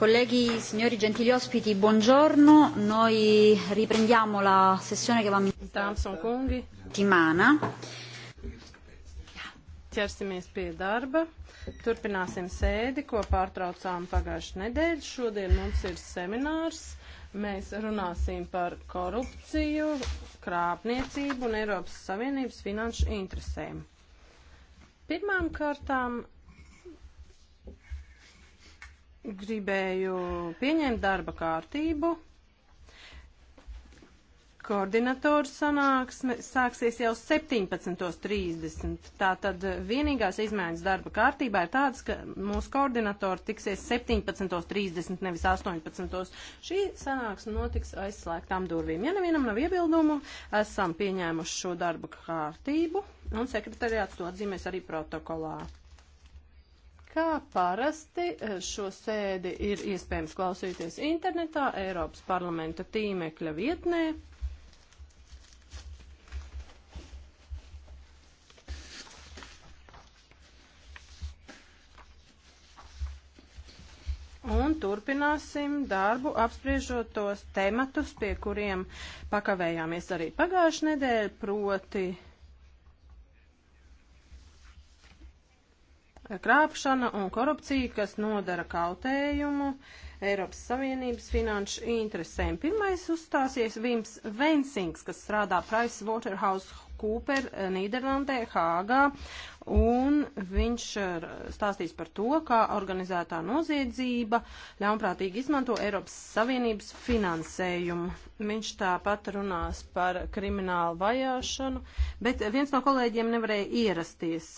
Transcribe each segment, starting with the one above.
Colleghi, signori gentili ospiti, buongiorno. Noi riprendiamo la sessione che avevamo iniziato settimana. Ķersimies pie darba. Turpināsim sēdi, ko pārtraucām pagājušajā nedēļā. Šodien mums ir seminārs. Mēs runāsim par korupciju, krāpniecību un Eiropas Savienības finanšu interesēm. Pirmām kārtām gribēju pieņemt darba kārtību. Koordinatoru sanāksme sāksies jau 17.30. Tātad vienīgās izmaiņas darba kārtībā ir tādas, ka mūsu koordinatori tiksies 17.30, nevis 18.00. Šī sanāksme notiks aizslēgtām durvīm. Ja nevienam nav iebildumu, esam pieņēmuši šo darba kārtību un sekretariāts to atzīmēs arī protokolā. Kā parasti eh, šo sēdi ir iespējams klausīties internetā, Eiropas parlamenta tīmekļa vietnē. Un turpināsim darbu apspriežot tos tematus, pie kuriem pakavējāmies arī pagājušajā nedēļā, proti krāpšana un korupcija, kas nodara kautējumu Eiropas Savienības finanšu interesēm. Pirmais uzstāsies Vims Vensings, kas strādā Price Waterhouse Cooper eh, Nīderlandē, Hāgā, un viņš eh, stāstīs par to, kā organizētā noziedzība ļaunprātīgi izmanto Eiropas Savienības finansējumu. Viņš tāpat runās par kriminālu vajāšanu, bet viens no kolēģiem nevarēja ierasties.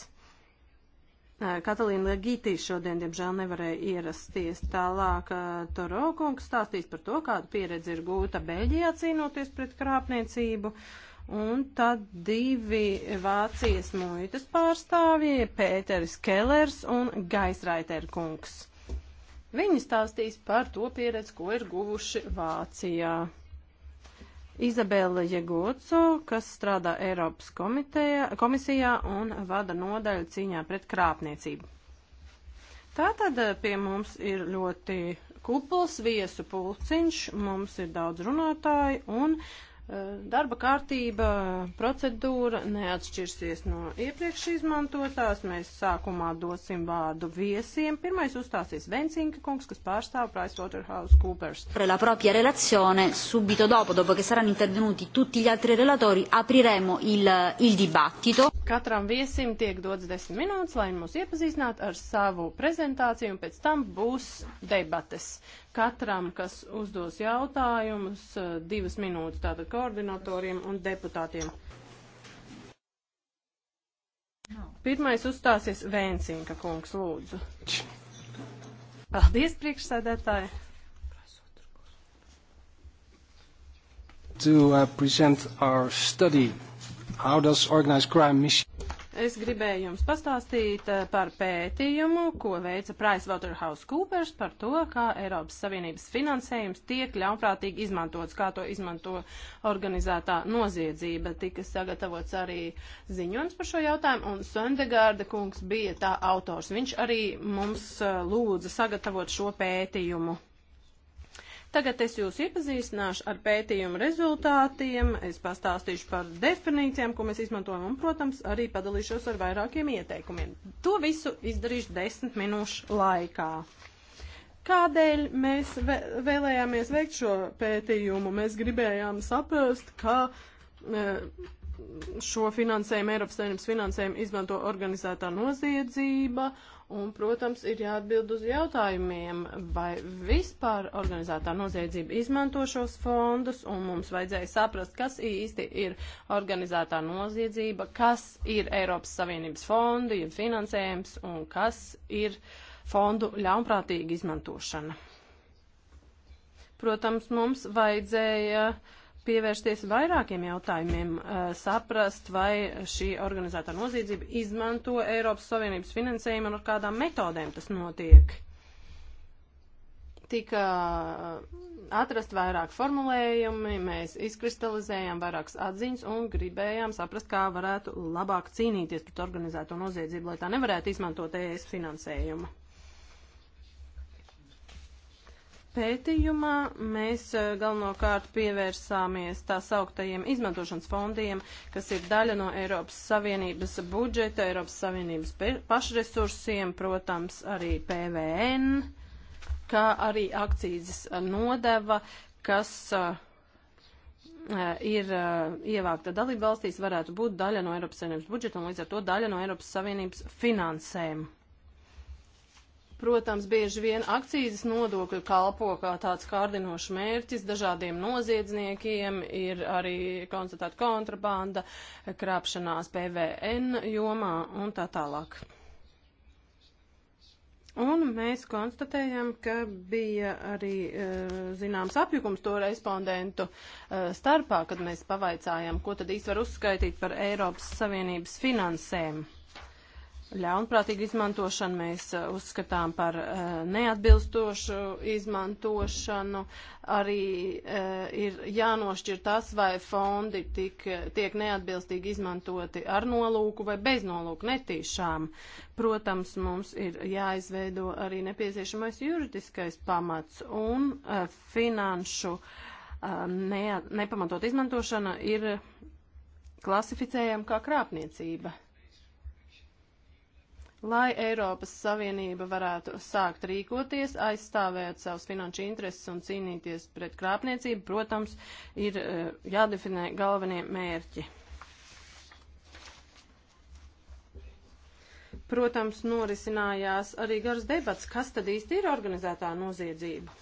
Katalīna Legītī šodien, diemžēl, nevarēja ierasties. Tālāk Toro kungs stāstīs par to, kāda pieredze ir gūta Beļģijā cīnoties pret krāpniecību. Un tad divi Vācijas muitas pārstāvji - Pēteris Kellers un Gaisraiter kungs. Viņi stāstīs par to pieredzi, ko ir guvuši Vācijā. Izabela Jegoco, kas strādā Eiropas komiteja, komisijā un vada nodaļu cīņā pret krāpniecību. Tātad eh, pie mums ir ļoti kupls viesu pulciņš, mums ir daudz runātāju un uh, Eh, darba kārtība, procedūra neatšķirsies no iepriekš izmantotās. Mēs sākumā dosim vārdu viesiem. Pirmais uzstāsies Vencinka kungs, kas pārstāv PricewaterhouseCoopers. La propria relazione subito dopo, dopo che saranno intervenuti tutti gli altri relatori, apriremo il, il dibattito. Katram viesim tiek dots desmit minūtes, lai mūs iepazīstinātu ar savu prezentāciju, un pēc tam būs debates. Katram, kas uzdos jautājumus, eh, divas minūtes tātad koordinatoriem un deputātiem. Pirmais uzstāsies Vēncinka kungs, lūdzu. Paldies, priekšsēdētāji. To uh, present our study, How does organized crime mission... Es gribēju jums pastāstīt eh, par pētījumu, ko veica PricewaterhouseCoopers par to, kā Eiropas Savienības finansējums tiek ļaunprātīgi izmantots, kā to izmanto organizētā noziedzība. Tika sagatavots arī ziņojums par šo jautājumu, un Söndegārda kungs bija tā autors. Viņš arī mums eh, lūdza sagatavot šo pētījumu. Tagad es jūs iepazīstināšu ar pētījumu rezultātiem, es pastāstīšu par definīcijām, ko mēs izmantojam, un, protams, arī padalīšos ar vairākiem ieteikumiem. To visu izdarīšu desmit minūšu laikā. Kādēļ mēs vēlējāmies veikt šo pētījumu? Mēs gribējām saprast, ka. E, šo finansējumu, Eiropas Savienības finansējumu izmanto organizētā noziedzība Un, protams, ir jāatbild uz jautājumiem, vai vispār organizētā noziedzība izmanto šos fondus, un mums vajadzēja saprast, kas īsti ir organizētā noziedzība, kas ir Eiropas Savienības fondi, ir finansējums, un kas ir fondu ļaunprātīga izmantošana. Protams, mums vajadzēja uh, pievērsties vairākiem jautājumiem, saprast, vai šī organizētā noziedzība izmanto Eiropas Savienības finansējumu un ar kādām metodēm tas notiek. Tika atrast vairāk formulējumi, mēs izkristalizējām vairākas atziņas un gribējām saprast, kā varētu labāk cīnīties pret organizēto noziedzību, lai tā nevarētu izmantot ES finansējumu. pētījumā mēs eh, galvenokārt pievērsāmies tā sauktajiem izmantošanas fondiem, kas ir daļa no Eiropas Savienības budžeta, Eiropas Savienības pašresursiem, protams, arī PVN, kā arī akcijas nodeva, kas uh, ir uh, ievākta dalībvalstīs, varētu būt daļa no Eiropas Savienības budžeta un līdz ar to daļa no Eiropas Savienības finansēm. Protams, bieži vien akcijas nodokļi kalpo kā tāds kārdinošs mērķis dažādiem noziedzniekiem, ir arī konstatēta kontrabanda, krāpšanās PVN jomā un tā tālāk. Un mēs konstatējam, ka bija arī eh, zināms apjukums to respondentu eh, starpā, kad mēs pavaicājām, ko tad īsti var uzskaitīt par Eiropas Savienības finansēm ļaunprātīgu izmantošanu mēs uh, uzskatām par uh, neatbilstošu izmantošanu. Arī uh, ir jānošķir tas, vai fondi tik, tiek neatbilstīgi izmantoti ar nolūku vai bez nolūku netīšām. Protams, mums ir jāizveido arī nepieciešamais juridiskais pamats un finanšu ne, nepamatot izmantošana ir klasificējama kā krāpniecība. Lai Eiropas Savienība varētu sākt rīkoties, aizstāvēt savus finanšu intereses un cīnīties pret krāpniecību, protams, ir e, jādefinē galvenie mērķi. Protams, norisinājās arī garas debats, kas tad īsti ir organizētā noziedzība.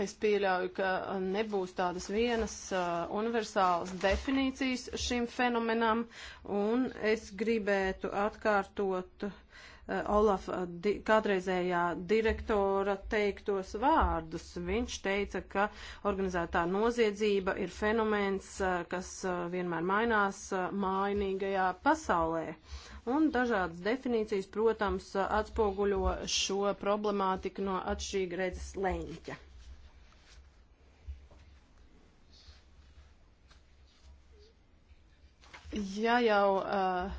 Es pieļauju, ka nebūs tādas vienas uh, universālas definīcijas šim fenomenam, un es gribētu atkārtot uh, Olafa uh, di kādreizējā direktora teiktos vārdus. Viņš teica, ka organizētā noziedzība ir fenomens, uh, kas uh, vienmēr mainās uh, mainīgajā pasaulē. Uh, un dažādas definīcijas, protams, uh, atspoguļo šo problemātiku no atšķirīga redzes leņķa. ja jau uh,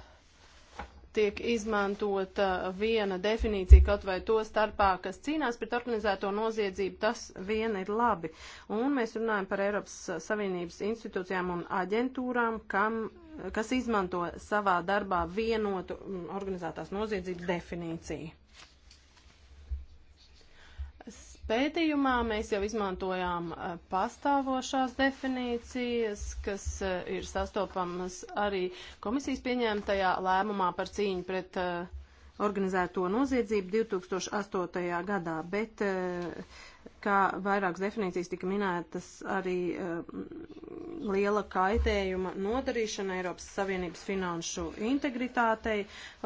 tiek izmantota uh, viena definīcija kaut vai to starpā, kas cīnās pret organizēto noziedzību, tas vien ir labi. Un mēs runājam par Eiropas Savienības institūcijām un aģentūrām, kam, kas izmanto savā darbā vienotu organizētās noziedzības definīciju pētījumā mēs jau izmantojām eh, pastāvošās definīcijas, kas eh, ir sastopamas arī komisijas pieņēmtajā lēmumā par cīņu pret eh, organizēto noziedzību 2008. gadā, bet kā vairākas definīcijas tika minētas arī uh, liela kaitējuma nodarīšana Eiropas Savienības finanšu integritātei,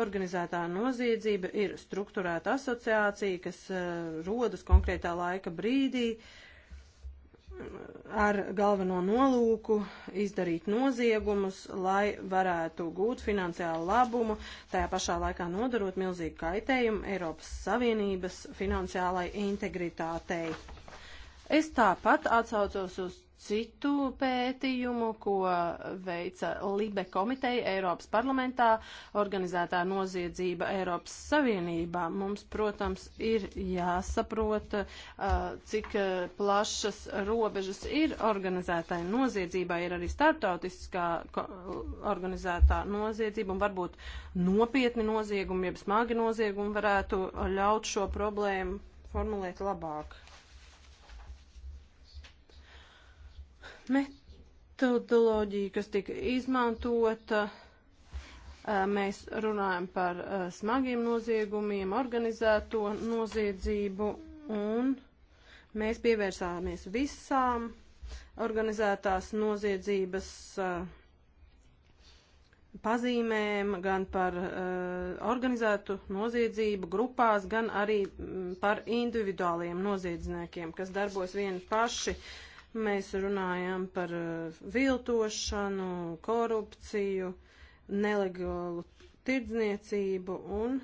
organizētā noziedzība ir struktūrēta asociācija, kas uh, rodas konkrētā laika brīdī ar galveno nolūku izdarīt noziegumus, lai varētu gūt finansiālu labumu, tajā pašā laikā nodarot milzīgu kaitējumu Eiropas Savienības finansiālai integritātei. Es tāpat atsaucos uz citu pētījumu, ko veica Libe komiteja Eiropas parlamentā, organizētā noziedzība Eiropas Savienībā. Mums, protams, ir jāsaprot, cik plašas robežas ir organizētai noziedzībai, ir arī starptautiskā organizētā noziedzība, un varbūt nopietni noziegumi, jeb smagi noziegumi varētu ļaut šo problēmu formulēt labāk. Metodoloģija, kas tika izmantota, mēs runājam par smagiem noziegumiem, organizēto noziedzību un mēs pievērsāmies visām organizētās noziedzības pazīmēm, gan par uh, organizētu noziedzību grupās, gan arī m, par individuāliem noziedzniekiem, kas darbojas vieni paši. Uh, Mēs runājam par uh, viltošanu, korupciju, nelegālu tirdzniecību un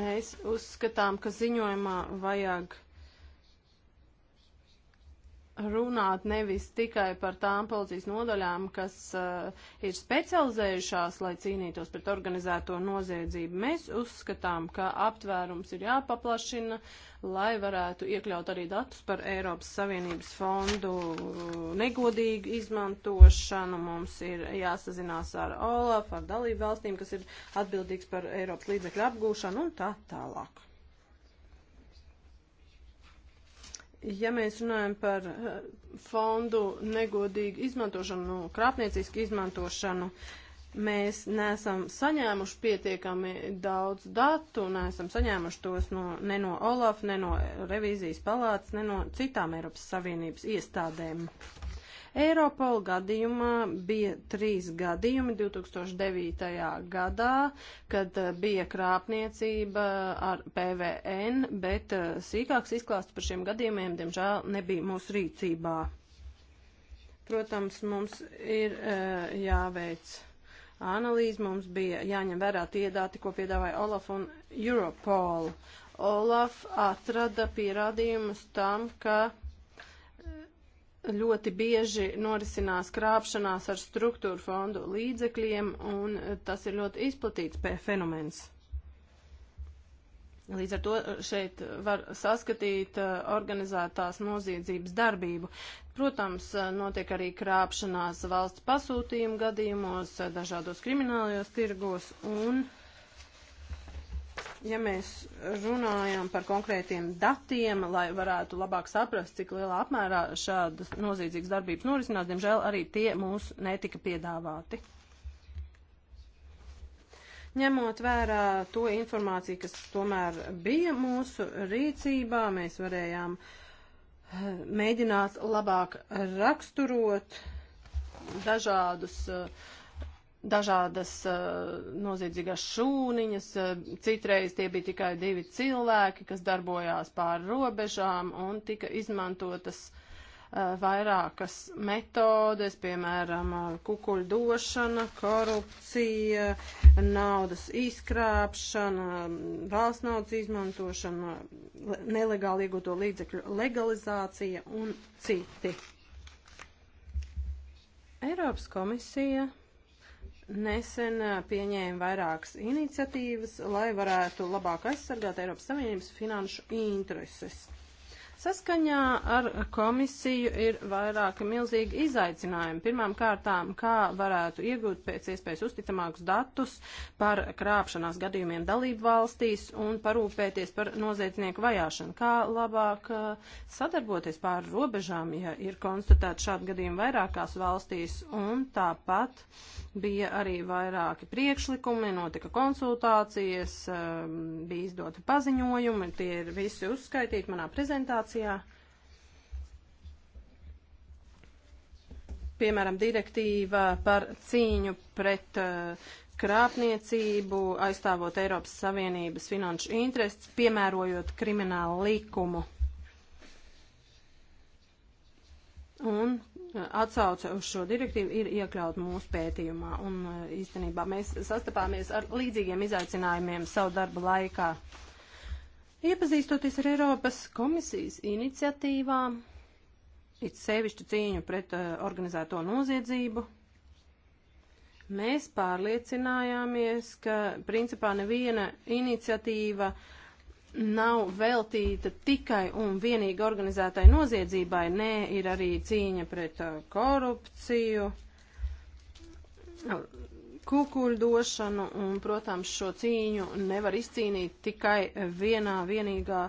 mēs uzskatām, ka ziņojumā vajag runāt nevis tikai par tām policijas nodaļām, kas uh, ir specializējušās, lai cīnītos pret organizēto noziedzību. Mēs uzskatām, ka aptvērums ir jāpaplašina, lai varētu iekļaut arī datus par Eiropas Savienības fondu eh, negodīgu izmantošanu. Mums ir jāsazinās ar OLAF, ar dalību valstīm, kas ir atbildīgs par Eiropas līdzekļu apgūšanu un tā tālāk. ja mēs runājam par eh, fondu negodīgu izmantošanu, nu, krāpniecisku izmantošanu, mēs neesam saņēmuši pietiekami daudz datu, neesam saņēmuši tos no, ne no OLAF, ne no revīzijas palātas, ne no citām Eiropas Savienības iestādēm. Uh, Eiropola gadījumā bija trīs gadījumi 2009. gadā, kad eh, bija krāpniecība ar PVN, bet eh, sīkāks izklāsts par šiem gadījumiem, diemžēl, nebija mūsu rīcībā. Protams, mums ir eh, jāveic analīze, mums bija jāņem vērā tie dati, ko piedāvāja Olaf un Europol. Olaf atrada pierādījumus tam, ka ļoti bieži norisinās krāpšanās ar struktūru fondu līdzekļiem, un eh, tas ir ļoti izplatīts fenomens. Līdz ar to eh, šeit var saskatīt eh, organizētās noziedzības darbību. Protams, notiek arī krāpšanās valsts pasūtījuma gadījumos, dažādos kriminālajos tirgos un uh, Ja mēs runājam par konkrētiem datiem, lai varētu labāk saprast, cik lielā apmērā šādas noziedzīgas darbības norisinās, diemžēl arī tie mūs netika piedāvāti. Ņemot vērā to informāciju, kas tomēr bija mūsu rīcībā, mēs varējām eh, mēģināt labāk raksturot dažādus uh, dažādas uh, noziedzīgās šūniņas, uh, citreiz tie bija tikai divi cilvēki, kas darbojās pāri robežām un tika izmantotas uh, vairākas metodes, piemēram, kukuļdošana, korupcija, naudas izkrāpšana, valsts naudas izmantošana, nelegāli iegūto līdzekļu legalizācija un citi. Eiropas komisija nesen pieņēma vairākas iniciatīvas, lai varētu labāk aizsargāt Eiropas Savienības finanšu intereses. Saskaņā ar komisiju ir vairāki milzīgi izaicinājumi. Pirmām kārtām, kā varētu iegūt pēc iespējas uzticamākus datus par krāpšanās gadījumiem dalību valstīs un parūpēties par noziedznieku vajāšanu. Kā labāk uh, sadarboties pār robežām, ja ir konstatēti šādi gadījumi vairākās valstīs. Un tāpat bija arī vairāki priekšlikumi, notika konsultācijas, um, bija izdoti paziņojumi, tie ir visi uzskaitīti manā prezentācijā situācijā. Piemēram, direktīva par cīņu pret uh, krāpniecību, aizstāvot Eiropas Savienības finanšu intereses, piemērojot kriminālu likumu. Un uh, atsauce uz šo direktīvu ir iekļaut mūsu pētījumā, un uh, īstenībā mēs sastapāmies ar līdzīgiem izaicinājumiem savu darbu laikā. Iepazīstoties ar Eiropas komisijas iniciatīvām, it sevišķu cīņu pret uh, organizēto noziedzību, mēs pārliecinājāmies, ka principā neviena iniciatīva nav veltīta tikai un vienīgi organizētai noziedzībai, nē, ir arī cīņa pret eh, korupciju, kukuļdošanu, un, protams, šo cīņu nevar izcīnīt tikai vienā vienīgā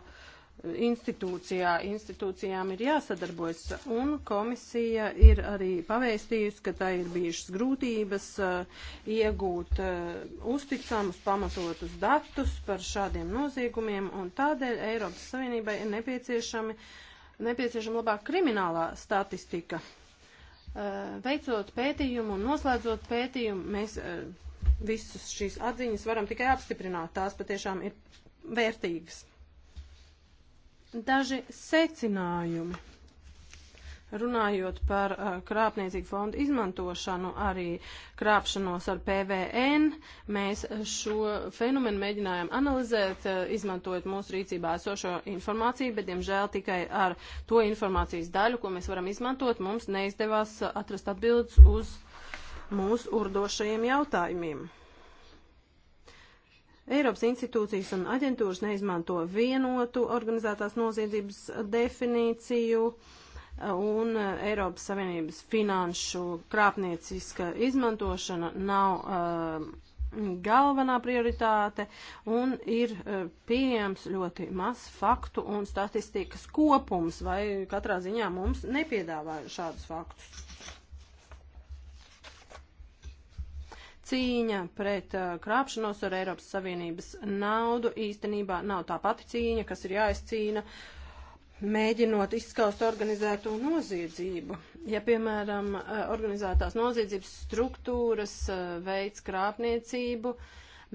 institūcijā. Institūcijām ir jāsadarbojas, un komisija ir arī pavēstījusi, ka tai ir bijušas grūtības uh, iegūt uh, uzticamus, pamatotus datus par šādiem noziegumiem, un tādēļ Eiropas Savienībai ir nepieciešama labāka kriminālā statistika. Eh, veicot pētījumu un noslēdzot pētījumu, mēs eh, visus šīs atziņas varam tikai apstiprināt. Tās patiešām ir vērtīgas. Daži secinājumi. Runājot par uh, krāpniecīgu fondu izmantošanu, arī krāpšanos ar PVN, mēs šo fenomenu mēģinājām analizēt, uh, izmantojot mūsu rīcībā esošo informāciju, bet, diemžēl, tikai ar to informācijas daļu, ko mēs varam izmantot, mums neizdevās uh, atrast atbildes uz mūsu urdošajiem jautājumiem. Eiropas institūcijas un aģentūras neizmanto vienotu organizētās noziedzības definīciju. Uh, un uh, Eiropas Savienības finanšu krāpnieciska izmantošana nav uh, galvenā prioritāte un ir uh, pieejams ļoti maz faktu un statistikas kopums, vai katrā ziņā mums nepiedāvā šādus faktus. Cīņa pret uh, krāpšanos ar Eiropas Savienības naudu īstenībā nav tā pati cīņa, kas ir jāizcīna uh, mēģinot izskaust organizēto noziedzību. Ja, piemēram, eh, organizētās noziedzības struktūras eh, veids krāpniecību,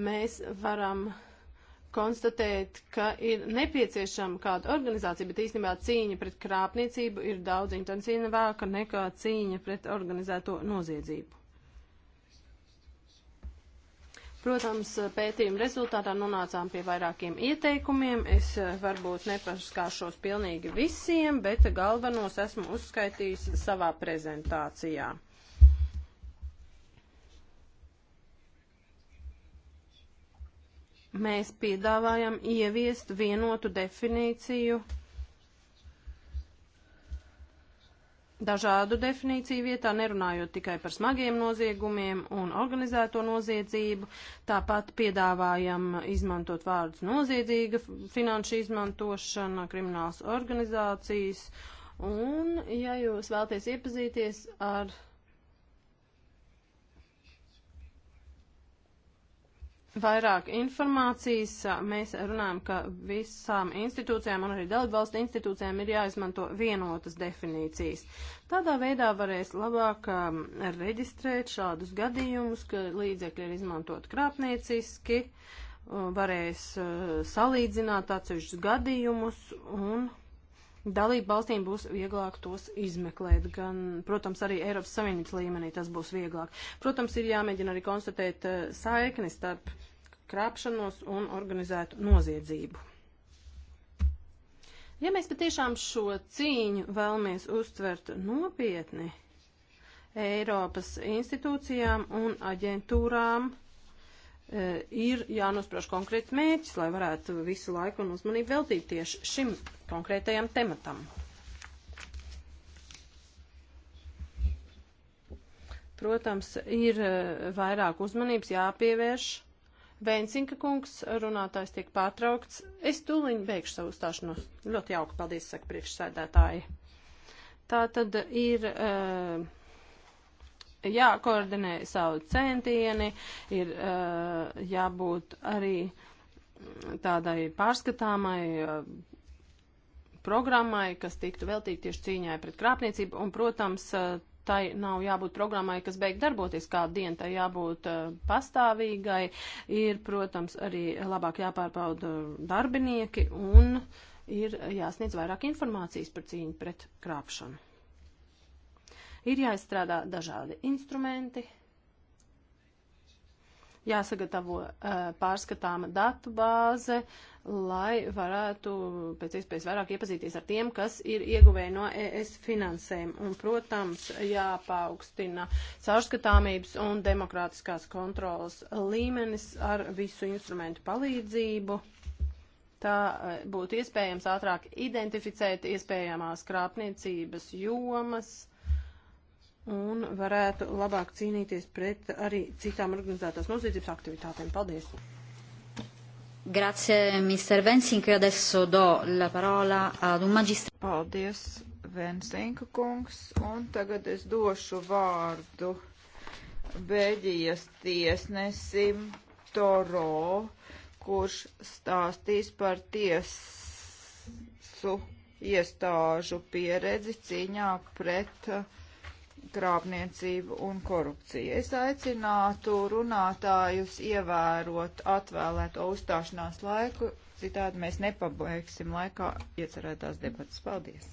mēs varam konstatēt, ka ir nepieciešama kāda organizācija, bet īstenībā cīņa pret krāpniecību ir daudz intensīvāka nekā cīņa pret organizēto noziedzību. Protams, pētījuma rezultātā nonācām pie vairākiem ieteikumiem. Es eh, varbūt nepaskāšos pilnīgi visiem, bet galvenos esmu uzskaitījis savā prezentācijā. Mēs piedāvājam ieviest vienotu definīciju dažādu definīciju vietā, nerunājot tikai par smagiem noziegumiem un organizēto noziedzību. Tāpat piedāvājam izmantot vārdus noziedzīga finanšu izmantošana, kriminālas organizācijas. Un, ja jūs vēlties iepazīties ar vairāk informācijas. Mēs runājam, ka visām institūcijām un arī dalībvalstu institūcijām ir jāizmanto vienotas definīcijas. Tādā veidā varēs labāk um, reģistrēt šādus gadījumus, ka līdzekļi ir izmantot krāpnieciski, uh, varēs uh, salīdzināt atsevišķus gadījumus un Dalību valstīm būs vieglāk tos izmeklēt, gan, protams, arī Eiropas Savienības līmenī tas būs vieglāk. Protams, ir jāmēģina arī konstatēt uh, saikni starp krāpšanos un organizētu noziedzību. Ja mēs patiešām šo cīņu vēlamies uztvert nopietni Eiropas institūcijām un aģentūrām, uh, E, ir jānosprauž konkrēts mērķis, lai varētu visu laiku un uzmanību veltīt tieši šim konkrētajam tematam. Protams, ir e, vairāk uzmanības jāpievērš. Vēnsinka kungs, runātājs tiek pārtraukts. Es tūliņ beigšu savu stāšanos. Ļoti jauki, paldies, saka priekšsēdētāji. Tā tad ir. Uh, jākoordinē savu centieni, ir uh, jābūt arī tādai pārskatāmai uh, programmai, kas tiktu veltīta tieši cīņai pret krāpniecību, un, protams, uh, tai nav jābūt programmai, kas beig darboties kādu dienu, tai jābūt uh, pastāvīgai, ir, protams, arī labāk jāpārbauda darbinieki un ir jāsniedz vairāk informācijas par cīņu pret krāpšanu. Ir jāizstrādā dažādi instrumenti, jāsagatavo uh, pārskatāma datu bāze, lai varētu pēc iespējas vairāk iepazīties ar tiem, kas ir ieguvēji no ES finansēm. Un, protams, jāpaukstina caurskatāmības un demokrātiskās kontrolas līmenis ar visu instrumentu palīdzību. Tā uh, būtu iespējams ātrāk identificēt iespējamās krāpniecības jomas un varētu labāk cīnīties pret arī citām organizētās noziedzības aktivitātēm. Paldies! Grazie, Mr. Vensink. Adesso do la parola ad un magistrato. Paldies, Vensinka kungs. Un tagad es došu vārdu Bēģijas tiesnesim Toro, kurš stāstīs par tiesu iestāžu pieredzi cīņā pret uh, krāpniecību un korupciju. Es aicinātu runātājus ievērot atvēlēto uzstāšanās laiku, citādi mēs nepabeigsim laikā iecerētās debatas. Paldies!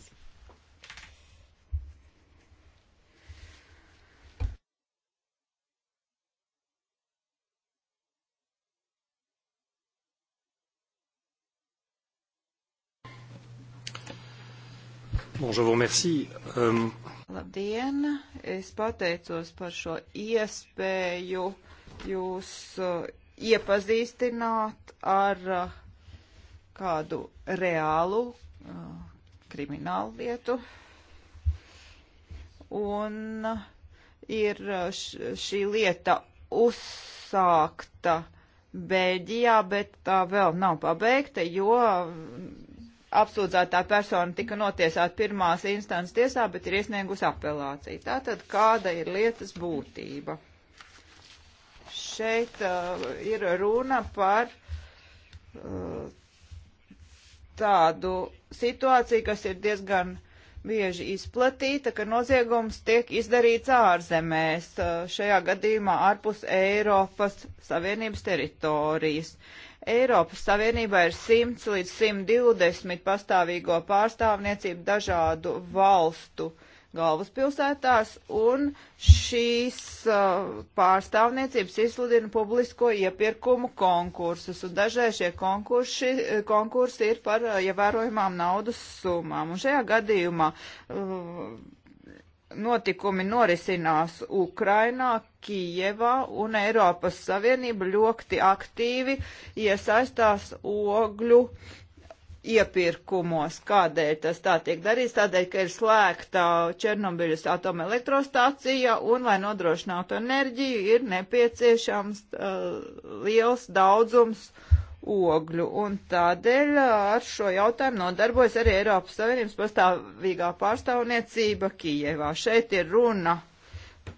Bonjour, merci. Um... Euh, Labdien! Es pateicos par šo iespēju jūs uh, iepazīstināt ar uh, kādu reālu uh, kriminālu lietu. Un uh, ir uh, šī lieta uzsākta Beļģijā, bet tā vēl nav pabeigta, jo apsūdzētā persona tika notiesāta pirmās instances tiesā, bet ir iesniegusi apelāciju. Tātad kāda ir lietas būtība? Šeit uh, ir runa par uh, tādu situāciju, kas ir diezgan bieži izplatīta, ka noziegums tiek izdarīts ārzemēs, uh, šajā gadījumā ārpus Eiropas Savienības teritorijas. Uh, Eiropas Savienībā ir 100 līdz 120 pastāvīgo pārstāvniecību dažādu valstu galvaspilsētās, un šīs uh, pārstāvniecības izsludina publisko iepirkumu konkursus, un dažreiz šie konkursi, konkursi ir par uh, ievērojumām naudas summām. Un šajā gadījumā uh, notikumi norisinās Ukrainā, Kijevā, un Eiropas Savienība ļoti aktīvi iesaistās ogļu iepirkumos. Kādēļ tas tā tiek darīts? Tādēļ, ka ir slēgta Černobiļas atomelektrostācija, un, lai nodrošinātu enerģiju, ir nepieciešams uh, liels daudzums uh, ogļu. Un tādēļ ar šo jautājumu nodarbojas arī Eiropas Savienības pastāvīgā pārstāvniecība Kijevā. Šeit ir runa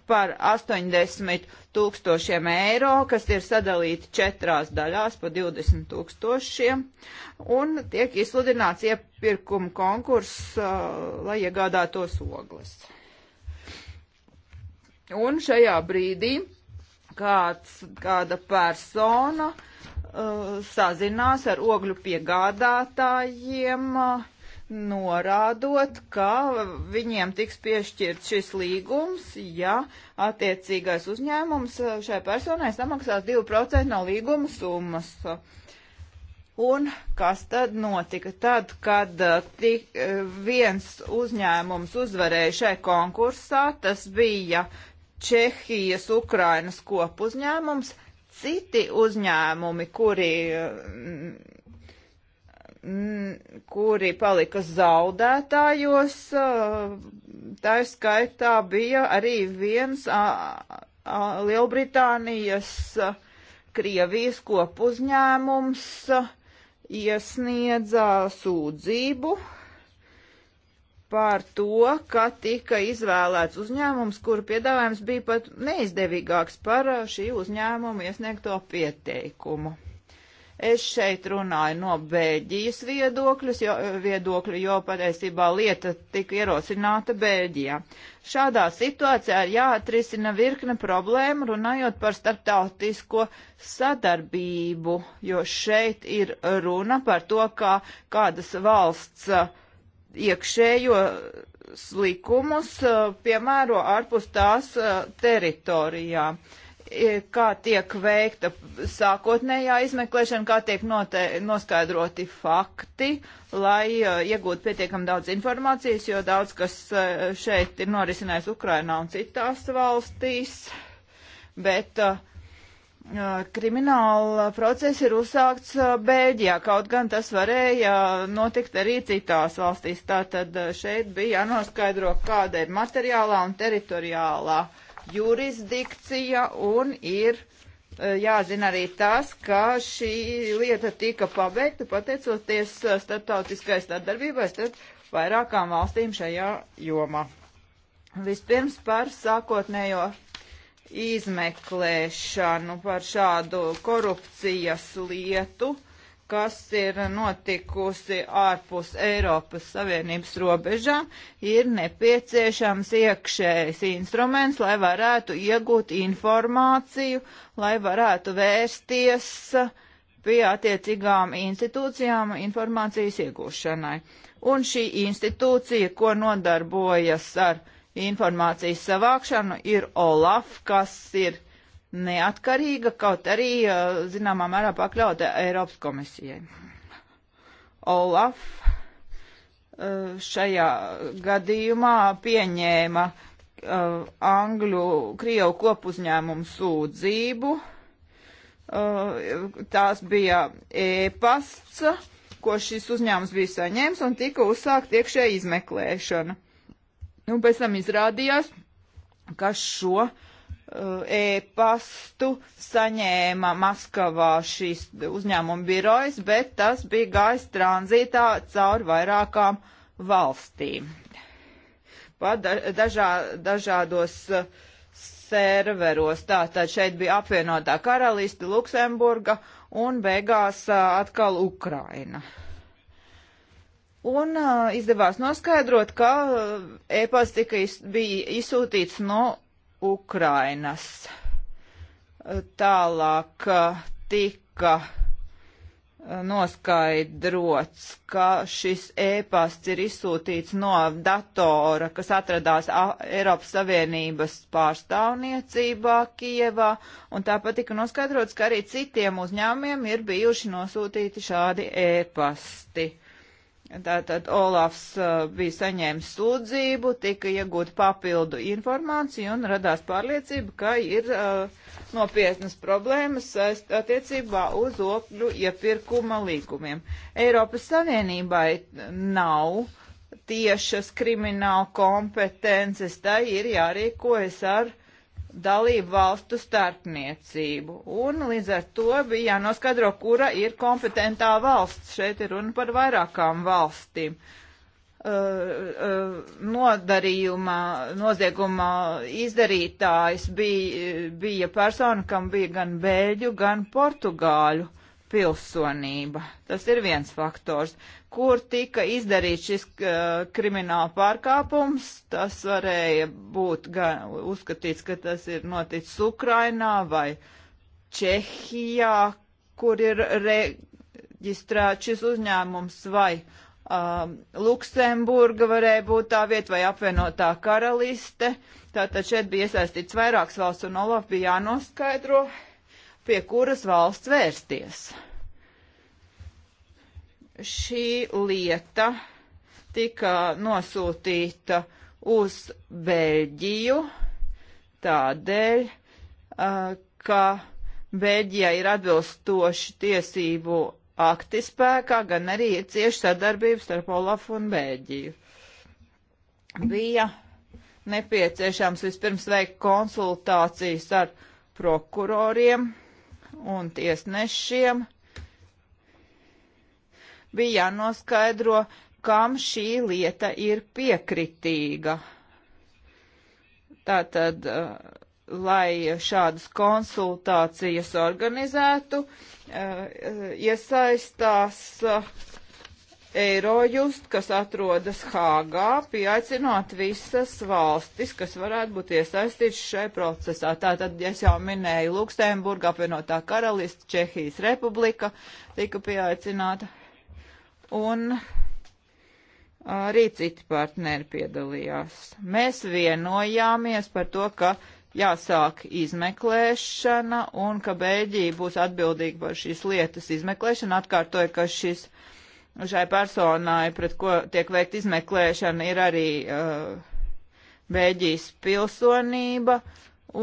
par 80 tūkstošiem eiro, kas ir sadalīti četrās daļās pa 20 tūkstošiem, un tiek izsludināts iepirkuma konkurss, uh, lai iegādātos ogles. Un šajā brīdī kāds, kāda persona Uh, sazinās ar ogļu piegādātājiem, uh, norādot, ka viņiem tiks piešķirt šis līgums, ja attiecīgais uzņēmums uh, šai personai samaksās 2% no līguma summas. Un kas tad notika? Tad, kad tik, viens uzņēmums uzvarēja šai konkursā, tas bija Čehijas Ukrainas kopuzņēmums, citi uzņēmumi, kuri, mm, mm kuri palika zaudētājos, tā skaitā bija arī viens a, a, Lielbritānijas a, Krievijas kopuzņēmums iesniedza sūdzību par to, ka tika izvēlēts uzņēmums, kuru piedāvājums bija pat neizdevīgāks par uh, šī uzņēmuma iesniegto pieteikumu. Es šeit runāju no Bēļģijas viedokļus, jo, uh, viedokļu, jo patiesībā lieta tika ierosināta Bēļģijā. Šādā situācijā ir jāatrisina virkne problēmu, runājot par starptautisko sadarbību, jo šeit ir runa par to, kā kādas valsts uh, iekšējos likumus eh, piemēro ārpus tās eh, teritorijām e, kā tiek veikta sākotnējā izmeklēšana, kā tiek note, noskaidroti fakti, lai uh, iegūtu pietiekami daudz informācijas, jo daudz kas uh, šeit ir norisinājis Ukrainā un citās valstīs, bet uh, krimināla procesa ir uzsākts Bēļģijā, kaut gan tas varēja notikt arī citās valstīs. Tātad šeit bija jānoskaidro, kāda ir materiālā un teritoriālā jurisdikcija un ir jāzina arī tas, ka šī lieta tika pabeigta pateicoties starptautiskai starpdarbībai starp vairākām valstīm šajā jomā. Vispirms par sākotnējo izmeklēšanu par šādu korupcijas lietu, kas ir notikusi ārpus Eiropas Savienības robežām, ir nepieciešams iekšējs instruments, lai varētu iegūt informāciju, lai varētu vērsties pie attiecīgām institūcijām informācijas iegūšanai. Un šī institūcija, ko nodarbojas ar informācijas savākšanu ir OLAF, kas ir neatkarīga, kaut arī, zināmā mērā, pakļauta Eiropas komisijai. OLAF šajā gadījumā pieņēma Angļu Krievu kopuzņēmumu sūdzību. Tās bija ēpasts, ko šis uzņēmums bija saņēmis, un tika uzsākt iekšē izmeklēšana. Nu, un pēc tam izrādījās, ka šo uh, e-pastu saņēma Maskavā šīs uzņēmuma birojas, bet tas bija gājis tranzītā cauri vairākām valstīm. Pa dažā, dažādos uh, serveros. Tātad šeit bija apvienotā karaliste, Luksemburga un beigās uh, atkal Ukraina. Un uh, izdevās noskaidrot, ka e-pasta iz, bija izsūtīts no Ukrainas. Tālāk tika noskaidrots, ka šis ēpasts ir izsūtīts no datora, kas atradās Eiropas Savienības pārstāvniecībā Kievā, un tāpat tika noskaidrots, ka arī citiem uzņēmumiem ir bijuši nosūtīti šādi ēpasti. E Tātad Olafs eh, bija saņēmis sūdzību, tika iegūta papildu informācija un radās pārliecība, ka ir uh, nopietnas problēmas attiecībā uz okļu iepirkuma līgumiem. Eiropas Savienībai nav tiešas krimināla kompetences, tai ir jārīkojas ar uh, dalību valstu starpniecību. Un līdz ar to bija jānoskaidro, kura ir kompetentā valsts. Šeit ir runa par vairākām valstīm. Uh, uh, nodarījuma, nozieguma izdarītājs bija, bija persona, kam bija gan bēļu, gan portugāļu pilsonība. Tas ir viens faktors. Kur tika izdarīts šis uh, krimināla pārkāpums, tas varēja būt gan uzskatīts, ka tas ir noticis Ukrainā vai Čehijā, kur ir reģistrēts šis uzņēmums, vai um, Luksemburga varēja būt tā vieta vai apvienotā karaliste. Tātad šeit bija iesaistīts vairākas valsts un Olaf bija jānoskaidro pie kuras valsts vērsties. Šī lieta tika nosūtīta uz Beļģiju tādēļ, ka Beļģijā ir atbilstoši tiesību akti spēkā, gan arī ir cieši sadarbības starp Olafu un Bēģiju. Bija nepieciešams vispirms veikt konsultācijas ar prokuroriem, un tiesnešiem bija jānoskaidro, kam šī lieta ir piekritīga. Tātad, eh, lai šādas konsultācijas organizētu, eh, iesaistās Eirojust, kas atrodas Hāgā, pieaicinot visas valstis, kas varētu būt iesaistīts šajā procesā. Tātad, es jau minēju, Luksemburga, apvienotā karalista, Čehijas republika tika pieaicināta, un arī citi partneri piedalījās. Mēs vienojāmies par to, ka jāsāk izmeklēšana un ka Beļģija būs atbildīga par šīs lietas izmeklēšanu, atkārtoja, ka šis šai personai, pret ko tiek veikt izmeklēšana, ir arī uh, Bēģijas pilsonība.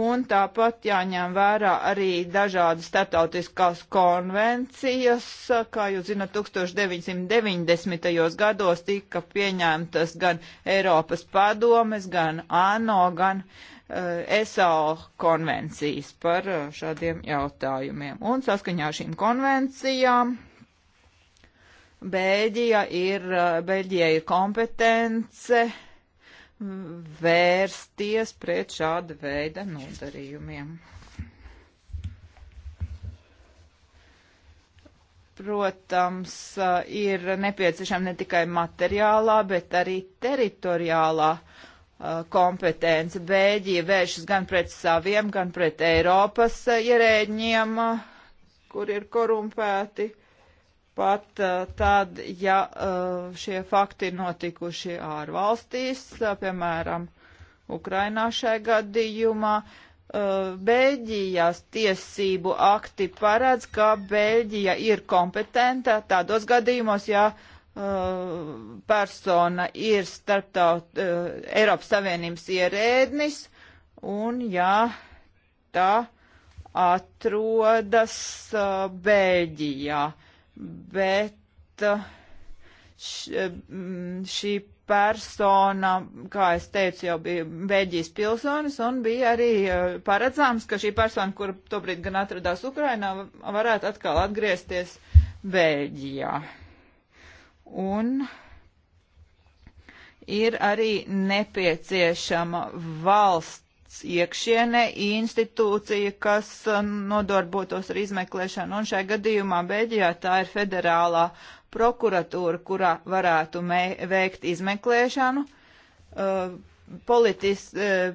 Un tāpat jāņem vērā arī dažādi startautiskās konvencijas, kā jūs zinat, 1990. gados tika pieņemtas gan Eiropas padomes, gan ANO, gan uh, SAO konvencijas par uh, šādiem jautājumiem. Un saskaņā šīm konvencijām uh, Bēļģija ir, eh, Bēļģija ir kompetence vērsties pret šāda veida nodarījumiem. Protams, eh, ir nepieciešama ne tikai materiālā, bet arī teritoriālā eh, kompetence. Bēļģija vēršas gan pret saviem, gan pret Eiropas ierēģiem, kur ir korumpēti. Uh, pat uh, tad, ja uh, šie fakti ir notikuši ārvalstīs, uh, piemēram, Ukrainā šajā gadījumā. Beļģijas tiesību akti paredz, ka Beļģija ir kompetenta tādos gadījumos, ja persona ir starptaut Eiropas Savienības ierēdnis un ja tā atrodas Beļģijā. Uh, bet uh, š, uh, šī persona, kā es teicu, jau bija Beļģijas pilsonis un bija arī uh, paredzams, ka šī persona, kur tobrīd gan atradās Ukrainā, varētu atkal atgriezties Beļģijā. Un ir arī nepieciešama valsts valsts iekšienē institūcija, kas um, nodarbotos ar izmeklēšanu, un šai gadījumā Beļģijā tā ir federālā prokuratūra, kurā varētu veikt izmeklēšanu. Uh, politis, uh,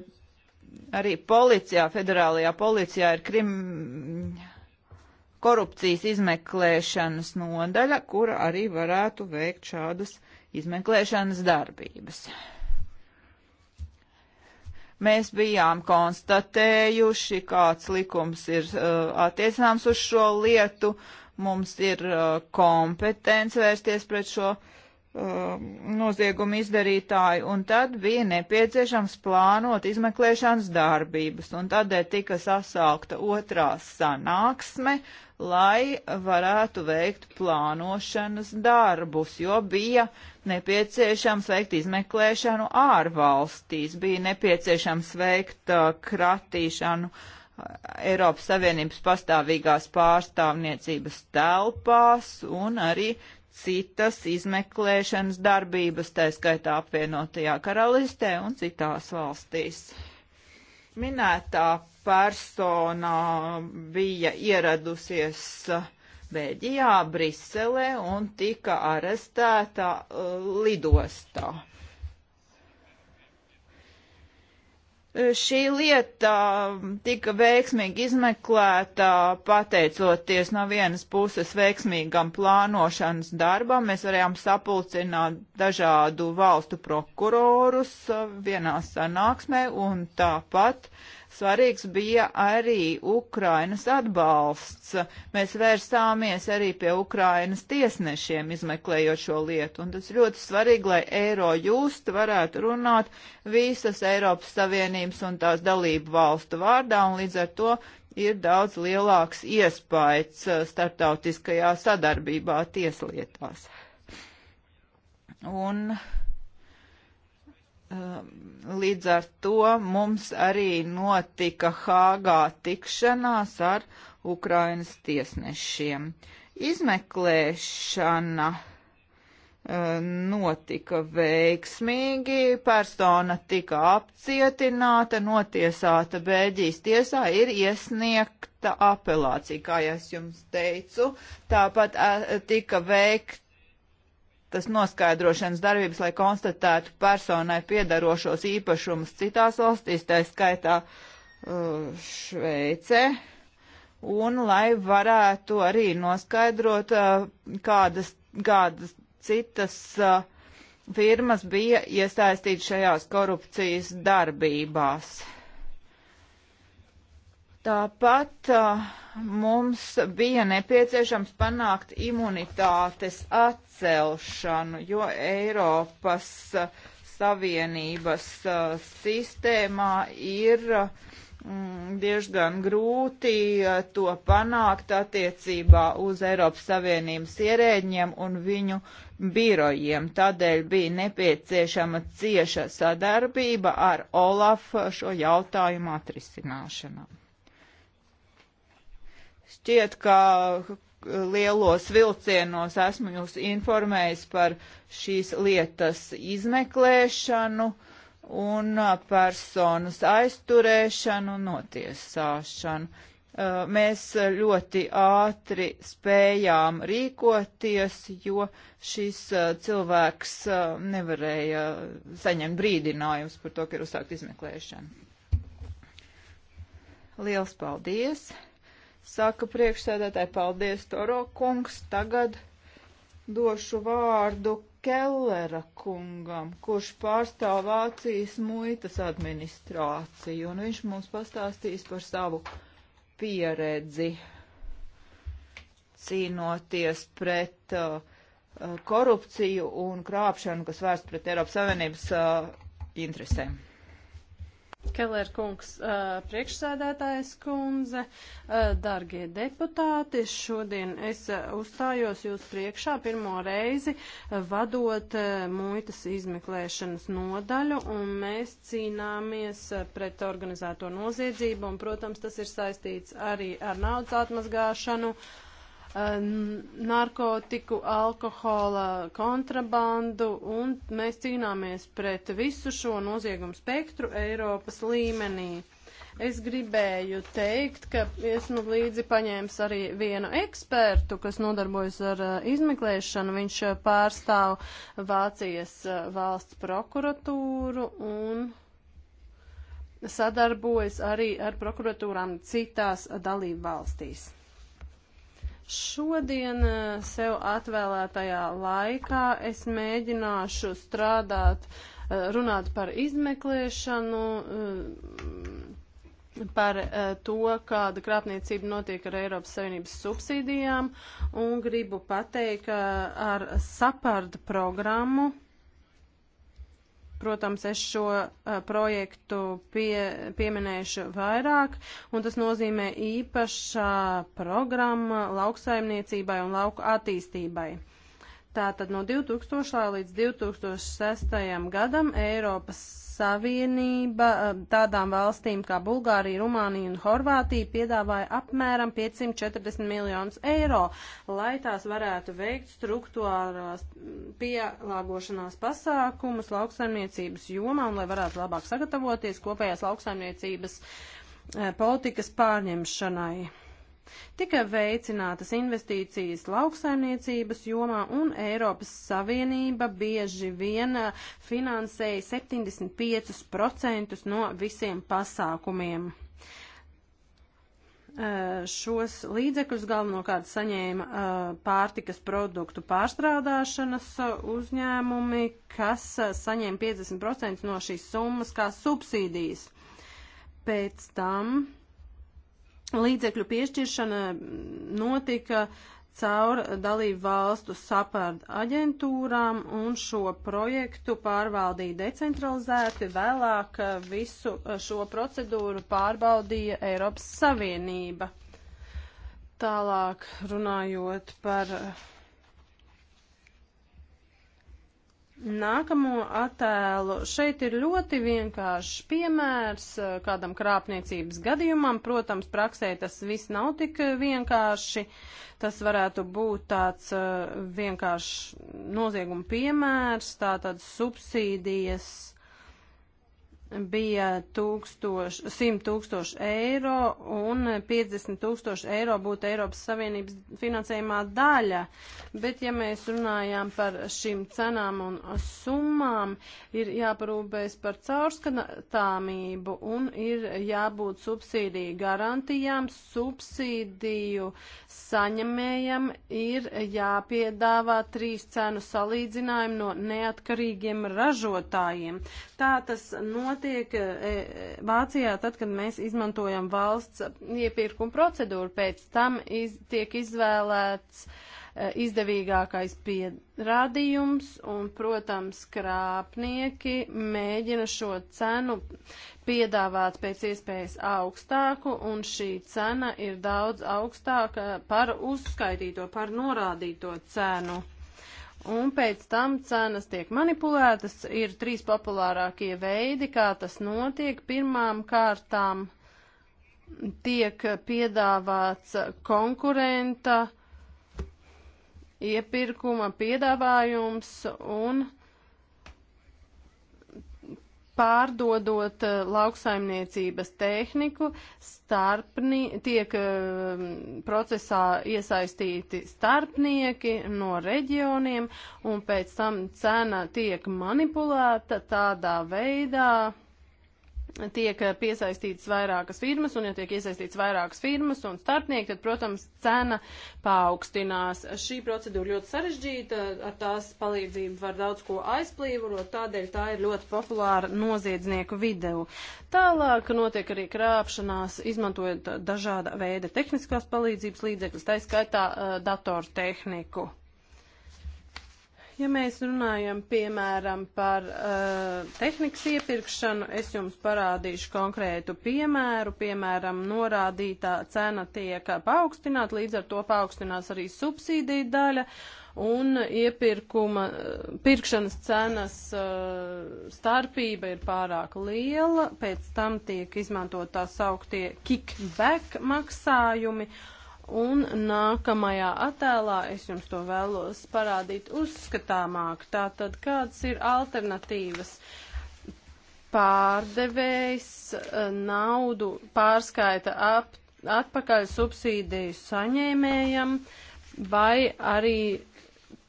arī policijā, federālajā policijā ir krim korupcijas izmeklēšanas nodaļa, kura arī varētu veikt šādas izmeklēšanas darbības. Mēs bijām konstatējuši, kāds likums ir uh, attiecināms uz šo lietu, mums ir uh, kompetence vērsties pret šo lietu Um, noziegumu izdarītāju, un tad bija nepieciešams plānot izmeklēšanas darbības, un tādēļ tika sasaukta otrā sanāksme, lai varētu veikt plānošanas darbus, jo bija nepieciešams veikt izmeklēšanu ārvalstīs, bija nepieciešams veikt uh, kratīšanu uh, Eiropas Savienības pastāvīgās pārstāvniecības telpās un arī citas izmeklēšanas darbības, tā skaitā apvienotajā karalistē un citās valstīs. Minētā persona bija ieradusies Bēļģijā, Briselē un tika arestēta uh, lidostā. Šī lieta um, tika veiksmīgi izmeklēta pateicoties no vienas puses veiksmīgam plānošanas darbam. Mēs varējām sapulcināt dažādu valstu prokurorus uh, vienā sanāksmē un tāpat uh, svarīgs bija arī Ukrainas atbalsts. Mēs vērsāmies arī pie Ukrainas tiesnešiem, izmeklējot šo lietu, un tas ļoti svarīgi, lai eiro just varētu runāt visas Eiropas Savienības un tās dalību valstu vārdā, un līdz ar to ir daudz lielāks iespējas uh, starptautiskajā sadarbībā tieslietās. Un uh, Um, līdz ar to mums arī notika Hāgā tikšanās ar Ukrainas tiesnešiem. Izmeklēšana um, notika veiksmīgi, persona tika apcietināta, notiesāta Bēļģijas tiesā, ir iesniegta apelācija, kā jau es jums teicu. Tāpat e, tika veikt tas noskaidrošanas darbības, lai konstatētu personai piedarošos īpašumus citās valstīs, tā skaitā uh, Šveicē, un lai varētu arī noskaidrot, uh, kādas, kādas citas uh, firmas bija iesaistītas šajās korupcijas darbībās. Tāpat uh, mums bija nepieciešams panākt imunitātes atcelšanu, jo Eiropas uh, Savienības uh, sistēmā ir mm, diezgan grūti to panākt attiecībā uz Eiropas Savienības ierēģiem un viņu birojiem. Tādēļ bija nepieciešama cieša sadarbība ar Olaf šo jautājumu atrisināšanām. Šķiet, ka uh, lielos vilcienos esmu jūs informējis par šīs lietas izmeklēšanu un uh, personas aizturēšanu un notiesāšanu. Uh, mēs ļoti ātri spējām rīkoties, jo šis cilvēks nevarēja saņemt brīdinājumus par to, ka ir uzsākt izmeklēšanu. Liels paldies! Saka priekšsēdētāji, paldies, Toro kungs. Tagad došu vārdu Kellera kungam, kurš pārstāv Vācijas muitas administrāciju, un viņš mums pastāstīs par savu pieredzi cīnoties pret uh, uh korupciju un krāpšanu, kas vērsts pret Eiropas Savienības uh, interesēm. Keller kungs, priekšsēdētājs kundze, dargie deputāti, šodien es uzstājos jūs priekšā pirmo reizi vadot muitas izmeklēšanas nodaļu, un mēs cīnāmies pret organizēto noziedzību, un, protams, tas ir saistīts arī ar naudas atmazgāšanu Ehm, narkotiku, alkohola kontrabandu, un mēs cīnāmies pret visu šo noziegumu spektru Eiropas līmenī. Es gribēju teikt, ka esmu līdzi paņēmis arī vienu ekspertu, kas nodarbojas ar eh, izmeklēšanu. Viņš eh, pārstāv Vācijas eh, valsts prokuratūru un sadarbojas arī ar prokuratūrām citās dalību valstīs. Šodien eh, sev atvēlētajā laikā es mēģināšu strādāt, eh, runāt par izmeklēšanu, eh, par to, kāda krāpniecība notiek ar Eiropas Savienības subsīdijām, un gribu pateikt, ka ar sapardu programmu Protams, es šo uh, projektu pie, pieminēšu vairāk, un tas nozīmē īpašā programma lauksaimniecībai un lauku attīstībai. Tātad no 2000. līdz 2006. gadam Eiropas Savienība eh, tādām valstīm kā Bulgārija, Rumānija un Horvātija piedāvāja apmēram 540 miljonus eiro, lai tās varētu veikt struktūrās pielāgošanās pasākumus lauksaimniecības jomā un lai varētu labāk sagatavoties kopējās lauksaimniecības eh, politikas pārņemšanai. Tika veicinātas investīcijas lauksaimniecības jomā un Eiropas Savienība bieži vien eh, finansēja 75% no visiem pasākumiem eh, šos līdzekļus galvenokārt saņēma uh, pārtikas produktu pārstrādāšanas uzņēmumi, kas saņēma 50% no šīs summas kā subsīdijas. Pēc tam Līdzekļu piešķiršana mm, notika caur dalību valstu sapārdu aģentūrām un šo projektu pārvaldīja decentralizēti. Vēlāk eh, visu eh, šo procedūru pārbaudīja Eiropas Savienība. Tālāk runājot par eh, Nākamo attēlu. Šeit ir ļoti vienkāršs piemērs eh, kādam krāpniecības gadījumam. Protams, praksē tas viss nav tik vienkārši. Tas varētu būt tāds eh, vienkāršs nozieguma piemērs, tātad subsīdijas bija 100 tūkstoši eiro un 50 tūkstoši eiro būtu Eiropas Savienības finansējumā daļa. Bet, ja mēs runājām par šīm cenām un summām, ir jāparūpēs par caurskatāmību un ir jābūt subsīdiju garantijām. Subsīdiju saņemējam ir jāpiedāvā trīs cenu salīdzinājumu no neatkarīgiem ražotājiem. Tā tas notiek notiek e, e, Vācijā tad, kad mēs izmantojam valsts iepirkuma procedūru, pēc tam iz, tiek izvēlēts e, izdevīgākais pierādījums, un, protams, krāpnieki mēģina šo cenu piedāvāt pēc iespējas augstāku, un šī cena ir daudz augstāka par uzskaitīto, par norādīto cenu un pēc tam cenas tiek manipulētas. Ir trīs populārākie veidi, kā tas notiek. Pirmām kārtām tiek piedāvāts konkurenta iepirkuma piedāvājums un pārdodot eh, lauksaimniecības tehniku, starpni, tiek eh, procesā iesaistīti starpnieki no reģioniem, un pēc tam cena tiek manipulēta tādā veidā, tiek piesaistītas vairākas firmas, un ja tiek iesaistītas vairākas firmas un starpnieki, tad, protams, cena paaugstinās. Šī procedūra ļoti sarežģīta, ar tās palīdzību var daudz ko aizplīvot, tādēļ tā ir ļoti populāra noziedznieku video. Tālāk notiek arī krāpšanās, izmantojot dažāda veida tehniskās palīdzības līdzekļus, tā skaitā eh, datortehniku. Ja mēs runājam, piemēram, par uh, tehnikas iepirkšanu, es jums parādīšu konkrētu piemēru. Piemēram, norādītā cena tiek paaugstināta, līdz ar to paaugstinās arī subsīdija daļa un iepirkuma, pirkšanas cenas uh, starpība ir pārāk liela, pēc tam tiek izmantot tā sauktie kickback maksājumi, un nākamajā attēlā es jums to vēlos parādīt uzskatāmāk. Tātad, kādas ir alternatīvas? Pārdevējs eh, naudu pārskaita ap, atpakaļ subsīdiju saņēmējam vai arī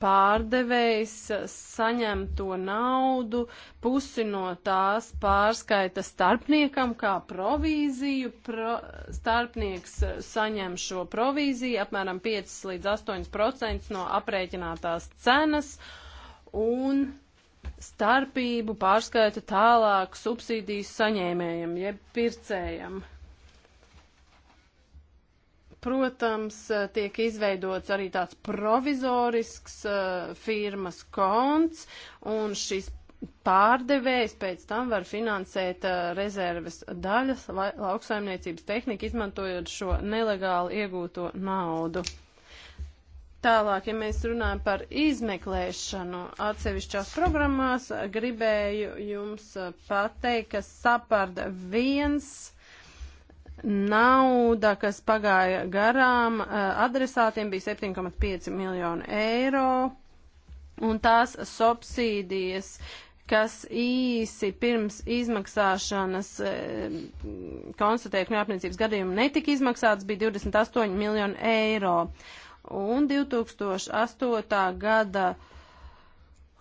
pārdevējs saņem to naudu, pusi no tās pārskaita starpniekam kā provīziju, pro, starpnieks saņem šo provīziju apmēram 5 līdz 8% no aprēķinātās cenas un starpību pārskaita tālāk subsīdijas saņēmējam, jeb pircējam. Protams, eh, tiek izveidots arī tāds provizorisks uh, firmas konts, un šis pārdevējs pēc tam var finansēt uh, rezerves daļas la lauksaimniecības tehniku, izmantojot šo nelegāli iegūto naudu. Tālāk, ja mēs runājam par izmeklēšanu atsevišķās programmās, gribēju jums pateikt, ka saparda viens Nauda, kas pagāja garām eh, adresātiem, bija 7,5 miljonu eiro, un tās subsīdijas, kas īsi pirms izmaksāšanas eh, konstatēja, ka neapniecības gadījumu netika izmaksāts, bija 28 miljonu eiro. Un 2008. gada uh,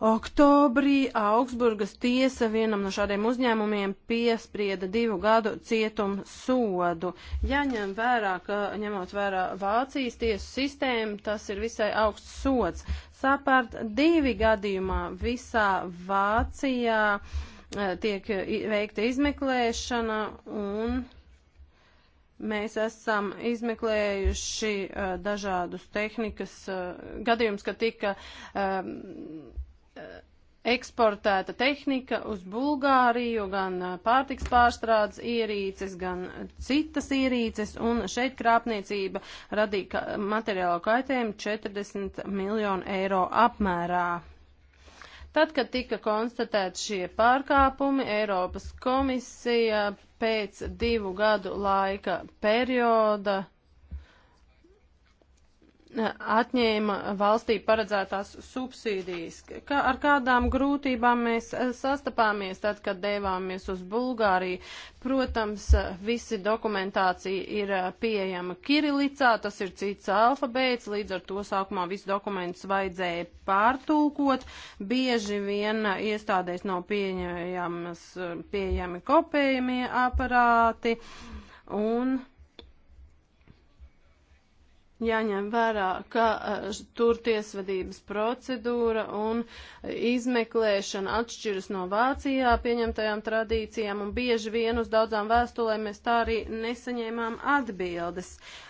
Oktobrī Augsburgas tiesa vienam no šādiem uzņēmumiem piesprieda divu gadu cietumu sodu. Jaņem vērā, ka ņemot vērā Vācijas tiesu sistēmu, tas ir visai augsts sods. Sapārt divi gadījumā visā Vācijā eh, tiek veikta izmeklēšana un mēs esam izmeklējuši eh, dažādus tehnikas eh, gadījumus, ka tika Eh, eksportēta tehnika uz Bulgāriju, gan eh, pārtiks pārstrādes ierīces, gan citas ierīces, un šeit krāpniecība radīja materiālo kaitējumu 40 miljonu eiro apmērā. Tad, kad tika konstatēti šie pārkāpumi, Eiropas komisija pēc divu gadu laika perioda atņēma valstī paredzētās subsīdijas. Kā, ar kādām grūtībām mēs eh, sastapāmies tad, kad devāmies uz Bulgāriju? Protams, eh, visi dokumentācija ir eh, pieejama kirilicā, tas ir cits alfabēts, līdz ar to sākumā visu dokumentus vajadzēja pārtulkot. Bieži vien iestādēs nav pieejami kopējamie aparāti un jāņem vērā, ka eh, tur tiesvedības procedūra un izmeklēšana atšķiras no Vācijā pieņemtajām tradīcijām, un bieži vien uz daudzām vēstulēm mēs tā arī nesaņēmām atbildes. Uh,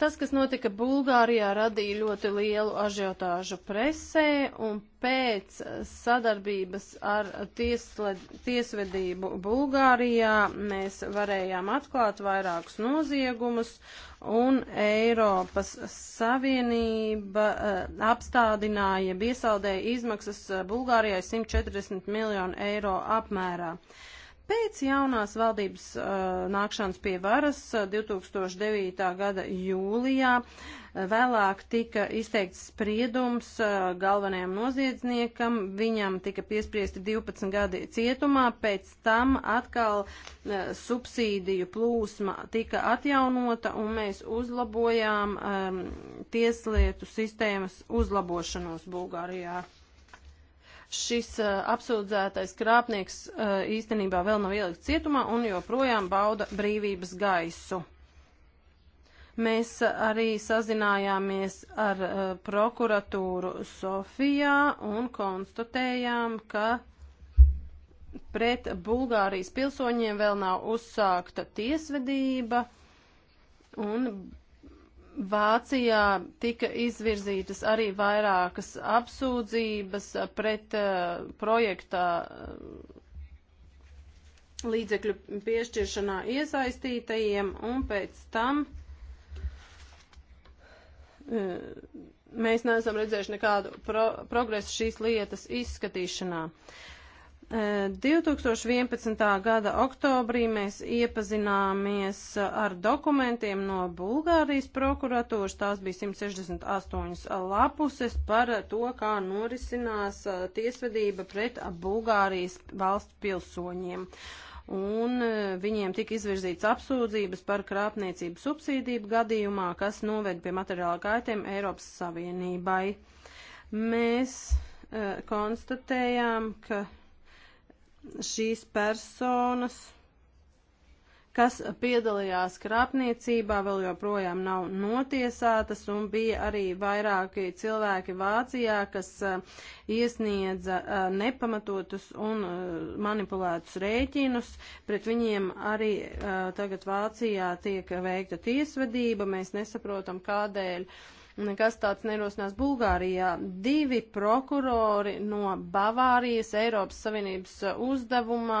Tas, kas notika Bulgārijā, radīja ļoti lielu ažiotāžu presē, un pēc sadarbības ar tiesled, tiesvedību Bulgārijā mēs varējām atklāt vairākus noziegumus, un Eiropas Savienība uh, apstādināja biesaldēja izmaksas Bulgārijai 140 miljonu eiro apmērā. Uh, Pēc jaunās valdības uh, nākšanas pie varas 2009. Uh, gada jūlijā uh, vēlāk tika izteikts spriedums uh, galvenajam noziedzniekam. Viņam tika piespriesti 12 gadi cietumā, pēc tam atkal uh, subsīdiju plūsma tika atjaunota un mēs uzlabojām um, tieslietu sistēmas uzlabošanos Bulgārijā šis uh, apsūdzētais krāpnieks uh, īstenībā vēl nav ielikts cietumā un joprojām bauda brīvības gaisu. Mēs arī sazinājāmies ar uh, prokuratūru Sofijā un konstatējām, ka pret Bulgārijas pilsoņiem vēl nav uzsākta tiesvedība un Vācijā tika izvirzītas arī vairākas apsūdzības pret uh, projekta uh, līdzekļu piešķiršanā iesaistītajiem, un pēc tam uh, mēs neesam redzējuši nekādu pro progresu šīs lietas izskatīšanā. Uh, 2011. gada oktobrī mēs iepazināmies ar dokumentiem no Bulgārijas prokuratūras. Tās bija 168 lapuses par to, kā norisinās uh, tiesvedība pret Bulgārijas valsts pilsoņiem. Un uh, viņiem tika izvirzīts apsūdzības par krāpniecību subsīdību gadījumā, kas noved pie materiāla kaitiem Eiropas Savienībai. Mēs uh, konstatējām, ka šīs personas, kas piedalījās krāpniecībā, vēl joprojām nav notiesātas, un bija arī vairāki cilvēki Vācijā, kas uh, iesniedza uh, nepamatotus un uh, manipulētus rēķinus. Pret viņiem arī tagad Vācijā tiek veikta tiesvedība. Mēs nesaprotam, kādēļ. Uh, Nekas tāds nerosinās Bulgārijā. Divi prokurori no Bavārijas Eiropas Savienības uzdevumā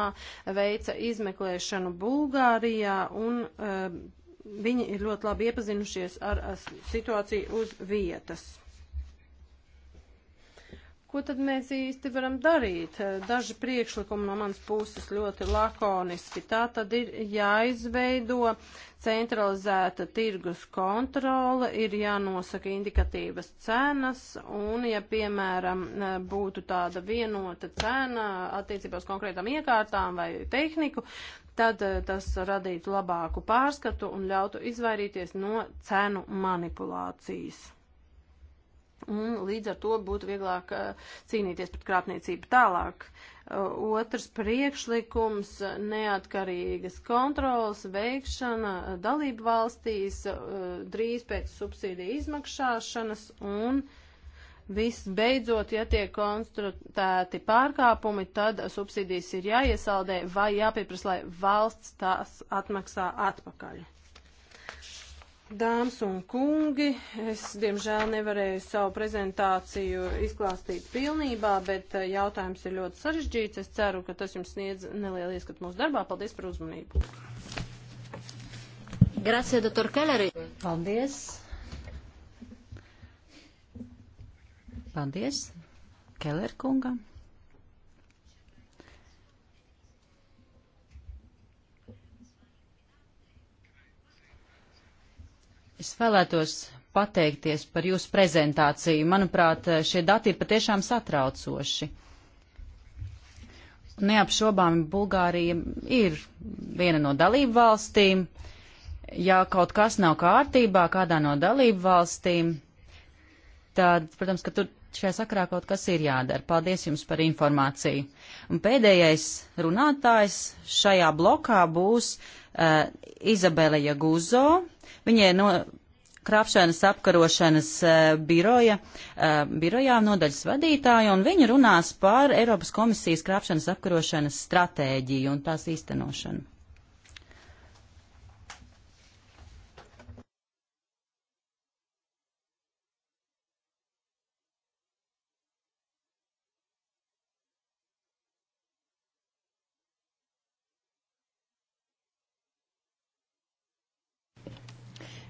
veica izmeklēšanu Bulgārijā un uh, viņi ir ļoti labi iepazinušies ar, ar situāciju uz vietas. Ko tad mēs īsti varam darīt? Daži priekšlikumi no manas puses ļoti lakoniski. Tā tad ir jāizveido centralizēta tirgus kontrole, ir jānosaka indikatīvas cenas, un ja, piemēram, būtu tāda vienota cena attiecībā uz konkrētām iekārtām vai tehniku, tad eh, tas radītu labāku pārskatu un ļautu izvairīties no cenu manipulācijas. Un līdz ar to būtu vieglāk eh, cīnīties pret krāpniecību tālāk. Eh, otrs priekšlikums - neatkarīgas kontrolas veikšana eh, dalību valstīs drīz pēc subsīdija izmaksāšanas un visbeidzot, ja tiek konstatēti pārkāpumi, tad subsīdijas ir jāiesaldē vai jāpieprasa, lai valsts tās atmaksā atpakaļ. Dāmas un kungi, es diemžēl nevarēju savu prezentāciju izklāstīt pilnībā, bet eh, jautājums ir ļoti sarežģīts. Es ceru, ka tas jums sniedz nelielu ieskatu mūsu darbā. Paldies par uzmanību. Grazie, doktor Kelleri. Paldies. Paldies Keller kungam. Es vēlētos pateikties par jūsu prezentāciju. Manuprāt, šie dati ir patiešām satraucoši. Neapšaubāmi Bulgārija ir viena no dalību valstīm. Ja kaut kas nav kārtībā kādā no dalību valstīm, tad, protams, ka tur šajā sakrā kaut kas ir jādara. Paldies jums par informāciju. Un pēdējais runātājs šajā blokā būs uh, eh, Izabela Jaguzo, Viņai no krāpšanas apkarošanas e, biroja, e, birojā nodaļas vadītāja, un viņa runās par Eiropas komisijas krāpšanas apkarošanas stratēģiju un tās īstenošanu.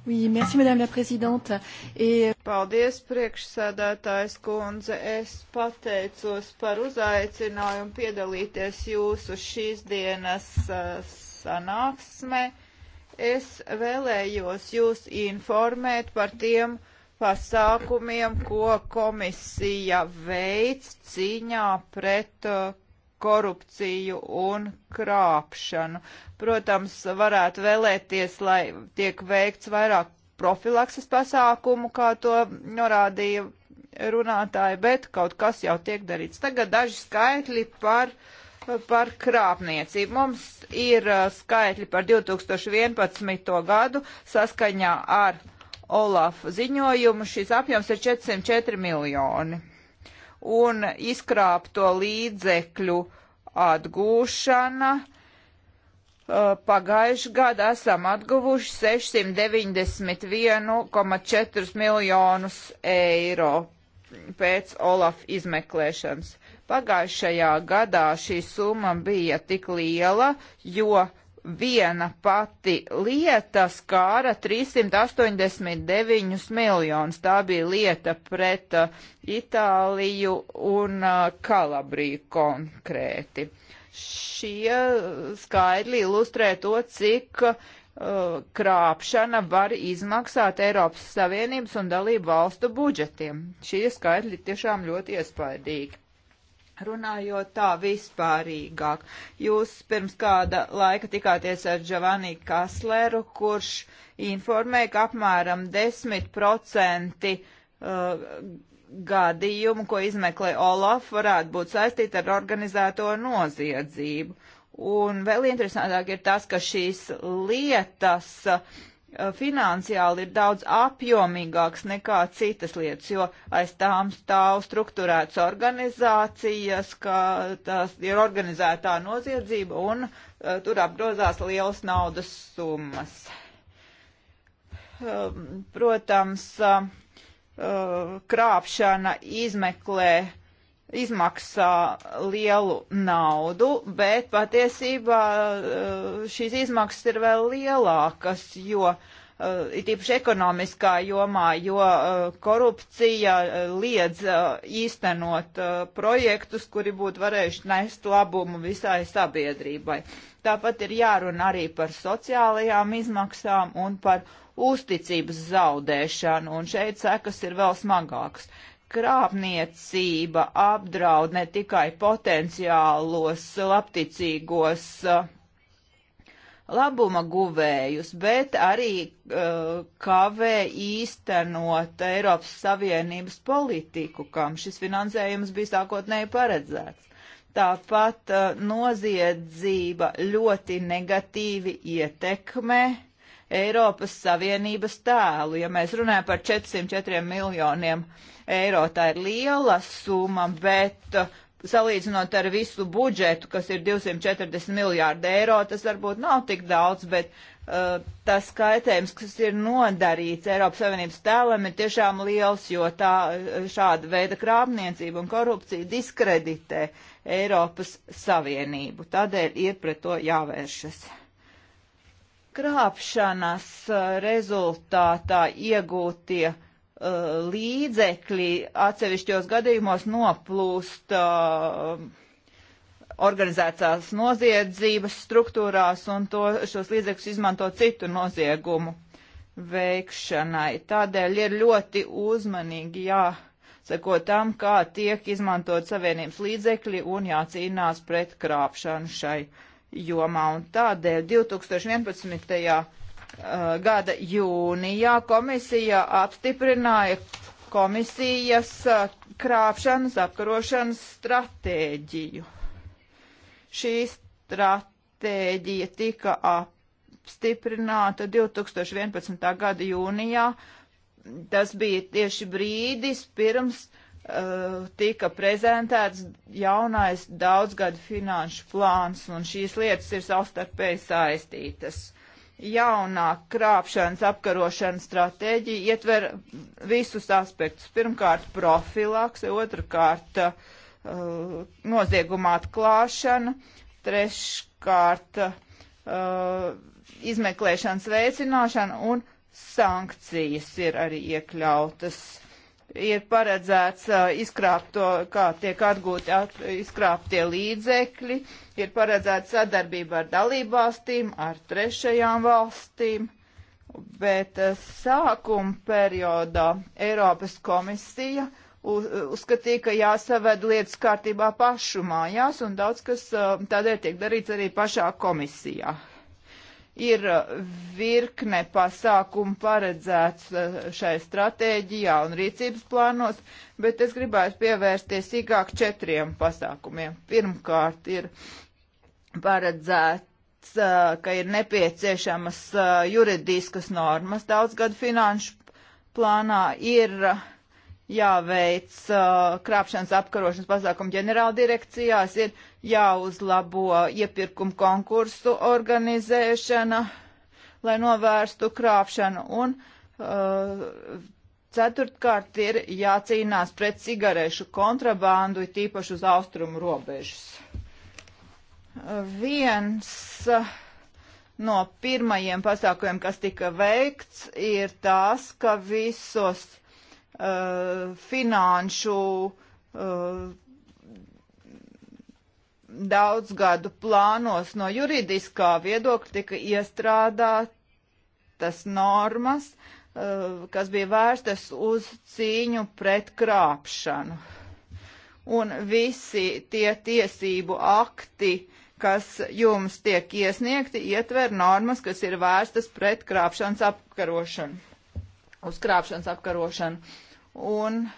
Oui, merci, Madame la Présidente. Et... Euh, Paldies, priekšsēdētājs kundze. Es pateicos par uzaicinājumu piedalīties jūsu šīs dienas uh, sanāksmē. Es vēlējos jūs informēt par tiem pasākumiem, ko komisija veic cīņā pret uh, korupciju un krāpšanu. Protams, varētu vēlēties, lai tiek veikts vairāk profilakses pasākumu, kā to norādīja runātāji, bet kaut kas jau tiek darīts. Tagad daži skaitļi par, par krāpniecību. Mums ir uh, skaitļi par 2011. gadu saskaņā ar Olaf ziņojumu. Šis apjoms ir 404 miljoni un izkrāpto līdzekļu atgūšana. Uh, pagājuši gadu esam atguvuši 691,4 miljonus eiro pēc Olaf izmeklēšanas. Pagājušajā gadā šī summa bija tik liela, jo viena pati lieta skāra 389 miljonus. Tā bija lieta pret uh, Itāliju un uh, Kalabriju konkrēti. Šie skaidri ilustrē to, cik uh, krāpšana var izmaksāt Eiropas Savienības un dalību valstu budžetiem. Šie skaitļi tiešām ļoti iespaidīgi. Runājot tā vispārīgāk, jūs pirms kāda laika tikāties ar Giovanni Kasleru, kurš informēja, ka apmēram 10% uh, gadījumu, ko izmeklē Olaf, varētu būt saistīti ar organizēto noziedzību. Un vēl interesantāk ir tas, ka šīs lietas uh, Eh, finansiāli ir daudz apjomīgāks nekā citas lietas, jo aiz tām stāv struktūrētas organizācijas, ka tās ir organizētā noziedzība un uh, tur apgrozās liels naudas summas. Um, protams, uh, krāpšana izmeklē izmaksā lielu naudu, bet patiesībā eh, šīs izmaksas ir vēl lielākas, jo eh, it īpaši ekonomiskā jomā, jo eh, korupcija liedz īstenot projektus, kuri būtu varējuši nest labumu visai sabiedrībai. Tāpat ir jārunā arī par sociālajām izmaksām un par uzticības zaudēšanu, un šeit sekas ir vēl smagākas krāpniecība apdraud ne tikai potenciālos labticīgos uh, labuma guvējus, bet arī uh, kavē īstenot Eiropas Savienības politiku, kam šis finansējums bija sākotnēji paredzēts. Tāpat uh, noziedzība ļoti negatīvi ietekmē uh, Eiropas Savienības tēlu. Ja mēs runājam par 404 miljoniem eiro, tā ir liela summa, bet uh, salīdzinot ar visu budžetu, kas ir 240 miljārdi eiro, tas varbūt nav tik daudz, bet uh, tas skaitējums, kas ir nodarīts Eiropas Savienības tēlam, ir tiešām liels, jo tā uh, šāda veida krāpniecība un korupcija diskreditē Eiropas Savienību. Tādēļ ir pret to jāvēršas krāpšanas uh, rezultātā iegūtie uh, līdzekļi atsevišķos gadījumos noplūst uh, organizētās noziedzības struktūrās un to, šos līdzekļus izmanto citu noziegumu veikšanai. Tādēļ ir ļoti uzmanīgi jāseko tam, kā tiek izmantot savienības līdzekļi un jācīnās pret krāpšanu šai uh, jomā. Un tādēļ 2011. Eh, gada jūnijā komisija apstiprināja komisijas eh, krāpšanas apkarošanas stratēģiju. Šī stratēģija tika apstiprināta 2011. gada jūnijā. Tas bija tieši brīdis pirms uh, Uh, tika prezentēts jaunais daudzgadu finanšu plāns, un šīs lietas ir savstarpēji saistītas. Jaunā krāpšanas apkarošanas stratēģija ietver visus aspektus. Pirmkārt, profilakse, otrkārt, uh, nozieguma atklāšana, treškārt, uh, izmeklēšanas veicināšana un sankcijas ir arī iekļautas ir paredzēts uh, izkrāpt to, kā tiek atgūti at, izkrāptie līdzekļi, ir paredzēta sadarbība ar dalībvalstīm, ar trešajām valstīm, bet uh, sākuma periodā Eiropas komisija uz, uzskatīja, ka jāsaved lietas kārtībā pašu mājās, un daudz kas uh, tādēļ tiek darīts arī pašā komisijā ir uh, virkne pasākumu paredzēts uh, šai stratēģijā un rīcības plānos, bet es gribētu pievērsties sīkāk četriem pasākumiem. Pirmkārt ir paredzēts, uh, ka ir nepieciešamas juridiskas normas daudzgadu finanšu plānā, ir jāveic uh, krāpšanas apkarošanas pasākumu ģenerāldirekcijās, ir jāuzlabo iepirkumu konkursu organizēšana, lai novērstu krāpšanu, un uh, ceturtkārt ir jācīnās pret cigarešu kontrabandu, it īpaši uz austrumu robežas. Uh, viens uh, no pirmajiem pasākumiem, kas tika veikts, ir tās, ka visos Uh, finanšu uh, daudzgadu plānos no juridiskā viedokļa tika iestrādātas normas, uh, kas bija vērstas uz cīņu pret krāpšanu. Un visi tie tiesību akti, kas jums tiek iesniegti, ietver normas, kas ir vērstas pret krāpšanas apkarošanu, uz krāpšanas apkarošanu un uh,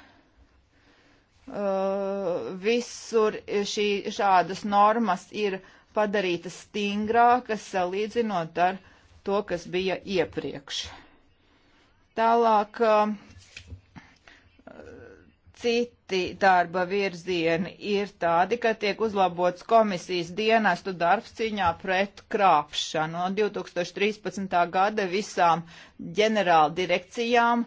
visur šī, šādas normas ir padarītas stingrākas salīdzinot ar to, kas bija iepriekš. Tālāk uh, citi darba virzieni ir tādi, ka tiek uzlabots komisijas dienestu darbs cīņā pret krāpšanu. No 2013. gada visām ģenerāldirekcijām direkcijām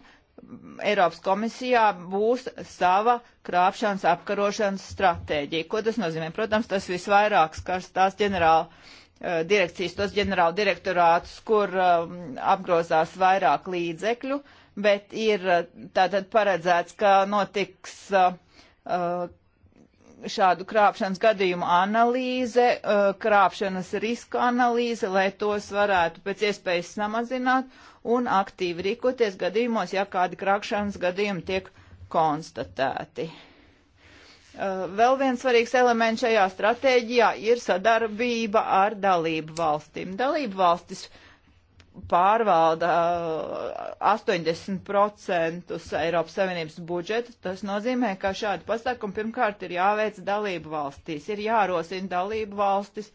Eiropas komisijā būs sava krāpšanas apkarošanas stratēģija. Ko tas nozīmē? Protams, tas visvairāk skars tās ģenerāla uh, direkcijas, tos ģenerāla direktorātus, kur um, apgrozās vairāk līdzekļu, bet ir eh, tātad paredzēts, ka notiks uh, šādu krāpšanas gadījumu analīze, uh, krāpšanas riska analīze, lai tos varētu pēc iespējas samazināt un aktīvi rīkoties gadījumos, ja kādi krākšanas gadījumi tiek konstatēti. Uh, vēl viens svarīgs elements šajā stratēģijā ir sadarbība ar dalību valstīm. Dalību valstis pārvalda 80% uh, Eiropas Savienības budžeta. Tas nozīmē, ka šādi pasākumi pirmkārt ir jāveic dalību valstīs, ir jārosina dalību valstis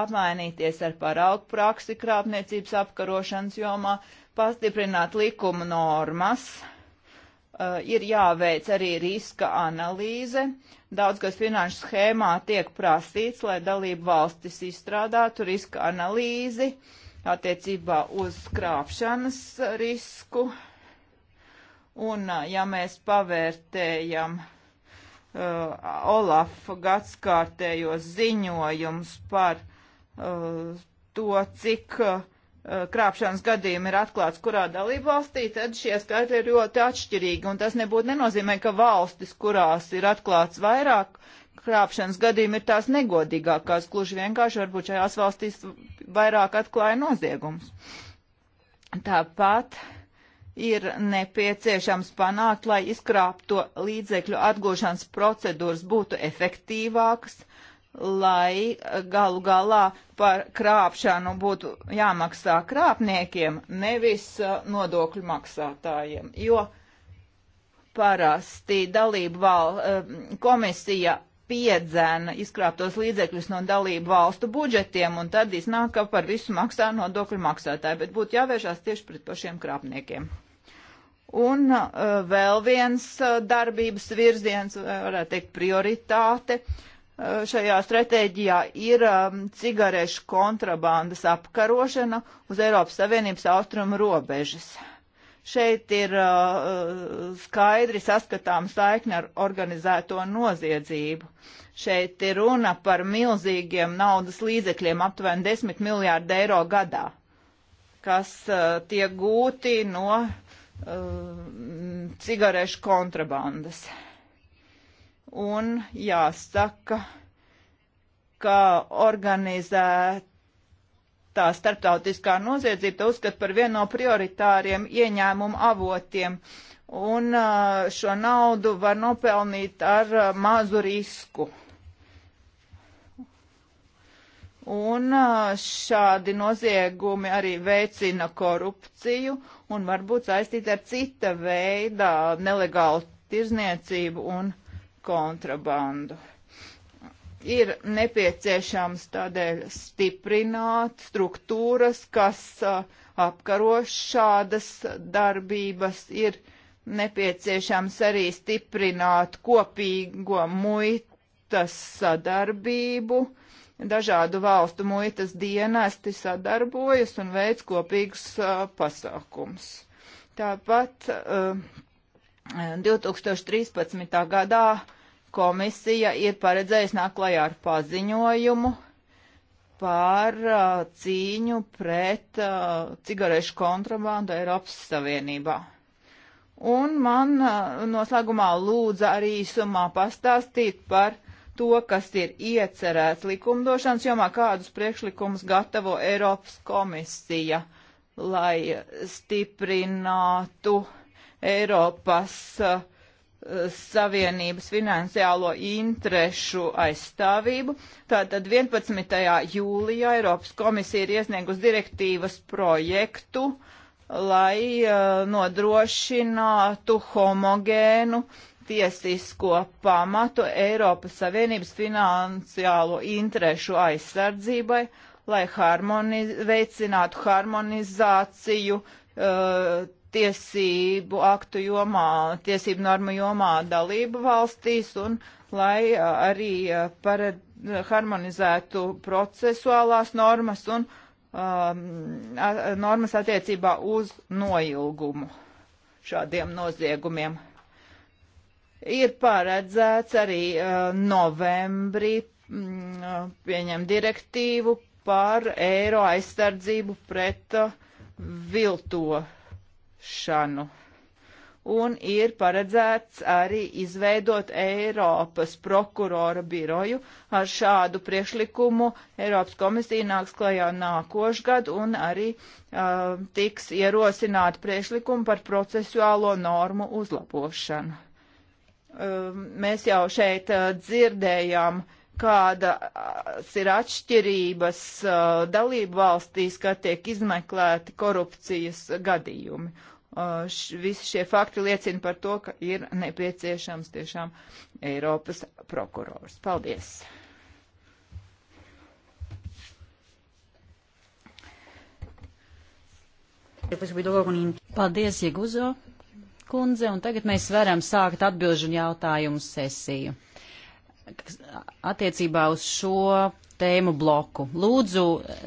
apmainīties ar paraugu praksi krāpniecības apkarošanas jomā, pastiprināt likuma normas, uh, ir jāveic arī riska analīze. Daudz, kas finanšu schēmā tiek prasīts, lai dalību valstis izstrādātu riska analīzi attiecībā uz krāpšanas risku. Un, uh, ja mēs pavērtējam uh, Olaf gadskārtējos ziņojums par uh, to, cik uh, Eh, krāpšanas gadījumi ir atklāts kurā dalībvalstī, tad šie skaitļi ir ļoti atšķirīgi, un tas nebūtu nenozīmē, ka valstis, kurās ir atklāts vairāk krāpšanas gadījumi, ir tās negodīgākās, gluži vienkārši varbūt šajās valstīs vairāk atklāja noziegums. Tāpat ir nepieciešams panākt, lai izkrāpto līdzekļu atgūšanas procedūras būtu efektīvākas, uh, lai eh, galu galā par krāpšanu būtu jāmaksā krāpniekiem, nevis eh, nodokļu maksātājiem. Jo parasti dalību val, eh, komisija piedzēna izkrāptos līdzekļus no dalību valstu budžetiem, un tad iznāk, ka par visu maksā nodokļu maksātāji, bet būtu jāvēršās tieši pret pašiem krāpniekiem. Un uh, vēl viens uh, darbības virziens, varētu teikt, prioritāte Eh, šajā stratēģijā ir um, cigarešu kontrabandas apkarošana uz Eiropas Savienības austrumu robežas. Šeit ir uh, skaidri saskatām saikne ar organizēto noziedzību. Šeit ir runa par milzīgiem naudas līdzekļiem, aptuveni 10 miljārdu eiro gadā, kas uh, tiek gūti no uh, cigarešu kontrabandas. Uh, un jāsaka, ka organizētā starptautiskā noziedzība uzskata par vienu no prioritāriem ieņēmumu avotiem, un uh, šo naudu var nopelnīt ar uh, mazu risku. Un uh, šādi noziegumi arī veicina korupciju un varbūt saistīti ar cita veida nelegālu tirzniecību un korupciju kontrabandu. Ir nepieciešams tādēļ stiprināt struktūras, kas uh, apkaro šādas darbības, ir nepieciešams arī stiprināt kopīgo muitas sadarbību. Dažādu valstu muitas dienesti sadarbojas un veids kopīgus uh, pasākums. Tāpat uh, 2013. gadā komisija ir paredzējusi nāk klajā ar paziņojumu par uh, cīņu pret uh, cigarešu kontrabandu Eiropas Savienībā. Un man uh, noslēgumā lūdza arī īsumā pastāstīt par to, kas ir iecerēts likumdošanas jomā, kādus priekšlikumus gatavo Eiropas komisija, lai stiprinātu uh, Eiropas uh, Savienības finansiālo interešu aizstāvību. Tātad 11. jūlijā Eiropas komisija ir iesniegusi direktīvas projektu, lai uh, nodrošinātu homogēnu tiesisko pamatu Eiropas Savienības finansiālo interešu aizsardzībai, lai harmoniz veicinātu harmonizāciju uh, tiesību aktu jomā, tiesību normu jomā dalību valstīs un lai arī pared, harmonizētu procesuālās normas un um, normas attiecībā uz noilgumu šādiem noziegumiem. Ir paredzēts arī uh, novembrī mm, pieņemt direktīvu par eiro aizsardzību pret uh, viltošanu glābšanu. Un ir paredzēts arī izveidot Eiropas prokurora biroju. Ar šādu priekšlikumu Eiropas komisija nāks klajā nākošgad un arī uh, tiks ierosināt priekšlikumu par procesuālo normu uzlabošanu. Uh, mēs jau šeit uh, dzirdējām uh, kādas ir atšķirības dalību valstīs, kad tiek izmeklēti korupcijas gadījumi. Uh, š, visi šie fakti liecina par to, ka ir nepieciešams tiešām Eiropas prokurors. Paldies! Paldies, Jeguzo kundze, un tagad mēs varam sākt atbilžu un jautājumu sesiju attiecībā uz šo tēmu bloku. Lūdzu,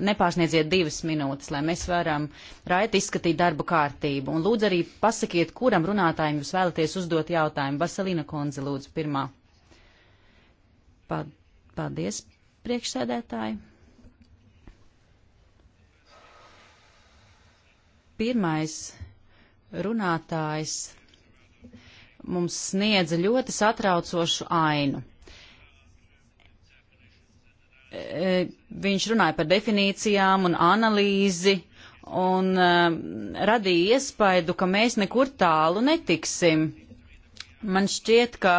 nepārsniedziet divas minūtes, lai mēs varam raiti izskatīt darbu kārtību. Un lūdzu arī pasakiet, kuram runātājiem jūs vēlaties uzdot jautājumu. Vaselina Konze, lūdzu, pirmā. Paldies, priekšsēdētāji. Pirmais runātājs mums sniedza ļoti satraucošu ainu. E, viņš runāja par definīcijām un analīzi un e, radīja iespaidu, ka mēs nekur tālu netiksim. Man šķiet, ka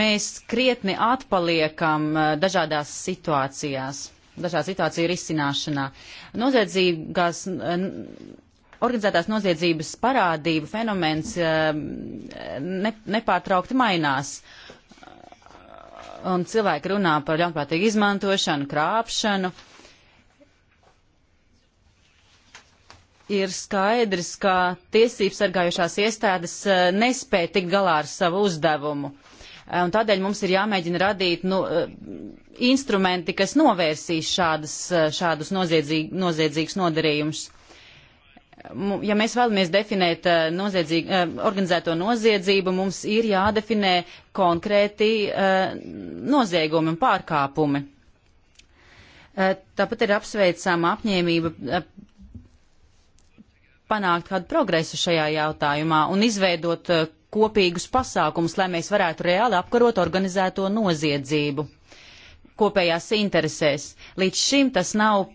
mēs krietni atpaliekam e, dažādās situācijās, dažā situācija risināšanā. Noziedzīgās organizētās noziedzības parādību fenomens ne, nepārtraukti mainās un cilvēki runā par ļaunprātīgu izmantošanu, krāpšanu. Ir skaidrs, ka tiesības sargājušās iestādes e, nespēja tikt galā ar savu uzdevumu. E, un tādēļ mums ir jāmēģina radīt nu, e, instrumenti, kas novērsīs šādas, šādus noziedzīg, noziedzīgus nodarījumus ja mēs vēlamies definēt eh, eh, organizēto noziedzību, mums ir jādefinē konkrēti eh, noziegumi un pārkāpumi. Tāpat ir apsveicama apņēmība panākt kādu progresu šajā jautājumā un izveidot kopīgus pasākumus, lai mēs varētu reāli apkarot organizēto noziedzību kopējās interesēs. Līdz šim tas nav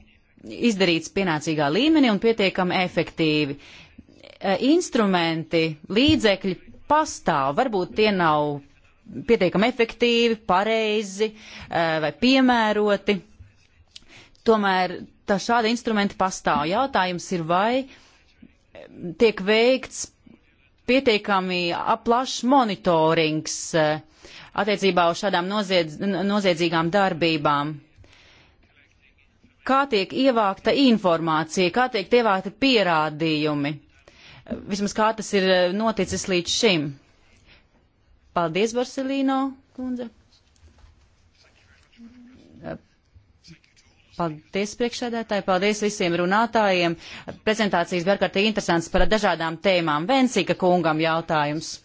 izdarīts pienācīgā līmenī un pietiekami efektīvi. E, instrumenti, līdzekļi pastāv, varbūt tie nav pietiekami efektīvi, pareizi e, vai piemēroti. Tomēr tā šādi instrumenti pastāv. Jautājums ir, vai tiek veikts pietiekami plašs monitorings e, attiecībā uz šādām noziedz, noziedzīgām darbībām kā tiek ievākta informācija, kā tiek ievākta pierādījumi. Vismaz kā tas ir eh, noticis līdz šim. Paldies, Barcelīno kundze. Paldies priekšsēdētāji, paldies visiem runātājiem. Prezentācijas bija ārkārtīgi interesants par dažādām tēmām. Vensika kungam jautājums.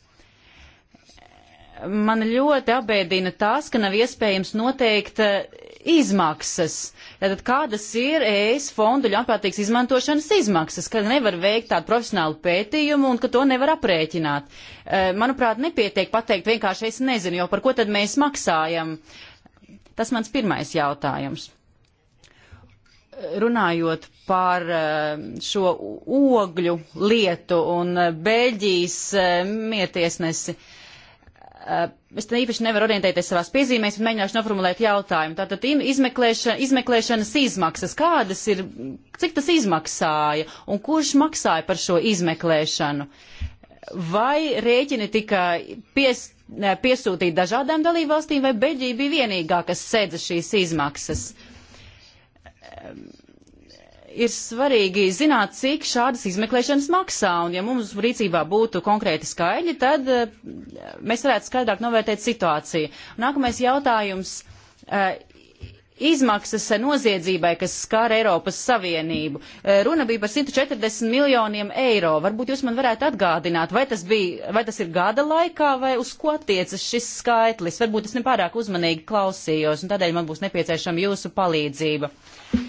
Man ļoti apbēdina tas, ka nav iespējams noteikt eh, izmaksas. Tātad kādas ir ES fondu ļaunprātīgas izmantošanas izmaksas, ka nevar veikt tādu profesionālu pētījumu un ka to nevar aprēķināt. Eh, manuprāt, nepietiek pateikt vienkārši es nezinu, jo par ko tad mēs maksājam. Tas mans pirmais jautājums. Runājot par eh, šo ogļu lietu un eh, Beļģijas miertiesnesi. Uh, es te īpaši nevaru orientēties savās piezīmēs, bet mēģināšu noformulēt jautājumu. Tātad izmeklēšana, izmeklēšanas izmaksas, kādas ir, cik tas izmaksāja un kurš maksāja par šo izmeklēšanu? Vai rēķini tika pies, piesūtīti dažādām dalībvalstīm, vai Beļģija bija vienīgā, kas sēdza šīs izmaksas? Um, ir svarīgi zināt, cik šādas izmeklēšanas maksā, un ja mums rīcībā būtu konkrēti skaidri, tad eh, mēs varētu skaidrāk novērtēt situāciju. Nākamais jautājums. Eh, izmaksas noziedzībai, kas skāra Eiropas Savienību. Eh, runa bija par 140 miljoniem eiro. Varbūt jūs man varētu atgādināt, vai tas, bija, vai tas ir gada laikā, vai uz ko attiecas šis skaitlis. Varbūt es nepārāk uzmanīgi klausījos, un tādēļ man būs nepieciešama jūsu palīdzība. Uh,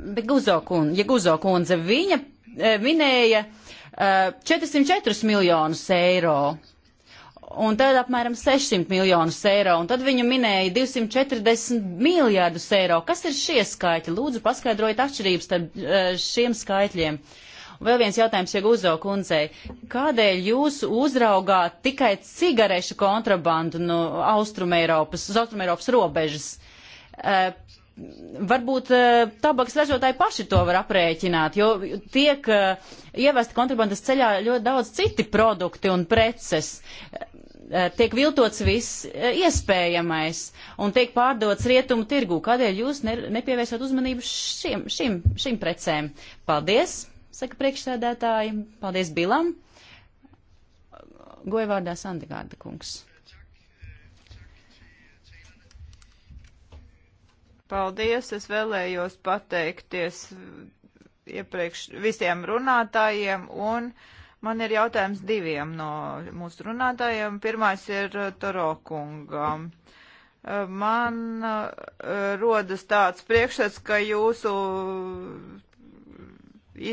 Bet Guzo kundze, ja Guzo kundze, viņa e, minēja e, uh, 404 miljonus eiro. Un tad apmēram 600 miljonus eiro, un tad viņa minēja 240 miljārdus eiro. Kas ir šie skaitļi? Lūdzu, paskaidrojiet atšķirības starp uh, šiem skaitļiem. Un vēl viens jautājums Jeguzo kundzei. Kādēļ jūs uzraugāt tikai cigarešu kontrabandu no Austrumēropas, uz Austrumēropas robežas? Uh, varbūt eh, tabaks ražotāji paši to var aprēķināt, jo tiek eh, ievesti kontrabandas ceļā ļoti daudz citi produkti un preces. Eh, tiek viltots viss iespējamais un tiek pārdots rietumu tirgū. Kādēļ jūs ne, nepievērsat uzmanību šim, šim, šim precēm? Paldies, saka priekšsēdētāji. Paldies Bilam. Gojvārdā Sandigārda kungs. Paldies, es vēlējos pateikties iepriekš visiem runātājiem, un man ir jautājums diviem no mūsu runātājiem. Pirmais ir uh, Torokungam. Uh, man uh, rodas tāds priekšsats, ka jūsu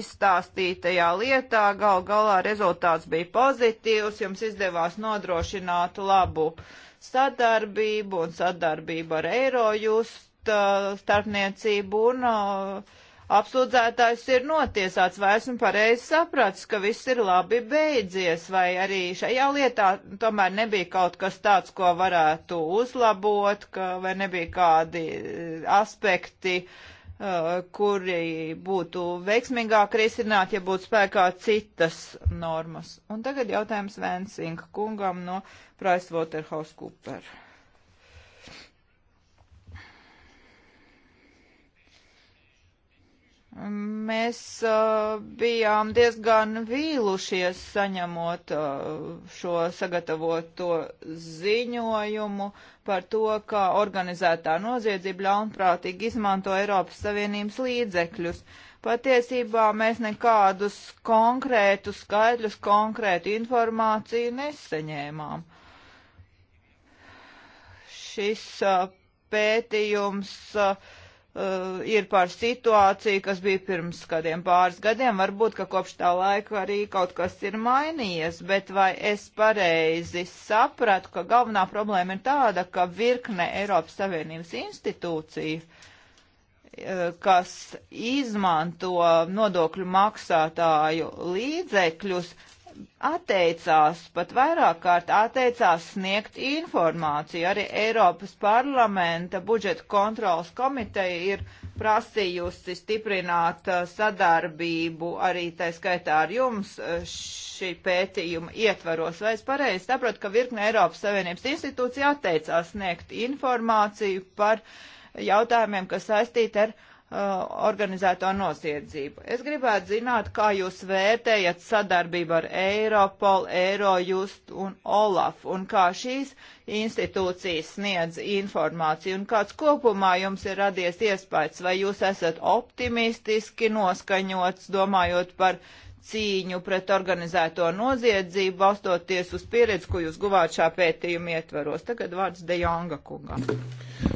izstāstītajā lietā gal galā rezultāts bija pozitīvs, jums izdevās nodrošināt labu sadarbību un sadarbību ar Eiro. Jūs uh, starpniecību un uh, apsūdzētājs ir notiesāts, vai esmu pareizi sapratis, ka viss ir labi beidzies, vai arī šajā lietā tomēr nebija kaut kas tāds, ko varētu uzlabot, ka, vai nebija kādi uh, aspekti, uh, kuri būtu veiksmīgāk risināt, ja būtu spēkā citas normas. Un tagad jautājums Vensinga kungam no PricewaterhouseCoopers. Mēs uh, bijām diezgan vīlušies saņemot uh, šo sagatavoto ziņojumu par to, kā organizētā noziedzība ļaunprātīgi izmanto Eiropas Savienības līdzekļus. Patiesībā mēs nekādus konkrētus skaidrus, konkrētu informāciju nesaņēmām. Šis uh, pētījums uh, uh, ir par situāciju, kas bija pirms kādiem pāris gadiem. Varbūt, ka kopš tā laika arī kaut kas ir mainījies, bet vai es pareizi sapratu, ka galvenā problēma ir tāda, ka virkne Eiropas Savienības institūciju eh, kas izmanto nodokļu maksātāju līdzekļus, uh, atteicās, pat vairāk kārt atteicās sniegt informāciju. Arī Eiropas parlamenta budžeta kontrolas komiteja ir prasījusi stiprināt uh, sadarbību arī tā skaitā ar jums uh, šī pētījuma ietvaros. Vai es pareizi saprotu, ka virkne Eiropas Savienības institūcija atteicās sniegt informāciju par jautājumiem, kas saistīti ar Uh, organizēto noziedzību. Es gribētu zināt, kā jūs vērtējat sadarbību ar Eiropol, Eirojust un Olaf, un kā šīs institūcijas sniedz informāciju, un kāds kopumā jums ir radies iespējas, vai jūs esat optimistiski noskaņots, domājot par cīņu pret organizēto noziedzību, balstoties uz pieredzi, ko jūs guvāt šā pētījuma ietvaros. Tagad vārds De Jonga kungam.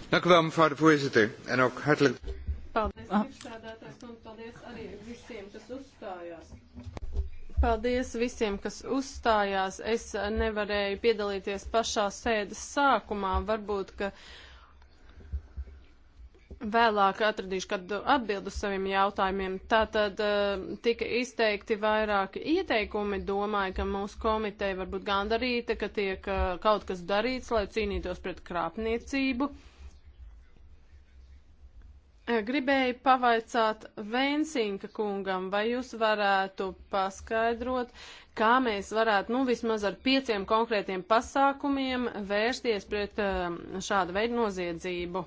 Dank u wel, mevrouw de voorzitter. En ook hartelijk. Paldies, ah. priekšstādātājs, un paldies arī visiem, kas uzstājās. Paldies visiem, kas uzstājās. Es nevarēju piedalīties pašā sēdes sākumā. Varbūt, ka vēlāk atradīšu kādu atbildu saviem jautājumiem. Tātad eh, tika izteikti vairāki ieteikumi. Domāju, ka mūsu komiteja varbūt gandarīta, ka tiek eh, kaut kas darīts, lai cīnītos pret krāpniecību. Gribēju pavaicāt Vēnsinka kungam, vai jūs varētu paskaidrot, kā mēs varētu, nu, vismaz ar pieciem konkrētiem pasākumiem vērsties pret um, šādu veidu noziedzību.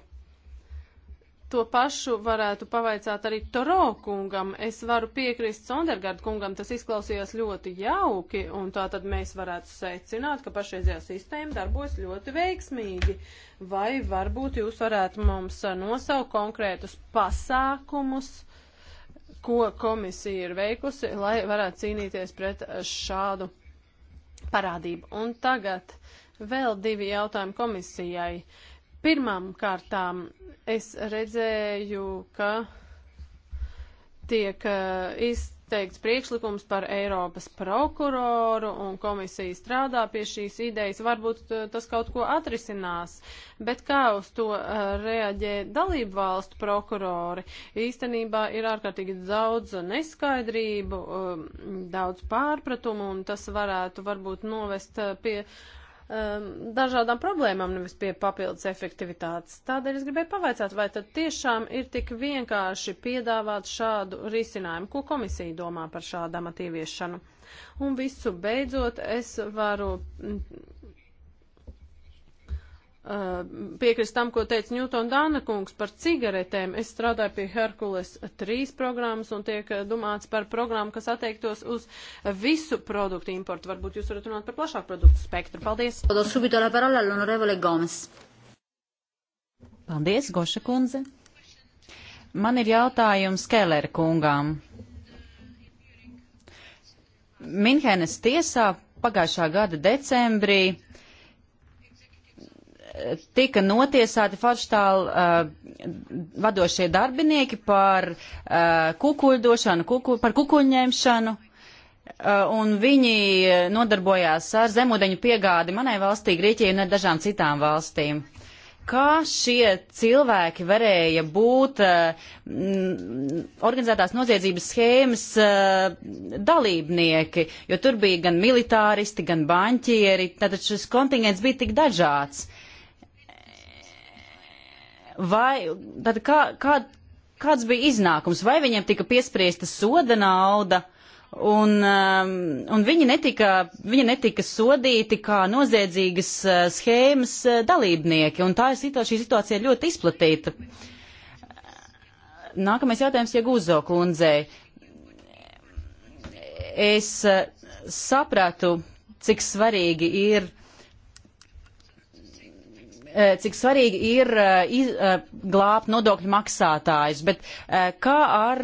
To pašu varētu pavaicāt arī Toro kungam. Es varu piekrist Sondergard kungam, tas izklausījās ļoti jauki, un tā tad mēs varētu secināt, ka pašreizējā sistēma darbojas ļoti veiksmīgi. Vai varbūt jūs varētu mums nosaukt konkrētus pasākumus, ko komisija ir veikusi, lai varētu cīnīties pret šādu parādību. Un tagad vēl divi jautājumi komisijai. Uh, Pirmām kārtām es redzēju, ka tiek eh, izteikts priekšlikums par Eiropas prokuroru un komisija strādā pie šīs idejas. Varbūt eh, tas kaut ko atrisinās, bet kā uz to eh, reaģē dalību valstu prokurori? Īstenībā ir ārkārtīgi daudz neskaidrību, daudz pārpratumu un tas varētu varbūt novest pie um, dažādām problēmām, nevis pie papildus efektivitātes. Tādēļ es gribēju pavaicāt, vai tad tiešām ir tik vienkārši piedāvāt šādu risinājumu, ko komisija domā par šādu amatīviešanu. Un visu beidzot, es varu piekrist tam, ko teica Ņūton Dāna kungs par cigaretēm. Es strādāju pie Herkules 3 programmas un tiek domāts par programmu, kas attiektos uz visu produktu importu. Varbūt jūs varat runāt par plašāku produktu spektru. Paldies! Paldies, Goša kundze! Man ir jautājums Keller kungām. Minhenes tiesā pagājušā gada decembrī tika notiesāti Farstāla uh, vadošie darbinieki par uh, kukuļdošanu, kuku, par kukuļņemšanu. Uh, un viņi nodarbojās ar zemūdeņu piegādi manai valstī, Grieķijai un dažām citām valstīm. Kā šie cilvēki varēja būt uh, m, organizētās noziedzības schēmas uh, dalībnieki, jo tur bija gan militāristi, gan baņķieri, tātad šis kontingents bija tik dažāds. Uh, Vai tad kā, kā, kāds bija iznākums? Vai viņiem tika piespriesta soda nauda? Un, um, un viņi, netika, viņi netika sodīti kā noziedzīgas uh, schēmas uh, dalībnieki, un tā ir situācija, šī situācija ir ļoti izplatīta. Nākamais jautājums Jaguzo kundzei. Es uh, sapratu, cik svarīgi ir Eh, cik svarīgi ir eh, iz, eh, glābt nodokļu maksātājus, bet kā ar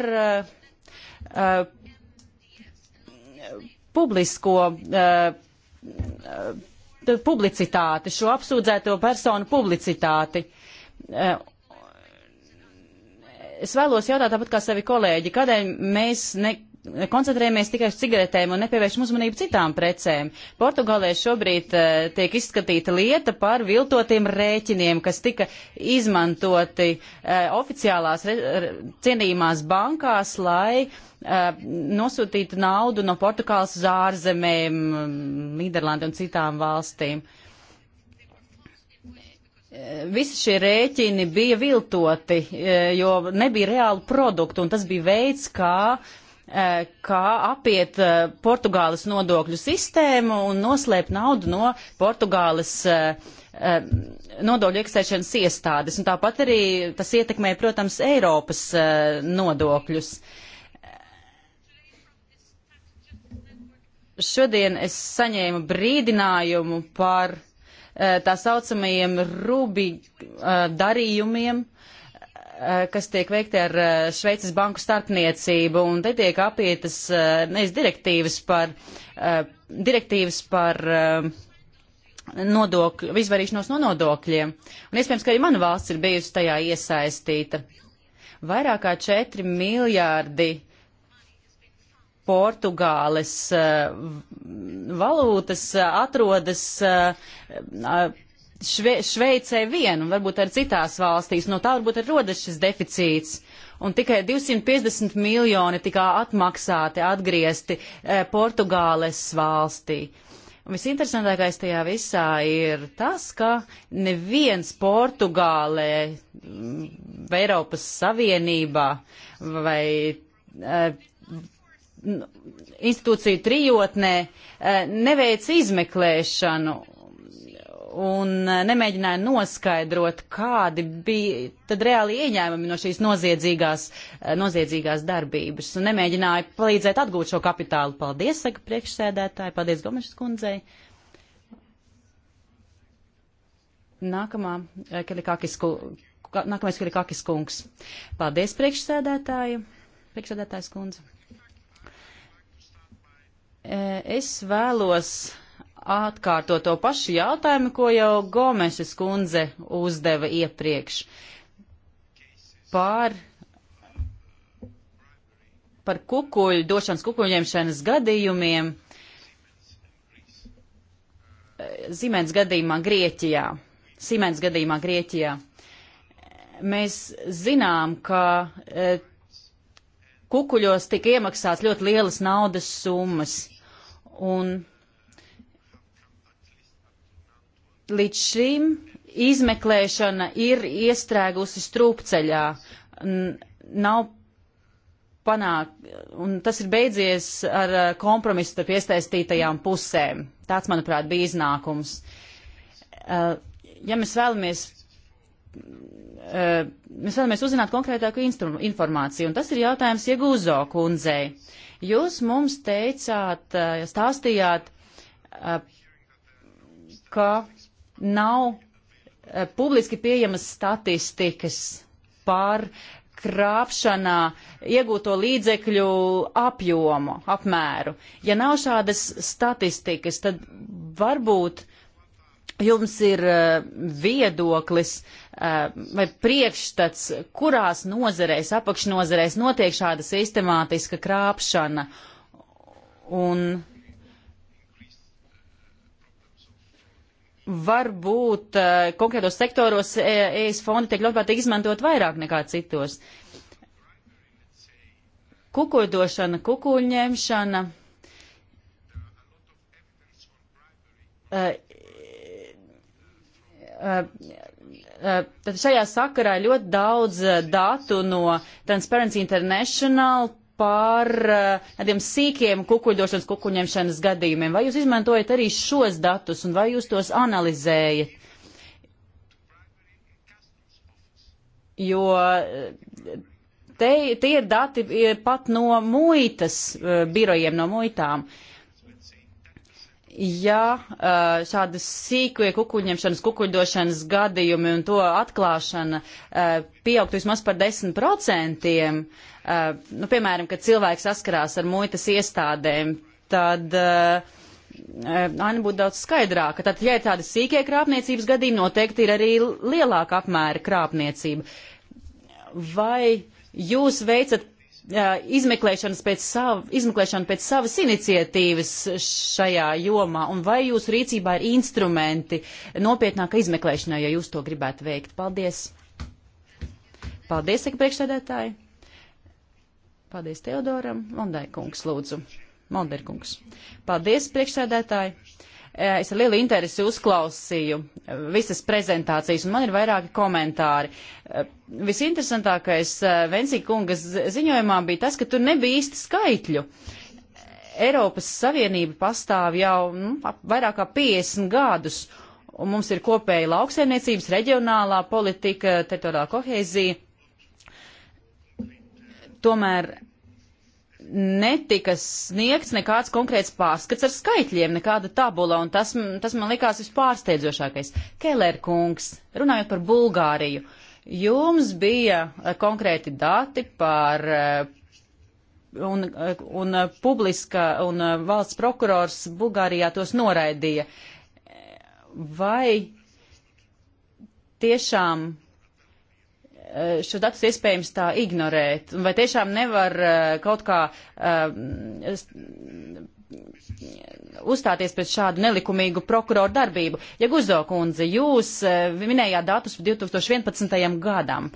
publisko publicitāti, šo apsūdzēto personu publicitāti. Es vēlos jautāt tāpat kā savi kolēģi, kādēļ mēs ne, koncentrējamies tikai uz cigaretēm un nepievēršam uzmanību citām precēm. Portugālē šobrīd uh, tiek izskatīta lieta par viltotiem rēķiniem, kas tika izmantoti uh, oficiālās re, re, cienījumās bankās, lai uh, nosūtītu naudu no Portugāles uz ārzemēm, mm, Nīderlandi un citām valstīm. Visi šie rēķini bija viltoti, jo nebija reāli produktu, un tas bija veids, kā uh, E, kā apiet e, Portugāles nodokļu sistēmu un noslēpt naudu no Portugāles e, nodokļu iekasēšanas iestādes. Un tāpat arī tas ietekmē, protams, Eiropas nodokļus. Šodien es saņēmu brīdinājumu par tā saucamajiem rubi darījumiem, Eh, kas tiek veikti ar eh, Šveices banku starpniecību, un te tiek apietas eh, nevis direktīvas par, direktīvas par nodokļu, izvairīšanos no nodokļiem. Un iespējams, ka arī mana valsts ir bijusi tajā iesaistīta. Vairāk kā 4 miljārdi Portugāles valūtas atrodas Šve, Šveicē vien, un varbūt arī citās valstīs, no tā varbūt ir rodas šis deficīts. Un tikai 250 miljoni tika atmaksāti, atgriezti eh, Portugāles valstī. Un visinteresantākais tajā visā ir tas, ka neviens Portugālē vai mm, Eiropas Savienībā vai eh, institūciju trijotnē eh, neveic izmeklēšanu un e, nemēģināja noskaidrot, kādi bija tad reāli ieņēmumi no šīs noziedzīgās, e, noziedzīgās darbības, un nemēģināja palīdzēt atgūt šo kapitālu. Paldies, saka priekšsēdētāji, paldies Gomešas kundzei. Nākamā, e, Kelikakis, nākamais Kelikakis kungs. Paldies, priekšsēdētāji, priekšsēdētājs kundze. Es vēlos atkārto to pašu jautājumu, ko jau Gomeses kundze uzdeva iepriekš par, par kukuļu, došanas kukuļņemšanas gadījumiem Zimens eh, gadījumā Grieķijā. Simens gadījumā Grieķijā. Mēs zinām, ka e, kukuļos tika iemaksāts ļoti lielas naudas summas. Un līdz šim izmeklēšana ir iestrēgusi strupceļā. Nav panāk, un tas ir beidzies ar uh, kompromisu starp iesaistītajām pusēm. Tāds, manuprāt, bija iznākums. Uh, ja mēs vēlamies, uh, mēs vēlamies uzzināt konkrētāku informāciju, un tas ir jautājums Iegūzo kundzei. Jūs mums teicāt, stāstījāt, ka nav eh, publiski pieejamas statistikas par krāpšanā iegūto līdzekļu apjomu, apmēru. Ja nav šādas statistikas, tad varbūt jums ir eh, viedoklis eh, vai priekšstats, kurās nozerēs, apakšnozerēs notiek šāda sistemātiska krāpšana. Un varbūt eh, konkrētos sektoros eh, ES fondi tiek ļautprātīgi izmantot vairāk nekā citos. Kukuļdošana, kukuļņemšana. Eh, tad šajā sakarā ļoti daudz datu no Transparency International par eh, tādiem sīkiem kukuļdošanas, kukuņemšanas gadījumiem. Vai jūs izmantojat arī šos datus un vai jūs tos analizējat? Jo eh, te, tie dati ir pat no muitas eh, birojiem, no muitām. Uh, ja eh, šādas sīkvie kukuļņemšanas, kukuļdošanas gadījumi un to atklāšana eh, pieaugtu vismaz par 10%, eh, nu, piemēram, kad cilvēks saskarās ar muitas iestādēm, tad aina būtu daudz skaidrāka. Tad, ja ir tādi sīkie krāpniecības gadījumi, noteikti ir arī lielāka apmēra krāpniecība. Vai jūs veicat izmeklēšanas pēc, sav, izmeklēšana pēc savas iniciatīvas šajā jomā, un vai jūsu rīcībā ir instrumenti nopietnāka izmeklēšanai, ja jūs to gribētu veikt? Paldies! Paldies, saka priekšsēdētāji! Paldies Teodoram! Mondai kungs, lūdzu! Mondai kungs! Paldies, priekšsēdētāji! Eh, es ar lielu interesi uzklausīju eh, visas prezentācijas, un man ir vairāki komentāri. Eh, visinteresantākais Vensīka kungas ziņojumā bija tas, ka tur nebija īsti skaitļu. Eiropas Savienība pastāv jau nu, vairāk kā 50 gadus, un mums ir kopēja lauksaimniecības, reģionālā politika, teritoriālā kohēzija. Tomēr netika sniegts nekāds konkrēts pārskats ar skaitļiem, nekāda tabula, un tas, tas man likās vispārsteidzošākais. Keller kungs, runājot par Bulgāriju, jums bija eh, konkrēti dati par eh, un, eh, un publiska un valsts prokurors Bulgārijā tos noraidīja. Vai tiešām Eh, šo datus iespējams tā ignorēt? Vai tiešām nevar eh, kaut kā eh, uzstāties pret šādu nelikumīgu prokuroru darbību? Ja Guzo kundze, jūs minējāt datus 2011. gadam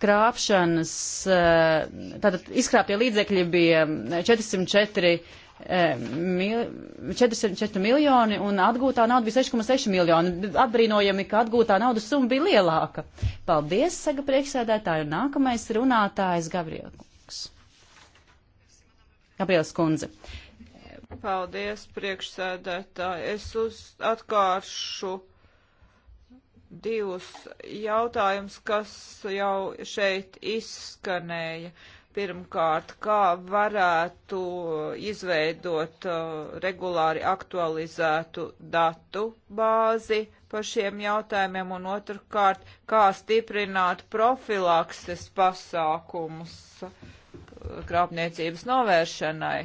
krāpšanas, tātad izkrāptie līdzekļi bija 404 mil, 44 miljoni un atgūtā nauda bija 6,6 miljoni. Atbrīnojami, ka atgūtā naudas summa bija lielāka. Paldies, saka priekšsēdētāji, un nākamais runātājs Gabriels. Gabriels Kunze. Paldies, priekšsēdētāji. Es uz atkāršu divus jautājumus, kas jau šeit izskanēja. Uh, Pirmkārt, kā varētu izveidot uh, regulāri aktualizētu datu bāzi par šiem jautājumiem, un otrkārt, kā stiprināt profilakses pasākumus uh, krāpniecības novēršanai.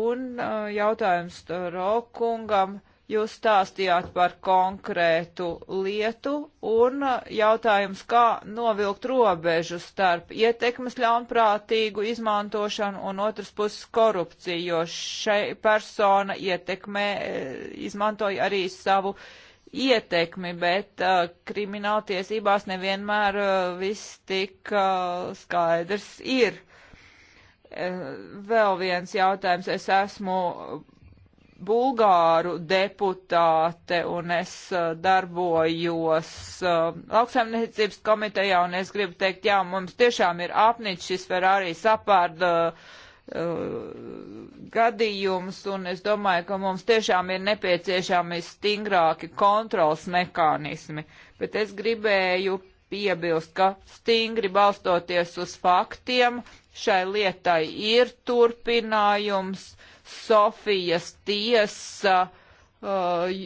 Un uh, jautājums Rokungam Jūs stāstījāt par konkrētu lietu un uh, jautājums, kā novilkt robežu starp ietekmes ļaunprātīgu izmantošanu un otras puses korupciju, jo šai persona ietekmē eh, izmantoja arī savu ietekmi, bet uh, krimināltiesībās nevienmēr uh, viss tik uh, skaidrs ir. Eh, vēl viens jautājums. Es esmu bulgāru deputāte un es eh, darbojos uh, lauksaimniecības komitejā un es gribu teikt, jā, mums tiešām ir apnicis šis Ferrari sapārda uh, eh, gadījums un es domāju, ka mums tiešām ir nepieciešami stingrāki kontrols mekānismi. Bet es gribēju piebilst, ka stingri balstoties uz faktiem, šai lietai ir turpinājums. Uh, Sofijas tiesa uh,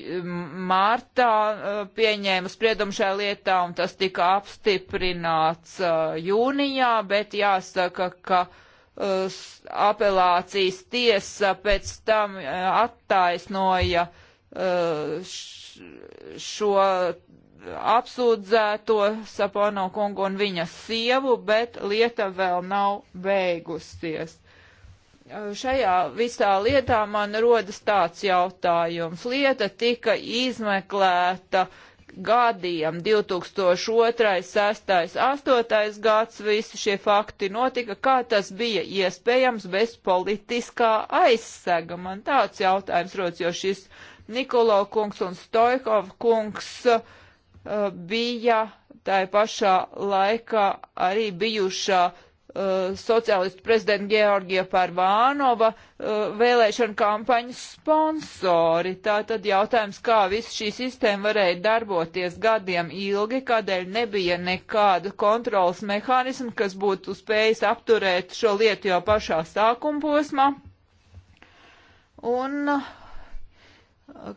martā uh, pieņēma spriedumu šajā lietā un tas tika apstiprināts uh, jūnijā, bet jāsaka, ka apelācijas tiesa pēc tam attaisnoja šo apsūdzēto Sapono kungu un viņa sievu, bet lieta vēl nav beigusies šajā visā lietā man rodas tāds jautājums. Lieta tika izmeklēta gadiem 2002, 6, 8 gads, visi šie fakti notika, kā tas bija iespējams bez politiskā aizsega. Man tāds jautājums rodas, jo šis Nikolo kungs un Stoikov kungs uh, bija tā pašā laikā arī bijušā Uh, sociālistu prezidenta Georgija Parvānova uh, vēlēšana kampaņas sponsori. Tā tad jautājums, kā visa šī sistēma varēja darboties gadiem ilgi, kādēļ nebija nekāda kontrolas mehānisma, kas būtu spējis apturēt šo lietu jau pašā sākuma posmā. Un uh,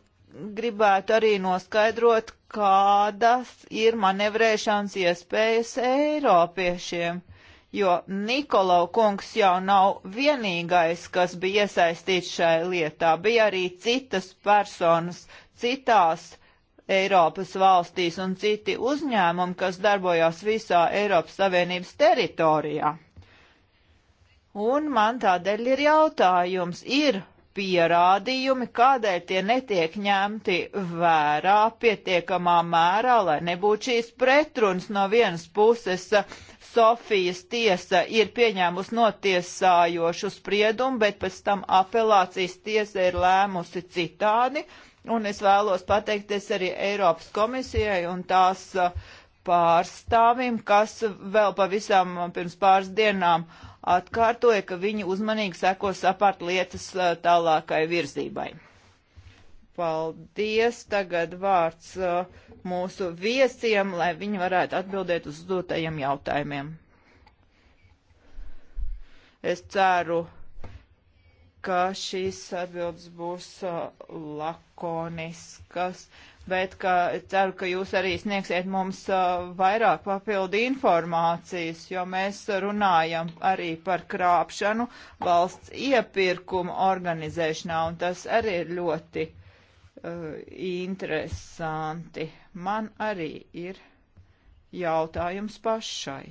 gribētu arī noskaidrot, kādas ir manevrēšanas iespējas Eiropiešiem. Uh, jo Nikolau kungs jau nav vienīgais, kas bija iesaistīts šai lietā. Bija arī citas personas citās Eiropas valstīs un citi uzņēmumi, kas darbojās visā Eiropas Savienības teritorijā. Un man tādēļ ir jautājums, ir pierādījumi, kādēļ tie netiek ņemti vērā pietiekamā mērā, lai nebūtu šīs pretrunas no vienas puses. Sofijas tiesa ir pieņēmusi notiesājošu spriedumu, bet pēc tam apelācijas tiesa ir lēmusi citādi. Un es vēlos pateikties arī Eiropas komisijai un tās uh, pārstāvim, kas vēl pavisam pirms pāris dienām atkārtoja, ka viņi uzmanīgi seko sapārt lietas eh, tālākai virzībai. Paldies, tagad vārds eh, mūsu viesiem, lai viņi varētu atbildēt uz uzdotajiem jautājumiem. Es ceru, ka šīs atbildes būs eh, lakoniskas. Uh, bet ka ceru, ka jūs arī sniegsiet mums uh, vairāk papildu informācijas, jo mēs runājam arī par krāpšanu valsts iepirkumu organizēšanā, un tas arī ir ļoti uh, interesanti. Man arī ir jautājums pašai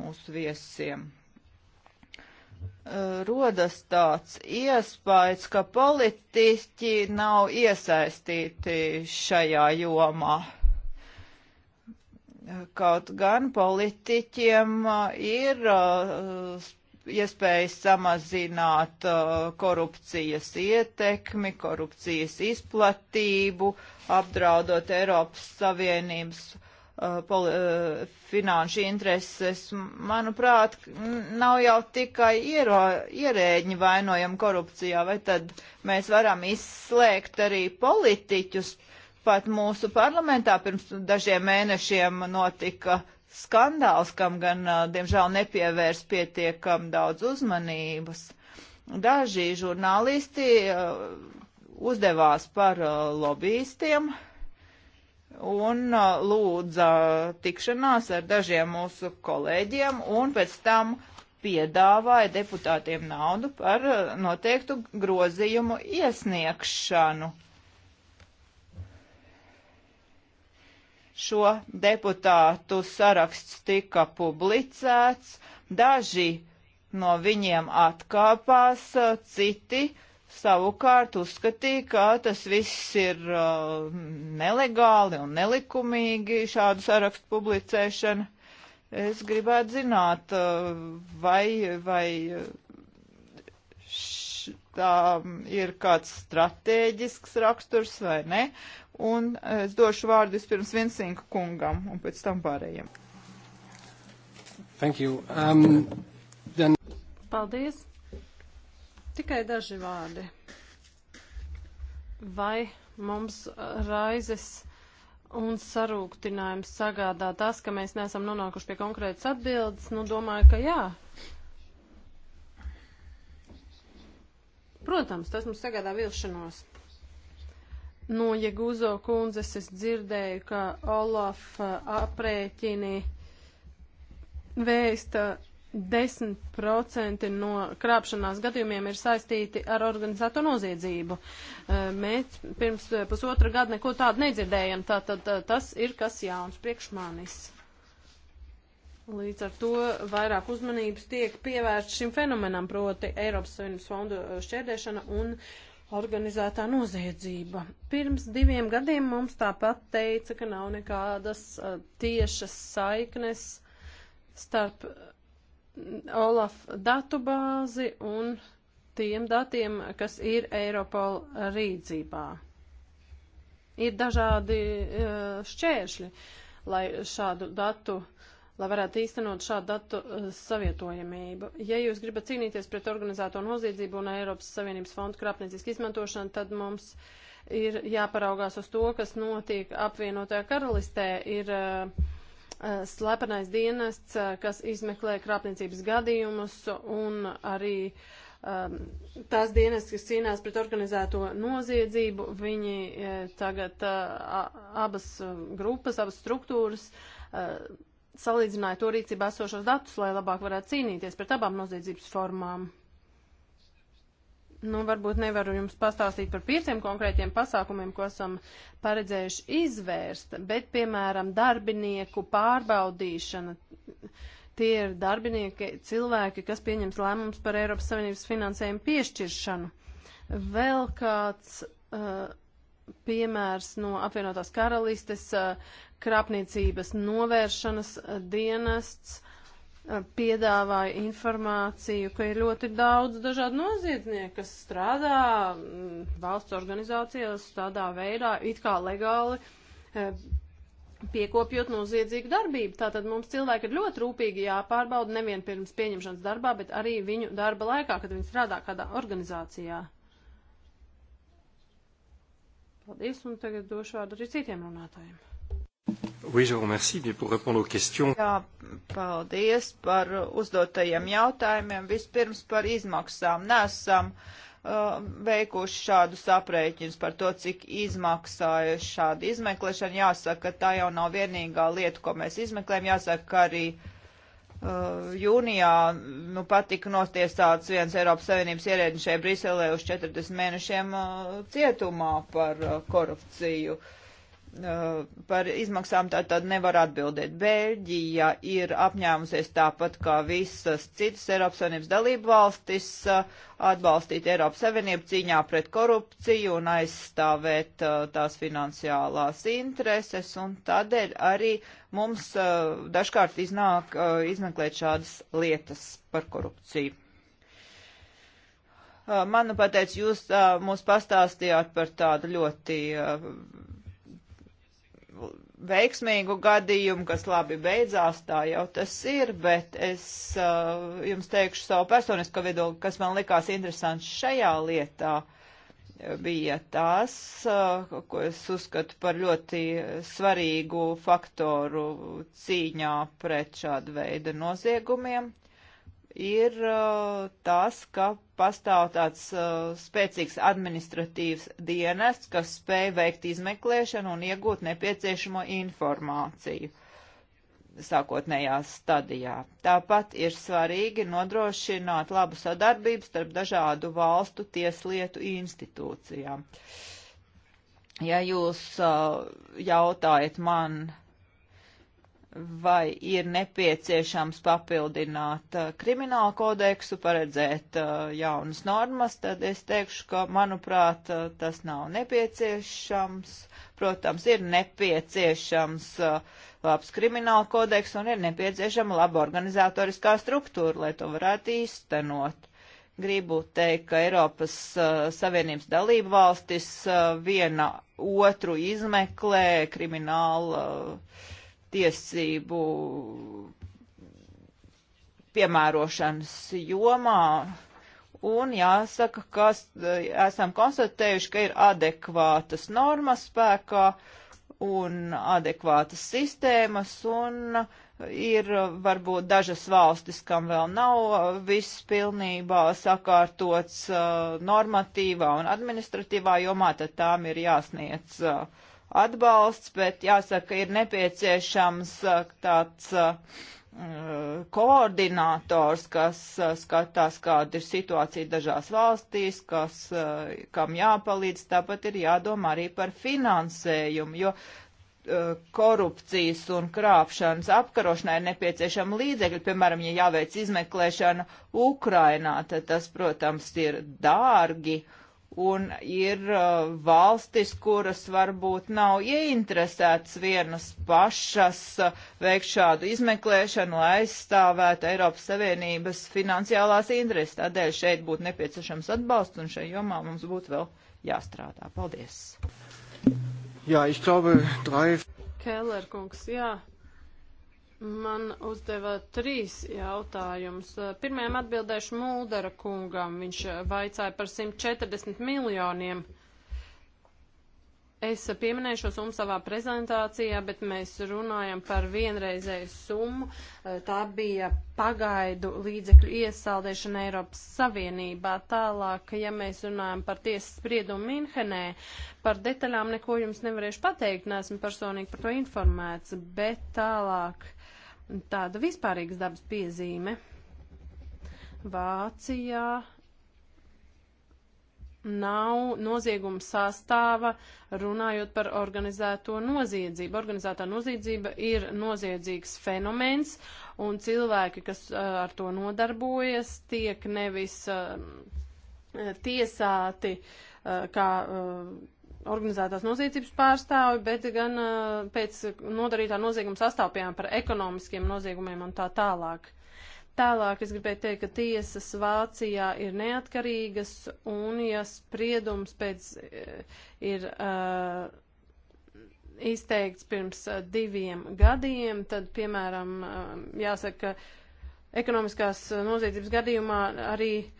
mūsu viesiem. Eh, rodas tāds iespējas, ka politiķi nav iesaistīti šajā jomā. Eh, kaut gan politiķiem eh, ir iespējas samazināt korupcijas ietekmi, korupcijas izplatību, apdraudot Eiropas Savienības Uh, poli, uh, finanšu intereses, manuprāt, nav jau tikai iero, ierēģi vainojami korupcijā, vai tad mēs varam izslēgt arī politiķus. Pat mūsu parlamentā pirms dažiem mēnešiem notika skandāls, kam gan, uh, diemžēl, nepievērs pietiekam daudz uzmanības. Daži žurnālisti uzdevās par lobbyistiem. Uh, un lūdza tikšanās ar dažiem mūsu kolēģiem un pēc tam piedāvāja deputātiem naudu par noteiktu grozījumu iesniegšanu. Šo deputātu saraksts tika publicēts, daži no viņiem atkāpās, citi uh, savukārt uzskatīja, ka tas viss ir uh, nelegāli un nelikumīgi šādu sarakstu publicēšana. Es gribētu zināt, uh, vai, vai uh, š, tā ir kāds strateģisks raksturs vai ne. Un es došu vārdu vispirms Vinsinka kungam un pēc tam pārējiem. Thank you. Um, then... Paldies. Tikai daži vārdi. Vai mums raizes un sarūktinājums sagādā tas, ka mēs neesam nonākuši pie konkrētas atbildes? Nu, domāju, ka jā. Protams, tas mums sagādā vilšanos. No Jeguzo kundzes es dzirdēju, ka Olaf uh, aprēķini vēsta 10% no krāpšanās gadījumiem ir saistīti ar organizēto noziedzību. Eh, mēs pirms eh, pusotra gada neko tādu nedzirdējam, tātad eh, tas ir kas jauns priekš manis. Līdz ar to vairāk uzmanības tiek pievērst šim fenomenam, proti Eiropas Savienības fondu šķērdēšana un organizētā noziedzība. Pirms diviem gadiem mums tāpat teica, ka nav nekādas tiešas saiknes starp uh, Olaf datu bāzi un tiem datiem, kas ir Eiropola rīdzībā. Ir dažādi e, šķēršļi, lai šādu datu lai varētu īstenot šādu datu e, savietojamību. Ja jūs gribat cīnīties pret organizēto noziedzību un Eiropas Savienības fondu krāpniecisku izmantošanu, tad mums ir jāparaugās uz to, kas notiek apvienotajā karalistē. Ir uh, Eh, slepenais dienests, eh, kas izmeklē krāpniecības gadījumus un arī um, eh, tās dienas, kas cīnās pret organizēto noziedzību, viņi tagad uh, abas grupas, abas struktūras uh, salīdzināja to rīcībā esošos datus, lai labāk varētu cīnīties pret abām noziedzības formām. Nu, varbūt nevaru jums pastāstīt par pieciem konkrētiem pasākumiem, ko esam paredzējuši izvērst, bet, piemēram, darbinieku pārbaudīšana. Tie ir darbinieki, cilvēki, kas pieņems lēmums par Eiropas Savienības finansējumu piešķiršanu. Vēl kāds uh, piemērs no apvienotās karalistes uh, krāpniecības novēršanas uh, dienests Eh, piedāvāja informāciju, ka ir ļoti daudz dažādu noziedznieku, kas strādā mm, valsts organizācijās tādā veidā, it kā legāli eh, piekopjot noziedzīgu darbību. Tātad mums cilvēki ir ļoti rūpīgi jāpārbauda nevien pirms pieņemšanas darbā, bet arī viņu darba laikā, kad viņi strādā kādā organizācijā. Paldies, un tagad došu vārdu arī citiem runātājiem. Oui, je vous remercie. Bien, pour répondre aux questions. Jā, paldies par uzdotajiem jautājumiem. Vispirms par izmaksām. Nesam uh, veikuši šādus aprēķinus par to, cik izmaksāja šāda izmeklēšana. Jāsaka, ka tā jau nav vienīgā lieta, ko mēs izmeklējam. Jāsaka, ka arī Uh, jūnijā nu, pat tika notiesāts viens Eiropas Savienības ierēdnis šeit Briselē uz 40 mēnešiem uh, cietumā par uh, korupciju. Uh, Uh, par izmaksām tā tad nevar atbildēt. Bēļģija ir apņēmusies tāpat kā visas citas Eiropas Savienības dalību valstis uh, atbalstīt Eiropas Savienību cīņā pret korupciju un aizstāvēt uh, tās finansiālās intereses, un tādēļ arī mums dažkārt iznāk izmeklēt šādas lietas par korupciju. Manuprāt, jūs mūs pastāstījāt par tādu ļoti veiksmīgu gadījumu, kas labi beidzās, tā jau tas ir, bet es uh, jums teikšu savu personisko viedokli, kas man likās interesants šajā lietā, uh, bija tas, uh, ko es uzskatu par ļoti svarīgu faktoru cīņā pret šādu veidu noziegumiem ir uh, tas, ka pastāv tāds uh, spēcīgs administratīvs dienests, kas spēj veikt izmeklēšanu un iegūt nepieciešamo informāciju sākotnējā stadijā. Tāpat ir svarīgi nodrošināt labu sadarbību starp dažādu valstu tieslietu institūcijām. Ja jūs uh, jautājat man, uh, vai ir nepieciešams papildināt uh, kriminālu kodeksu, paredzēt uh, jaunas normas, tad es teikšu, ka, manuprāt, uh, tas nav nepieciešams. Protams, ir nepieciešams labs krimināla kodeks un ir nepieciešama laba organizatoriskā struktūra, lai to varētu īstenot. Gribu teikt, ka Eiropas uh, Savienības dalība valstis uh, viena otru izmeklē kriminālu uh, tiesību piemērošanas jomā. Un jāsaka, ka esam konstatējuši, ka ir adekvātas normas spēkā un adekvātas sistēmas, un ir varbūt dažas valstis, kam vēl nav viss pilnībā sakārtots uh, normatīvā un administratīvā jomā, tad tām ir jāsniedz uh, atbalsts, bet jāsaka, ir nepieciešams uh, tāds uh, mm, koordinators, kas uh, skatās, kāda ir situācija dažās valstīs, kas, kam jāpalīdz, tāpat ir jādomā arī par finansējumu, jo korupcijas un krāpšanas apkarošanai ir nepieciešama līdzekļi. Piemēram, ja jāveic izmeklēšana Ukrainā, tad tas, protams, ir dārgi. Uh, un ir uh, valstis, kuras varbūt nav ieinteresētas vienas pašas uh, veikt šādu izmeklēšanu, lai aizstāvētu Eiropas Savienības finansiālās intereses. Tādēļ šeit būtu nepieciešams atbalsts un šai jomā mums būtu vēl jāstrādā. Paldies! Jā, ich glaube, drei. Keller kungs, jā, Man uzdeva trīs jautājumus. Pirmajam atbildēšu Mūdera kungam. Viņš vaicāja par 140 miljoniem. Es pieminēju šo summu savā prezentācijā, bet mēs runājam par vienreizēju summu. Tā bija pagaidu līdzekļu iesaldēšana Eiropas Savienībā. Tālāk, ja mēs runājam par tiesas spriedumu Minhenē, par detaļām neko jums nevarēšu pateikt, neesmu personīgi par to informēts, bet tālāk tāda vispārīgas dabas piezīme. Vācijā nav nozieguma sastāva, runājot par organizēto noziedzību. Organizētā noziedzība ir noziedzīgs fenomens, un cilvēki, kas uh, ar to nodarbojas, tiek nevis um, tiesāti uh, kā uh, organizētās noziedzības pārstāvi, bet gan uh, pēc nodarītā nozieguma sastāvpējām par ekonomiskiem noziegumiem un tā tālāk. Tālāk es gribēju teikt, ka tiesas Vācijā ir neatkarīgas un, ja spriedums pēc ir uh, izteikts pirms diviem gadiem, tad, piemēram, uh, jāsaka, ka ekonomiskās noziedzības gadījumā arī uh,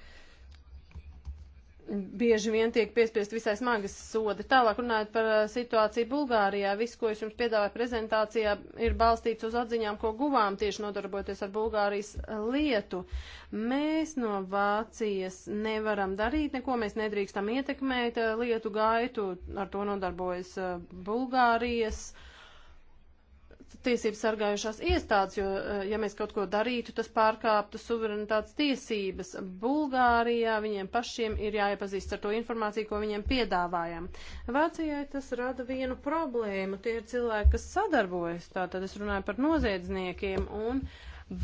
bieži vien tiek piespiest visai smagas sodi. Tālāk runājot par situāciju Bulgārijā, viss, ko es jums piedāvāju prezentācijā, ir balstīts uz atziņām, ko guvām tieši nodarbojoties ar Bulgārijas lietu. Mēs no Vācijas nevaram darīt neko, mēs nedrīkstam ietekmēt lietu gaitu, ar to nodarbojas Bulgārijas. Uh, tiesību sargājušās iestādes, jo, eh, ja mēs kaut ko darītu, tas pārkāptu suverenitātes tiesības. Bulgārijā viņiem pašiem ir jāiepazīst ar to informāciju, ko viņiem piedāvājam. Vācijai tas rada vienu problēmu. Tie ir cilvēki, kas sadarbojas. Tātad es runāju par noziedzniekiem un.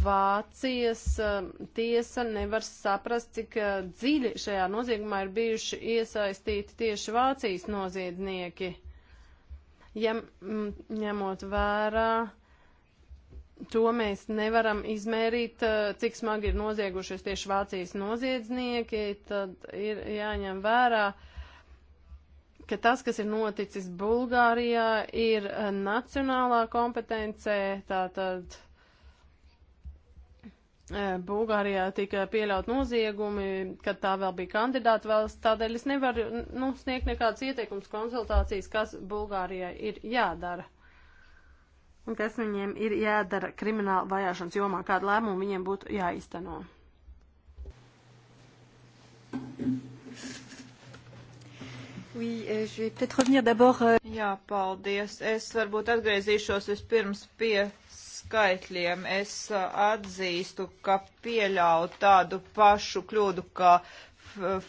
Vācijas eh, tiesa nevar saprast, cik eh, dziļi šajā noziegumā ir bijuši iesaistīti tieši Vācijas noziedznieki. Uh, ja mm, ņemot vērā to mēs nevaram izmērīt, eh, cik smagi ir noziegušies tieši Vācijas noziedznieki, tad ir jāņem vērā, ka tas, kas ir noticis Bulgārijā, ir eh, nacionālā kompetencē, tātad. Tā Eh, Bulgārijā tika pieļaut noziegumi, kad tā vēl bija kandidāta valsts, tādēļ es nevaru nu, sniegt nekādas ieteikums konsultācijas, kas Bulgārijai ir jādara. Un kas viņiem ir jādara krimināla vajāšanas jomā, kādu lēmumu viņiem būtu jāizteno. Oui, eh, je vais peut-être revenir d'abord. Euh, Jā, paldies. Es varbūt atgriezīšos vispirms pie skaitļiem. Es atzīstu, ka pieļauju tādu pašu kļūdu, kā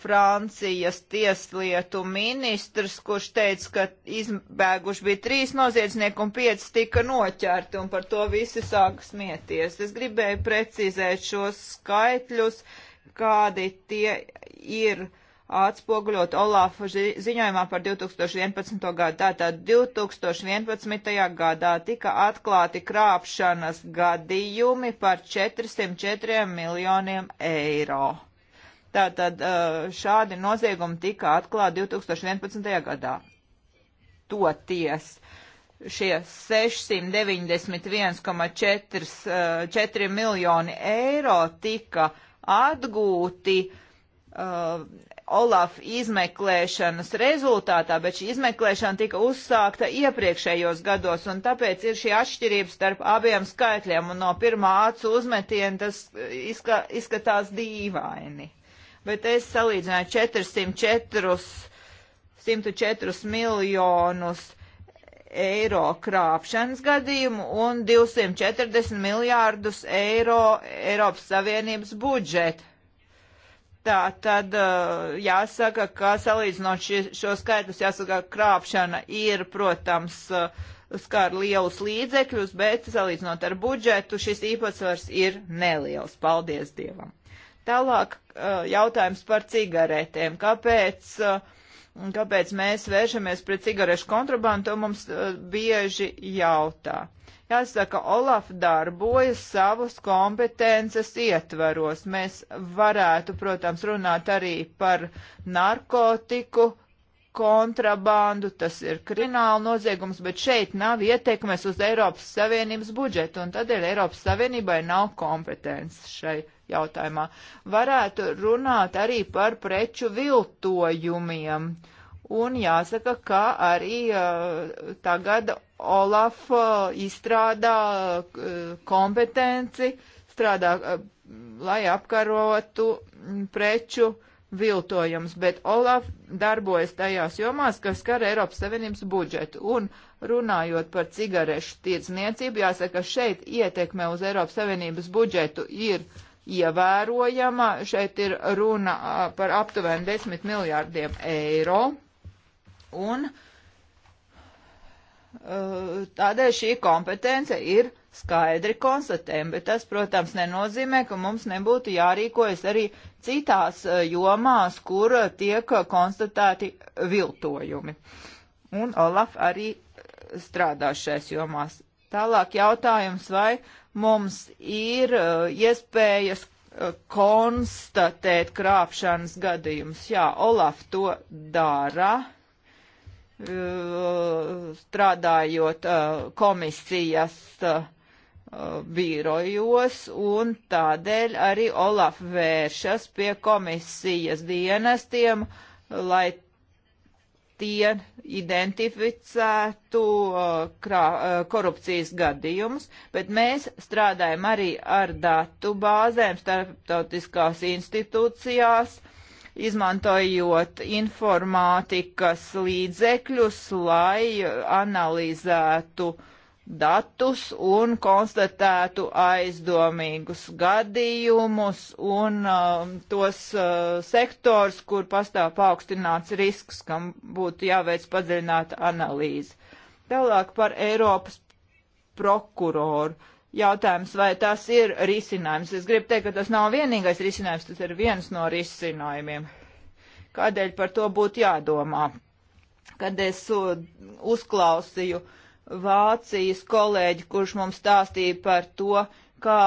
Francijas tieslietu ministrs, kurš teica, ka izbēguši bija trīs noziedznieki un pieci tika noķerti, un par to visi sāka smieties. Es gribēju precizēt šos skaitļus, kādi tie ir atspoguļot Olāfa ziņojumā par 2011. gadu. Tātad 2011. gadā tika atklāti krāpšanas gadījumi par 404 miljoniem eiro. Tātad šādi noziegumi tika atklāti 2011. gadā. Toties šie 691,4 miljoni eiro tika atgūti uh, Olaf izmeklēšanas rezultātā, bet šī izmeklēšana tika uzsākta iepriekšējos gados, un tāpēc ir šī atšķirība starp abiem skaitļiem, un no pirmā acu uzmetiena tas e, izska izskatās dīvaini. Bet es salīdzināju 404, 104 miljonus eiro krāpšanas gadījumu un 240 miljārdus eiro Eiropas Savienības budžeta Tā tad uh, jāsaka, ka salīdzinot ši, šo skaitļus, jāsaka, krāpšana ir, protams, uh, skar lielus līdzekļus, bet salīdzinot ar budžetu, šis īpatsvars ir neliels. Paldies Dievam! Tālāk uh, jautājums par cigaretēm. Kāpēc, kāpēc mēs vēršamies pret cigarešu kontrabandu, to mums bieži jautā. Jāsaka, Olaf darbojas savus kompetences ietvaros. Mēs varētu, protams, runāt arī par narkotiku kontrabandu, tas ir krimināla noziegums, bet šeit nav ietekmes uz Eiropas Savienības budžetu, un tādēļ Eiropas Savienībai nav kompetences šai jautājumā. Varētu runāt arī par preču viltojumiem, un jāsaka, ka arī uh, tagad Olaf uh, izstrādā uh, kompetenci, strādā, uh, lai apkarotu mm, preču viltojums, bet Olaf darbojas tajās jomās, kas skar Eiropas Savienības budžetu. Un runājot par cigarešu tirdzniecību, jāsaka, šeit ietekme uz Eiropas Savienības budžetu ir ievērojama. Šeit ir runa par aptuveni 10 miljārdiem eiro. Un uh, Eh, tādēļ šī kompetence ir skaidri konstatējama, bet tas, protams, nenozīmē, ka mums nebūtu jārīkojas arī citās eh, jomās, kur tiek konstatēti viltojumi. Un Olaf arī strādā šajās jomās. Tālāk jautājums, vai mums ir eh, iespējas konstatēt krāpšanas gadījumus. Jā, Olaf to dara strādājot komisijas birojos, un tādēļ arī Olaf vēršas pie komisijas dienestiem, lai tie identificētu krā, korupcijas gadījumus, bet mēs strādājam arī ar datu bāzēm starptautiskās institūcijās, uh, izmantojot informātikas līdzekļus, lai analizētu datus un konstatētu aizdomīgus gadījumus un uh, tos uh, sektors, kur pastāv paaugstināts risks, kam būtu jāveic padziļināta analīze. Tālāk par Eiropas prokuroru jautājums, vai tas ir risinājums. Es gribu teikt, ka tas nav vienīgais risinājums, tas ir viens no risinājumiem. Kādēļ par to būtu jādomā? Kad es uzklausīju Vācijas kolēģi, kurš mums stāstīja par to, kā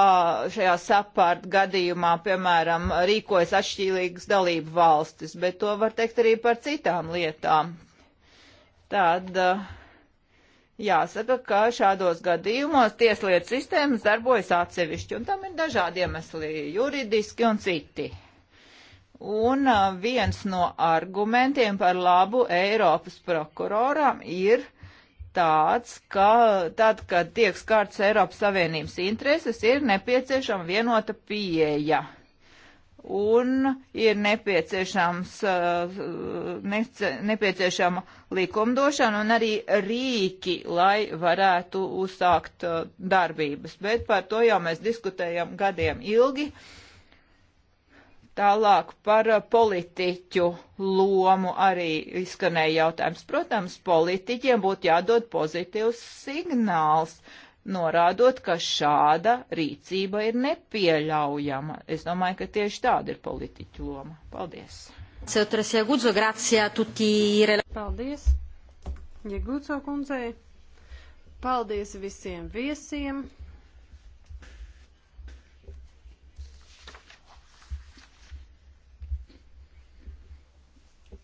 šajā sapārta gadījumā, piemēram, rīkojas atšķirīgas dalību valstis, bet to var teikt arī par citām lietām. Tad uh, Jāsaka, ka šādos gadījumos tieslietu sistēmas darbojas atsevišķi, un tam ir dažādi iemesli - juridiski un citi. Un viens no argumentiem par labu Eiropas prokuroram ir tāds, ka tad, kad tiek skārts Eiropas Savienības intereses, ir nepieciešama vienota pieeja. Uh, un ir nepieciešams, uh, nece, nepieciešama likumdošana un arī rīki, lai varētu uzsākt uh, darbības. Bet par to jau mēs diskutējam gadiem ilgi. Tālāk par uh, politiķu lomu arī izskanēja jautājums. Protams, politiķiem būtu jādod pozitīvs signāls. Uh, norādot, ka šāda rīcība ir nepieļaujama. Es domāju, ka tieši tāda ir politiķu loma. Paldies! Paldies! Jeguco ja kundzei! Paldies visiem viesiem!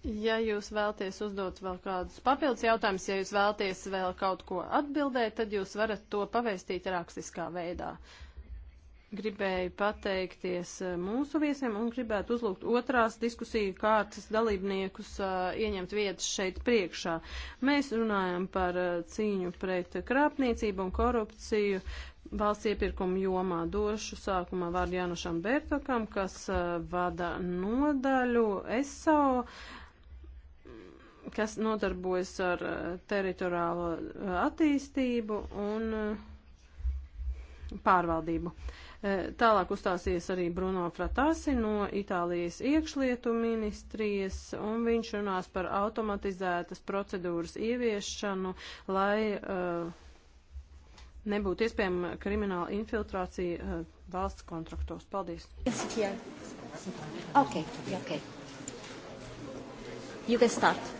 Ja jūs vēlties uzdot vēl kādus papildus jautājumus, ja jūs vēlties vēl kaut ko atbildēt, tad jūs varat to pavēstīt rakstiskā veidā. Gribēju pateikties eh, mūsu viesiem un gribētu uzlūgt otrās diskusiju kārtas dalībniekus eh, ieņemt vietas šeit priekšā. Mēs runājam par eh, cīņu pret krāpniecību un korupciju, valsts iepirkuma jomā došu sākumā vārdu Janušam Bertokam, kas uh, vada nodaļu ESO kas nodarbojas ar eh, teritoriālo eh, attīstību un eh, pārvaldību. Tālāk uzstāsies arī Bruno Fratasi no Itālijas iekšlietu ministrijas, un viņš runās par automatizētas procedūras ieviešanu, lai uh, nebūtu iespējama krimināla infiltrācija uh, valsts kontraktos. Paldies! Okay, okay. You can start.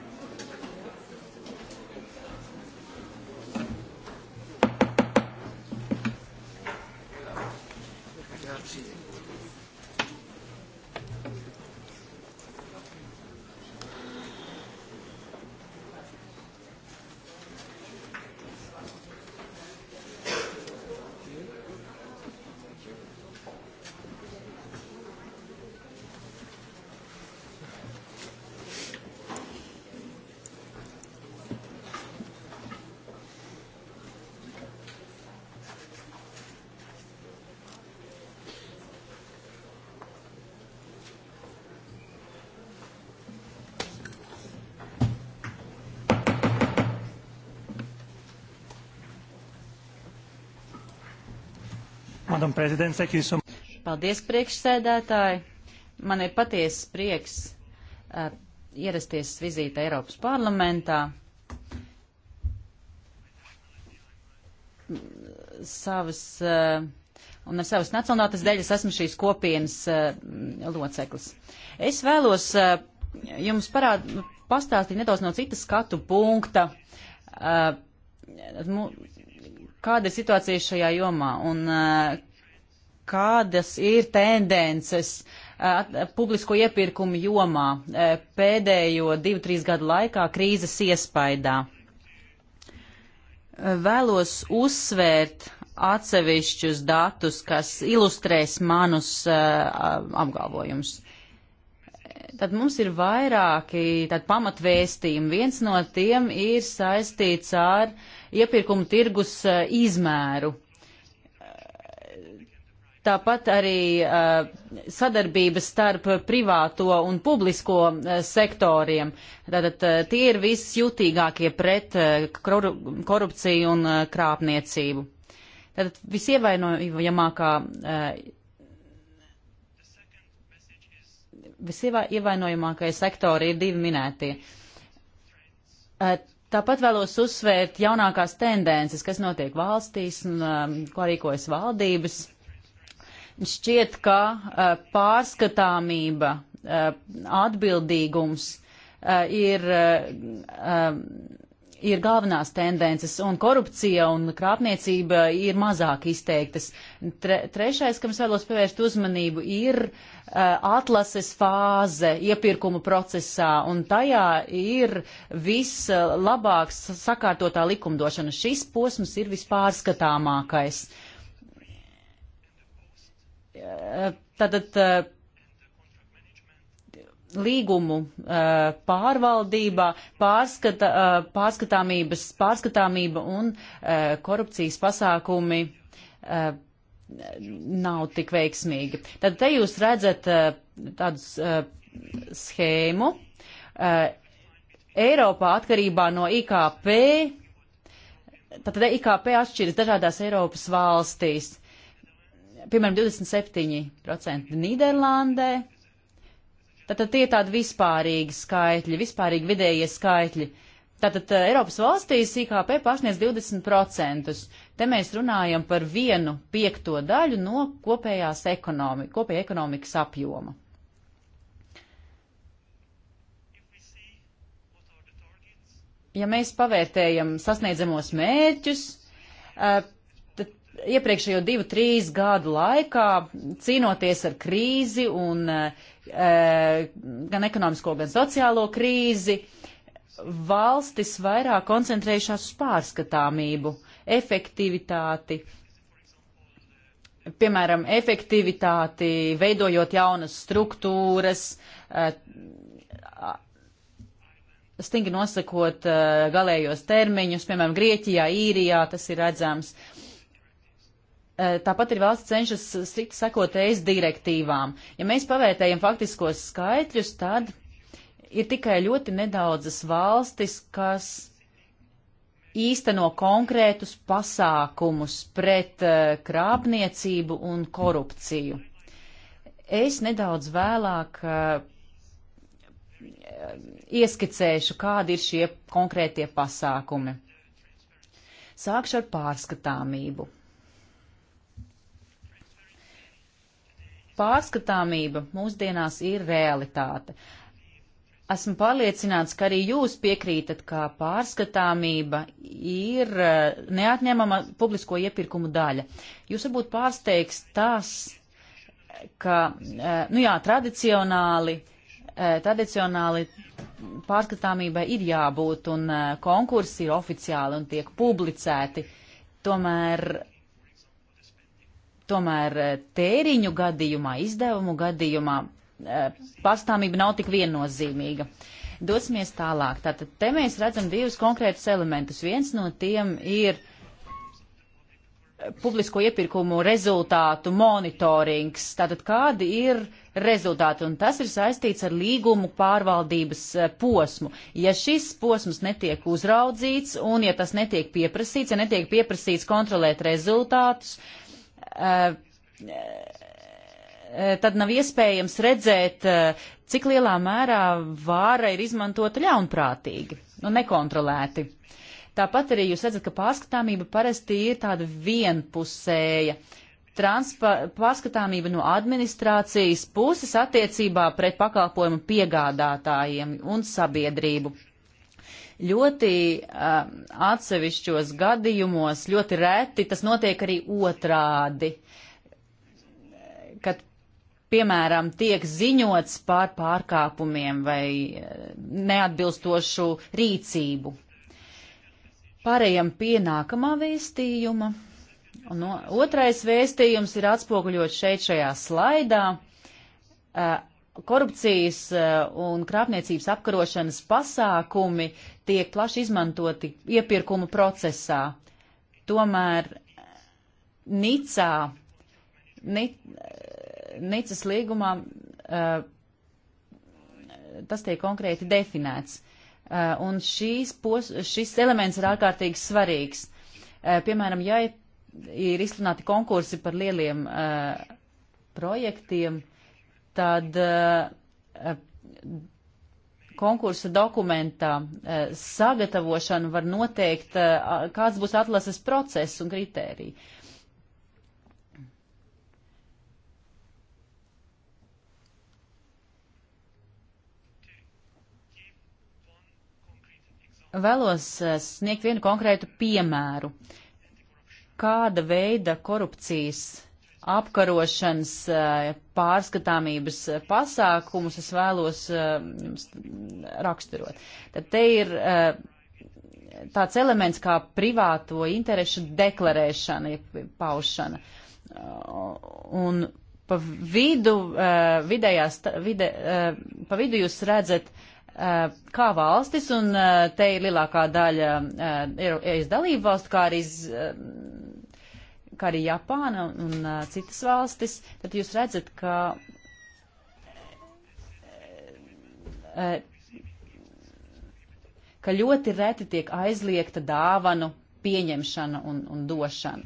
Madam President, thank you so much. Paldies, priekšsēdētāji. Man ir patiesas prieks uh, ierasties vizīte Eiropas parlamentā. Savas, uh, un ar savas nacionālitātes dēļ es esmu šīs kopienas uh, loceklis. Es vēlos uh, jums parād, nu, pastāstīt nedaudz no citas skatu punkta, uh, kāda ir situācija šajā jomā un uh, kādas ir tendences publisko iepirkumu jomā e, pēdējo divu, trīs gadu laikā krīzes iespaidā. E, vēlos uzsvērt atsevišķus datus, kas ilustrēs manus e, apgalvojumus. Tad mums ir vairāki pamatvēstījumi. Viens no tiem ir saistīts ar iepirkumu tirgus izmēru. Uh, Tāpat arī uh, sadarbības starp privāto un publisko uh, sektoriem. Tātad uh, tie ir visjutīgākie pret koru, korupciju un krāpniecību. Tātad visievainojamākā. Visievainojamākie sektori ir divi minētie. Tāpat vēlos uzsvērt jaunākās tendences, kas notiek valstīs un ko rīkojas valdības Šķiet, ka e, pārskatāmība, e, atbildīgums e, ir, ir galvenās tendences, un korupcija un krāpniecība ir mazāk izteiktas. Tre, trešais, kam es vēlos pievērst uzmanību, ir atlases fāze iepirkumu procesā, un tajā ir vislabāk sakārtotā likumdošana. Šis posms ir vispārskatāmākais. Uh, tātad eh, līgumu eh, pārvaldībā, pārskata, eh, pārskatāmības, pārskatāmība un korupcijas pasākumi nav tik veiksmīgi. Tad te jūs redzat tādu schēmu. Eiropā atkarībā no IKP, tātad IKP atšķiras dažādās Eiropas valstīs piemēram, 27% Nīderlandē. Tātad tie ir tādi vispārīgi skaitļi, vispārīgi vidējie skaitļi. Tātad eh, Eiropas valstīs IKP pārsniedz 20%. Te mēs runājam par vienu piekto daļu no kopējās ekonomi, kopējā ekonomikas apjoma. Ja mēs pavērtējam sasniedzamos mērķus, eh, iepriekšējo divu, trīs gadu laikā cīnoties ar krīzi un e, gan ekonomisko, gan sociālo krīzi, valstis vairāk koncentrējušās uz pārskatāmību, efektivitāti, piemēram, efektivitāti, veidojot jaunas struktūras, e, stingri nosakot e, galējos termiņus, piemēram, Grieķijā, Īrijā tas ir redzams. Uh, E, tāpat ir valsts cenšas strikt sekot ES direktīvām. Ja mēs pavērtējam faktiskos skaitļus, tad ir tikai ļoti nedaudzas valstis, kas īsteno konkrētus pasākumus pret e, krāpniecību un korupciju. Es nedaudz vēlāk e, ieskicēšu, kādi ir šie konkrētie pasākumi. Sākšu ar pārskatāmību. pārskatāmība mūsdienās ir realitāte. Esmu pārliecināts, ka arī jūs piekrītat, ka pārskatāmība ir eh, neatņemama publisko iepirkumu daļa. Jūs varbūt pārsteigs tas, ka, eh, nu jā, tradicionāli, eh, tradicionāli pārskatāmībai ir jābūt un konkursi ir oficiāli un tiek publicēti. Tomēr Tomēr eh, tēriņu gadījumā, izdevumu gadījumā eh, pastāvība nav tik viennozīmīga. Dosimies tālāk. Tātad te mēs redzam divus konkrētus elementus. Viens no tiem ir eh, publisko iepirkumu rezultātu monitorings. Tātad kādi ir rezultāti? Un tas ir saistīts ar līgumu pārvaldības posmu. Ja šis posms netiek uzraudzīts un ja tas netiek pieprasīts, ja netiek pieprasīts kontrolēt rezultātus, uh, Eh, tad nav iespējams redzēt, eh, cik lielā mērā vāra ir izmantota ļaunprātīgi un nekontrolēti. Tāpat arī jūs redzat, ka pārskatāmība parasti ir tāda vienpusēja. Transpa pārskatāmība no administrācijas puses attiecībā pret pakalpojumu piegādātājiem un sabiedrību ļoti uh, atsevišķos gadījumos, ļoti reti tas notiek arī otrādi, kad, piemēram, tiek ziņots par pārkāpumiem vai uh, neatbilstošu rīcību. Pārējām pie nākamā vēstījuma. Un no, otrais vēstījums ir atspoguļot šeit šajā slaidā. Uh, korupcijas uh, un krāpniecības apkarošanas pasākumi tiek plaši izmantoti iepirkumu procesā. Tomēr Nicā, Nic, Nicas līgumā uh, tas tiek konkrēti definēts. Uh, un šīs pos, šis elements ir ārkārtīgi svarīgs. Uh, piemēram, ja ir izsludināti konkursi par lieliem projektiem, tad konkursa dokumentā eh, sagatavošanu var noteikt, eh, kāds būs atlases process un kritērija. Vēlos eh, sniegt vienu konkrētu piemēru, kāda veida korupcijas apkarošanas eh, pārskatāmības pasākumus es vēlos jums eh, raksturot. Tad te ir eh, tāds elements kā privāto interešu deklarēšana, paušana. Un pa vidu, vidējās, vide, pa vidu jūs redzat, kā valstis, un te ir lielākā daļa ir, ir dalību valstu, kā arī kā arī Japāna un, un uh, citas valstis, tad jūs redzat, ka uh, ka ļoti reti tiek aizliegta dāvanu pieņemšana un, un došana.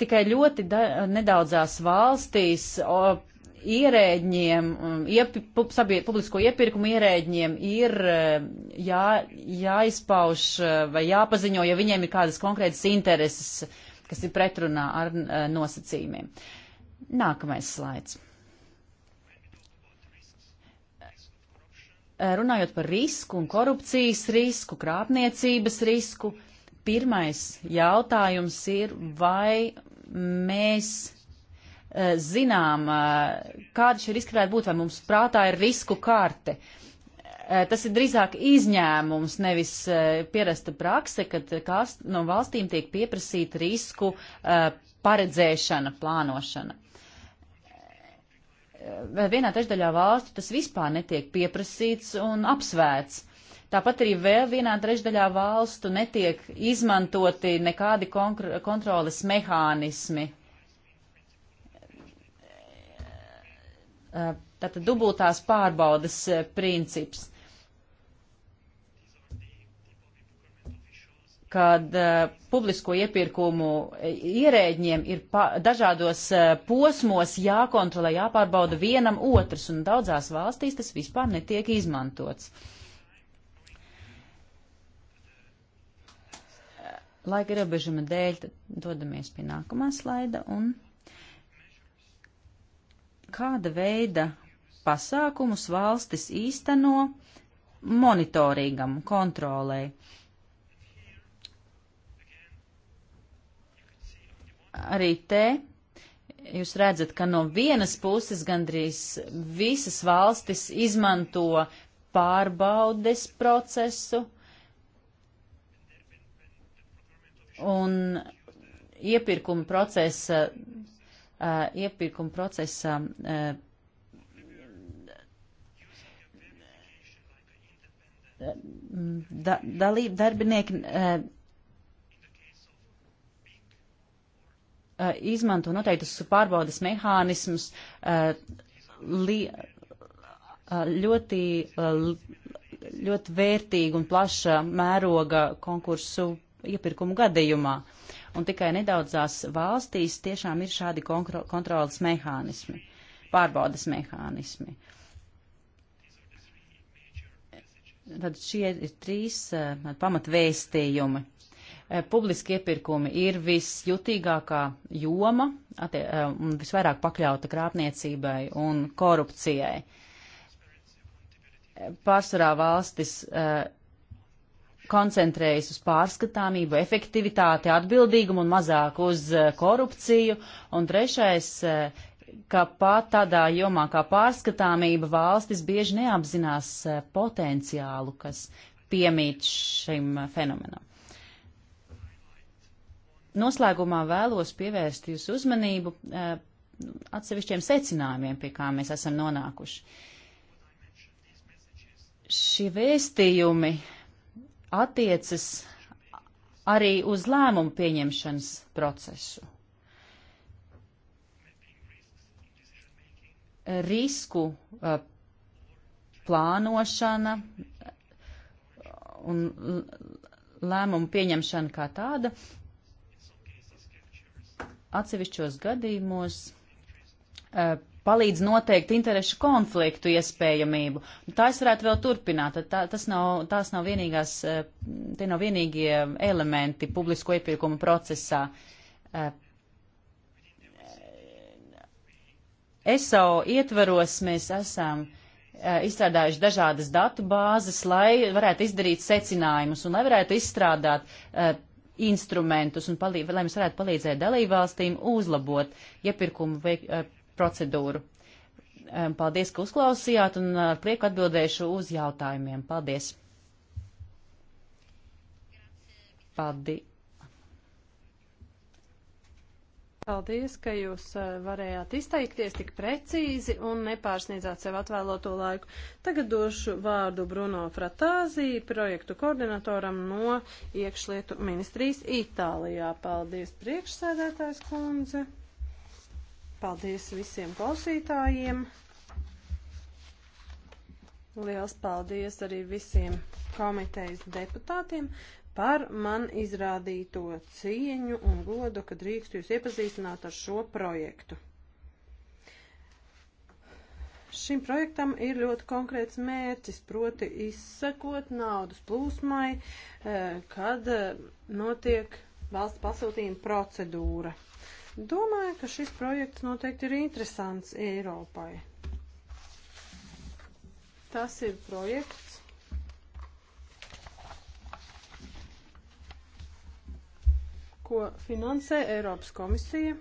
Tikai ļoti da, nedaudzās valstīs o, ierēģiem, um, iepi, sabie, publisko iepirkumu ierēģiem ir eh, jā, jāizpauž eh, vai jāpaziņo, ja viņiem ir kādas konkrētas intereses, kas ir pretrunā ar eh, nosacījumiem. Nākamais slaids. Runājot par risku un korupcijas risku, krāpniecības risku, pirmais jautājums ir, vai mēs Eh, zinām, eh, kāda šī riska varētu būt, vai mums prātā ir risku karte. Eh, tas ir drīzāk izņēmums, nevis pierasta prakse, kad no valstīm tiek pieprasīta risku paredzēšana, plānošana. Vienā trešdaļā valstu tas vispār netiek pieprasīts un apsvērts. Tāpat arī vēl vienā trešdaļā valstu netiek izmantoti nekādi kontroles mehānismi, uh, Eh, tātad dubultās pārbaudas eh, princips. kad uh, publisko iepirkumu ierēģiem ir pa, dažādos uh, posmos jākontrolē, jāpārbauda vienam otrs, un daudzās valstīs tas vispār netiek izmantots. Laika ierobežuma dēļ dodamies pie nākamā slaida un kāda veida pasākumus valstis īsteno monitoringam, kontrolei. Arī te jūs redzat, ka no vienas puses gandrīz visas valstis izmanto pārbaudes procesu un iepirkuma procesa uh, iepirkuma procesā. Uh, da, dalība darbinieki uh, uh izmanto noteiktus pārbaudas mehānismus uh, li, uh, ļoti, ļoti vērtīgu un plaša mēroga konkursu iepirkumu gadījumā un tikai nedaudzās valstīs tiešām ir šādi kontrolas mehānismi, pārbaudas mehānismi. Tad šie ir trīs uh, eh, pamatvēstījumi. Uh, eh, publiski iepirkumi ir visjutīgākā joma attie, uh, eh, un visvairāk pakļauta krāpniecībai un korupcijai. Pārsvarā valstis uh, koncentrējas uz pārskatāmību, efektivitāti, atbildīgumu un mazāk uz eh, korupciju. Un trešais, eh, ka pat tādā jomā kā pārskatāmība valstis bieži neapzinās eh, potenciālu, kas piemīt šim fenomenam. Noslēgumā vēlos pievērst jūsu uzmanību atsevišķiem secinājumiem, pie kā mēs esam nonākuši. Šie vēstījumi uh, attiecas arī uz lēmumu pieņemšanas procesu. Risku uh, plānošana uh, un lēmumu pieņemšana kā tāda atsevišķos gadījumos uh, palīdz noteikt interešu konfliktu iespējamību. Nu, tā es varētu vēl turpināt. Tā, tas nav, tās nav vienīgās, eh, tie nav vienīgie elementi publisko iepirkumu procesā. ESO eh, ietvaros mēs esam eh, izstrādājuši dažādas datu bāzes, lai varētu izdarīt secinājumus un lai varētu izstrādāt instrumentus un palīd, lai mēs varētu palīdzēt dalībvalstīm uzlabot iepirkumu veik, procedūru. Paldies, ka uzklausījāt un eh, ar prieku atbildēšu uz jautājumiem. Paldies! Paldi. Paldies, ka jūs eh, varējāt izteikties tik precīzi un nepārsniedzāt sev atvēloto laiku. Tagad došu vārdu Bruno Fratāzī, projektu koordinatoram no iekšlietu ministrijas Itālijā. Paldies, priekšsēdētājs kundze! Paldies visiem klausītājiem. Liels paldies arī visiem komitejas deputātiem par man izrādīto cieņu un godu, ka drīkst jūs iepazīstināt ar šo projektu. Šim projektam ir ļoti konkrēts mērķis, proti izsekot naudas plūsmai, eh, kad eh, notiek valsts pasūtījuma procedūra. Domāju, ka šis projekts noteikti ir interesants Eiropai. Tas ir projekts, ko finansē Eiropas komisija.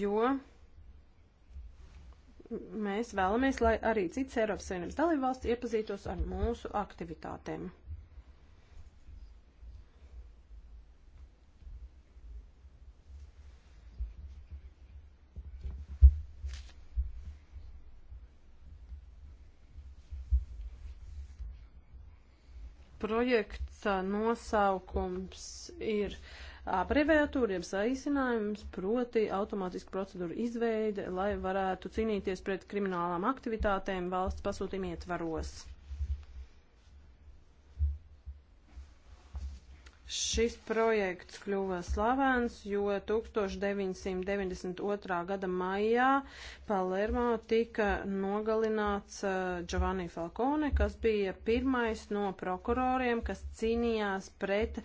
Jo mēs vēlamies, lai arī citas Eiropas Savienības dalībvalsts iepazītos ar mūsu aktivitātēm. Projekts nosaukums ir uh, abreviatūra, jeb saīsinājums, proti automātiska procedūra izveide, lai varētu cīnīties pret kriminālām aktivitātēm valsts pasūtījuma ietvaros. Šis projekts kļuva slavens, jo 1992. gada maijā Palermo tika nogalināts eh, Giovanni Falcone, kas bija pirmais no prokuroriem, kas cīnījās pret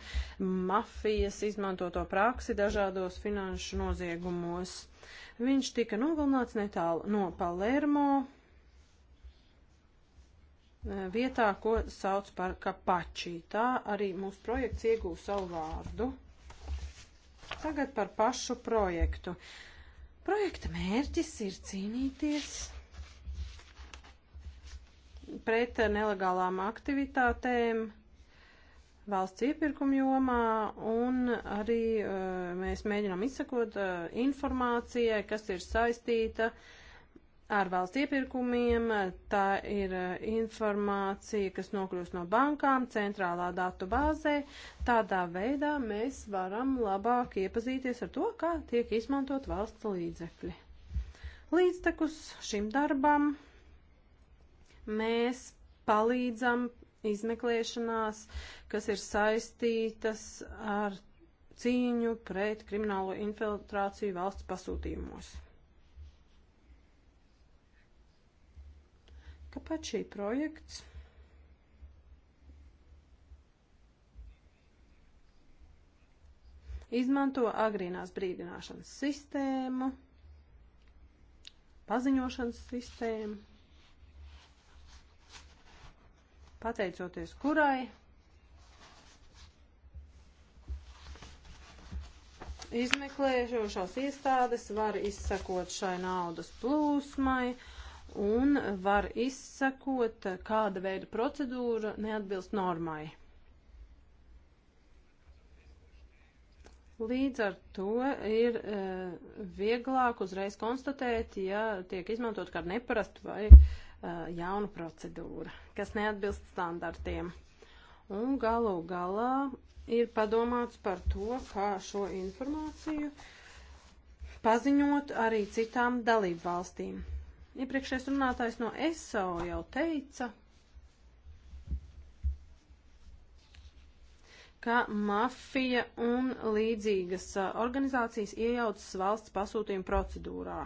mafijas izmantoto praksi dažādos finanšu noziegumos. Viņš tika nogalināts netālu no Palermo, E, vietā, ko sauc par kapačī. Tā arī mūsu projekts iegūst savu vārdu. Tagad par pašu projektu. Projekta mērķis ir cīnīties pret nelegālām aktivitātēm valsts iepirkuma jomā, un arī uh, mēs mēģinām izsakot uh, informācijai, kas ir saistīta uh, ar valsts iepirkumiem, tā ir informācija, kas nokļūst no bankām, centrālā datu bāzē. Tādā veidā mēs varam labāk iepazīties ar to, kā tiek izmantot valsts līdzekļi. Līdztekus šim darbam mēs palīdzam izmeklēšanās, kas ir saistītas ar cīņu pret kriminālo infiltrāciju valsts pasūtījumos. Kāpēc šī projekts? Izmanto agrīnās brīdināšanas sistēmu, paziņošanas sistēmu, pateicoties kurai izmeklējošās iestādes var izsakot šai naudas plūsmai, uh, un var izsakot, kāda veida procedūra neatbilst normai. Līdz ar to ir e, vieglāk uzreiz konstatēt, ja tiek izmantot kāda neparasta vai e, jauna procedūra, kas neatbilst standartiem. Un galu galā ir padomāts par to, kā šo informāciju paziņot arī citām dalību valstīm. Iepriekšējais ja runātājs no ESO jau teica, ka mafija un līdzīgas organizācijas iejaucas valsts pasūtījuma procedūrā.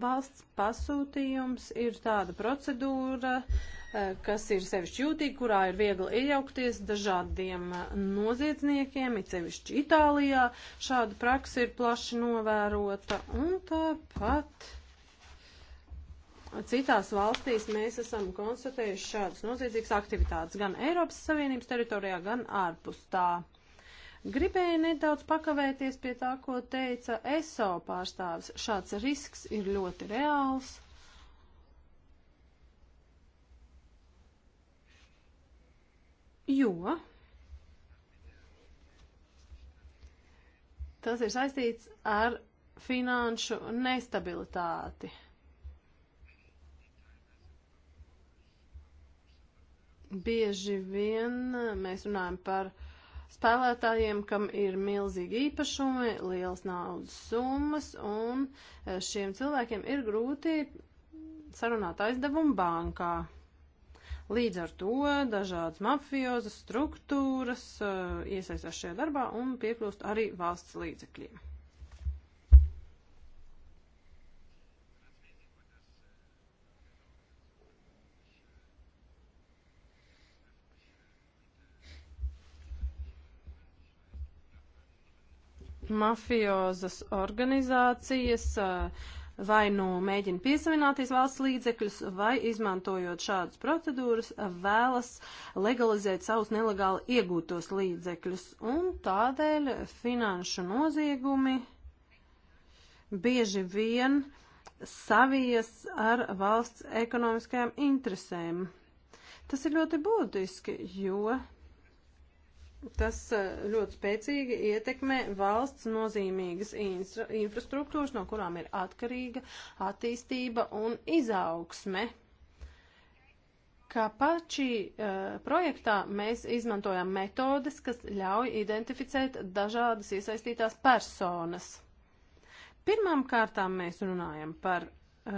Valsts pasūtījums ir tāda procedūra, eh, kas ir sevišķi jūtīga, kurā ir viegli iejaukties dažādiem eh, noziedzniekiem, it sevišķi Itālijā. Šāda praksa ir plaši novērota un tāpat. Citās valstīs mēs esam konstatējuši šādas noziedzīgas aktivitātes gan Eiropas Savienības teritorijā, gan ārpus tā. Gribēju nedaudz pakavēties pie tā, ko teica ESO pārstāvis. Šāds risks ir ļoti reāls. Jo tas ir saistīts ar finanšu nestabilitāti. Bieži vien mēs runājam par uh, spēlētājiem, kam ir milzīgi īpašumi, liels naudas summas, un e, šiem cilvēkiem ir grūti sarunāt aizdevumu bankā. Līdz ar to dažādas mafiozas struktūras e, iesaistās šajā darbā un piekļūst arī valsts līdzekļiem. mafiozas organizācijas eh, vai nu mēģina piesavināties valsts līdzekļus, vai izmantojot šādas procedūras, eh, vēlas legalizēt savus nelegāli iegūtos līdzekļus. Un tādēļ finanšu noziegumi bieži vien savies ar valsts ekonomiskajām interesēm. Tas ir ļoti būtiski, jo Tas e, ļoti spēcīgi ietekmē valsts nozīmīgas infrastruktūras, no kurām ir atkarīga attīstība un izaugsme. Kapači uh, e, projektā mēs izmantojam metodes, kas ļauj identificēt dažādas iesaistītās personas. Pirmām kārtām mēs runājam par e,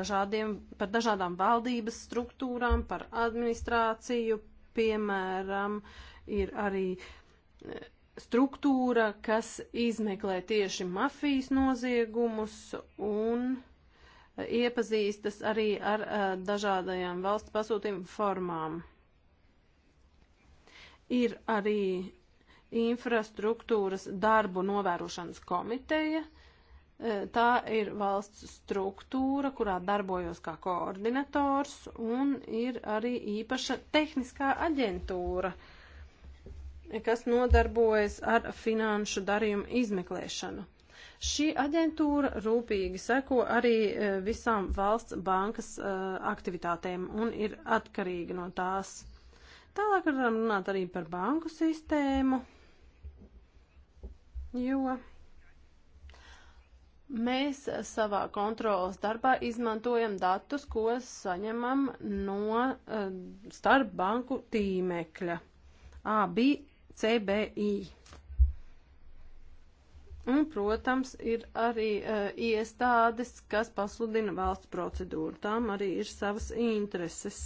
dažādiem, par dažādām valdības struktūrām, par administrāciju, piemēram, uh, ir arī e, struktūra, kas izmeklē tieši mafijas noziegumus un iepazīstas arī ar e, dažādajām valsts pasūtījumu formām. Ir arī infrastruktūras darbu novērošanas komiteja. E, tā ir valsts struktūra, kurā darbojos kā koordinators, un ir arī īpaša tehniskā aģentūra. Uh, kas nodarbojas ar finanšu darījumu izmeklēšanu. Šī aģentūra rūpīgi seko arī e, visām valsts bankas e, aktivitātēm un ir atkarīga no tās. Tālāk varam runāt arī par banku sistēmu, jo mēs savā kontrolas darbā izmantojam datus, ko saņemam no e, starpbanku tīmekļa. AB CBI. Un, protams, ir arī uh, iestādes, kas pasludina valsts procedūru. Tām arī ir savas intereses.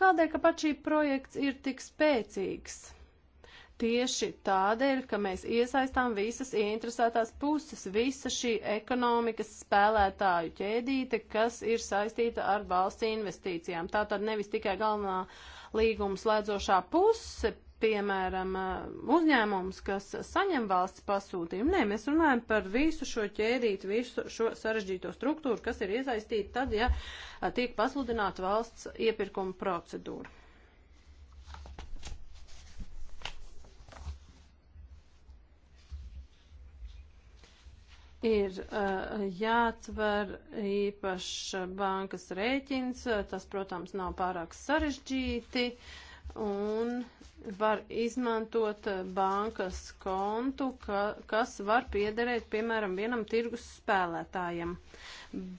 Kādēļ, ka pat šī projekts ir tik spēcīgs? Tieši tādēļ, ka mēs iesaistām visas ieinteresētās puses, visa šī ekonomikas spēlētāju ķēdīte, kas ir saistīta ar valsts investīcijām. Tā tad nevis tikai galvenā līguma slēdzošā puse piemēram, uzņēmums, kas saņem valsts pasūtījumu. Nē, mēs runājam par visu šo ķēdīti, visu šo sarežģīto struktūru, kas ir iesaistīta tad, ja tiek pasludināta valsts iepirkuma procedūra. ir uh, jāatver īpašs bankas rēķins. Tas, protams, nav pārāk sarežģīti. Uh, un var izmantot eh, bankas kontu, ka, kas var piederēt, piemēram, vienam tirgus spēlētājam.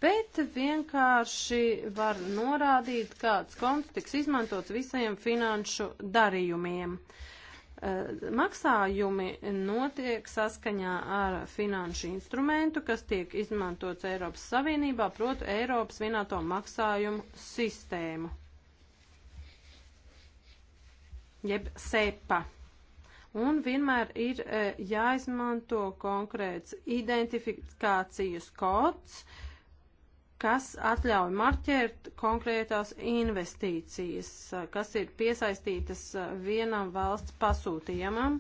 Bet vienkārši var norādīt, kāds konts tiks izmantots visajiem finanšu darījumiem. Eh, maksājumi notiek saskaņā ar finanšu instrumentu, kas tiek izmantots Eiropas Savienībā, proti Eiropas vienāto maksājumu sistēmu jeb sepa. Un vienmēr ir e, jāizmanto konkrēts identifikācijas kods, kas atļauj marķēt konkrētās investīcijas, e, kas ir piesaistītas e, vienam valsts pasūtījumam.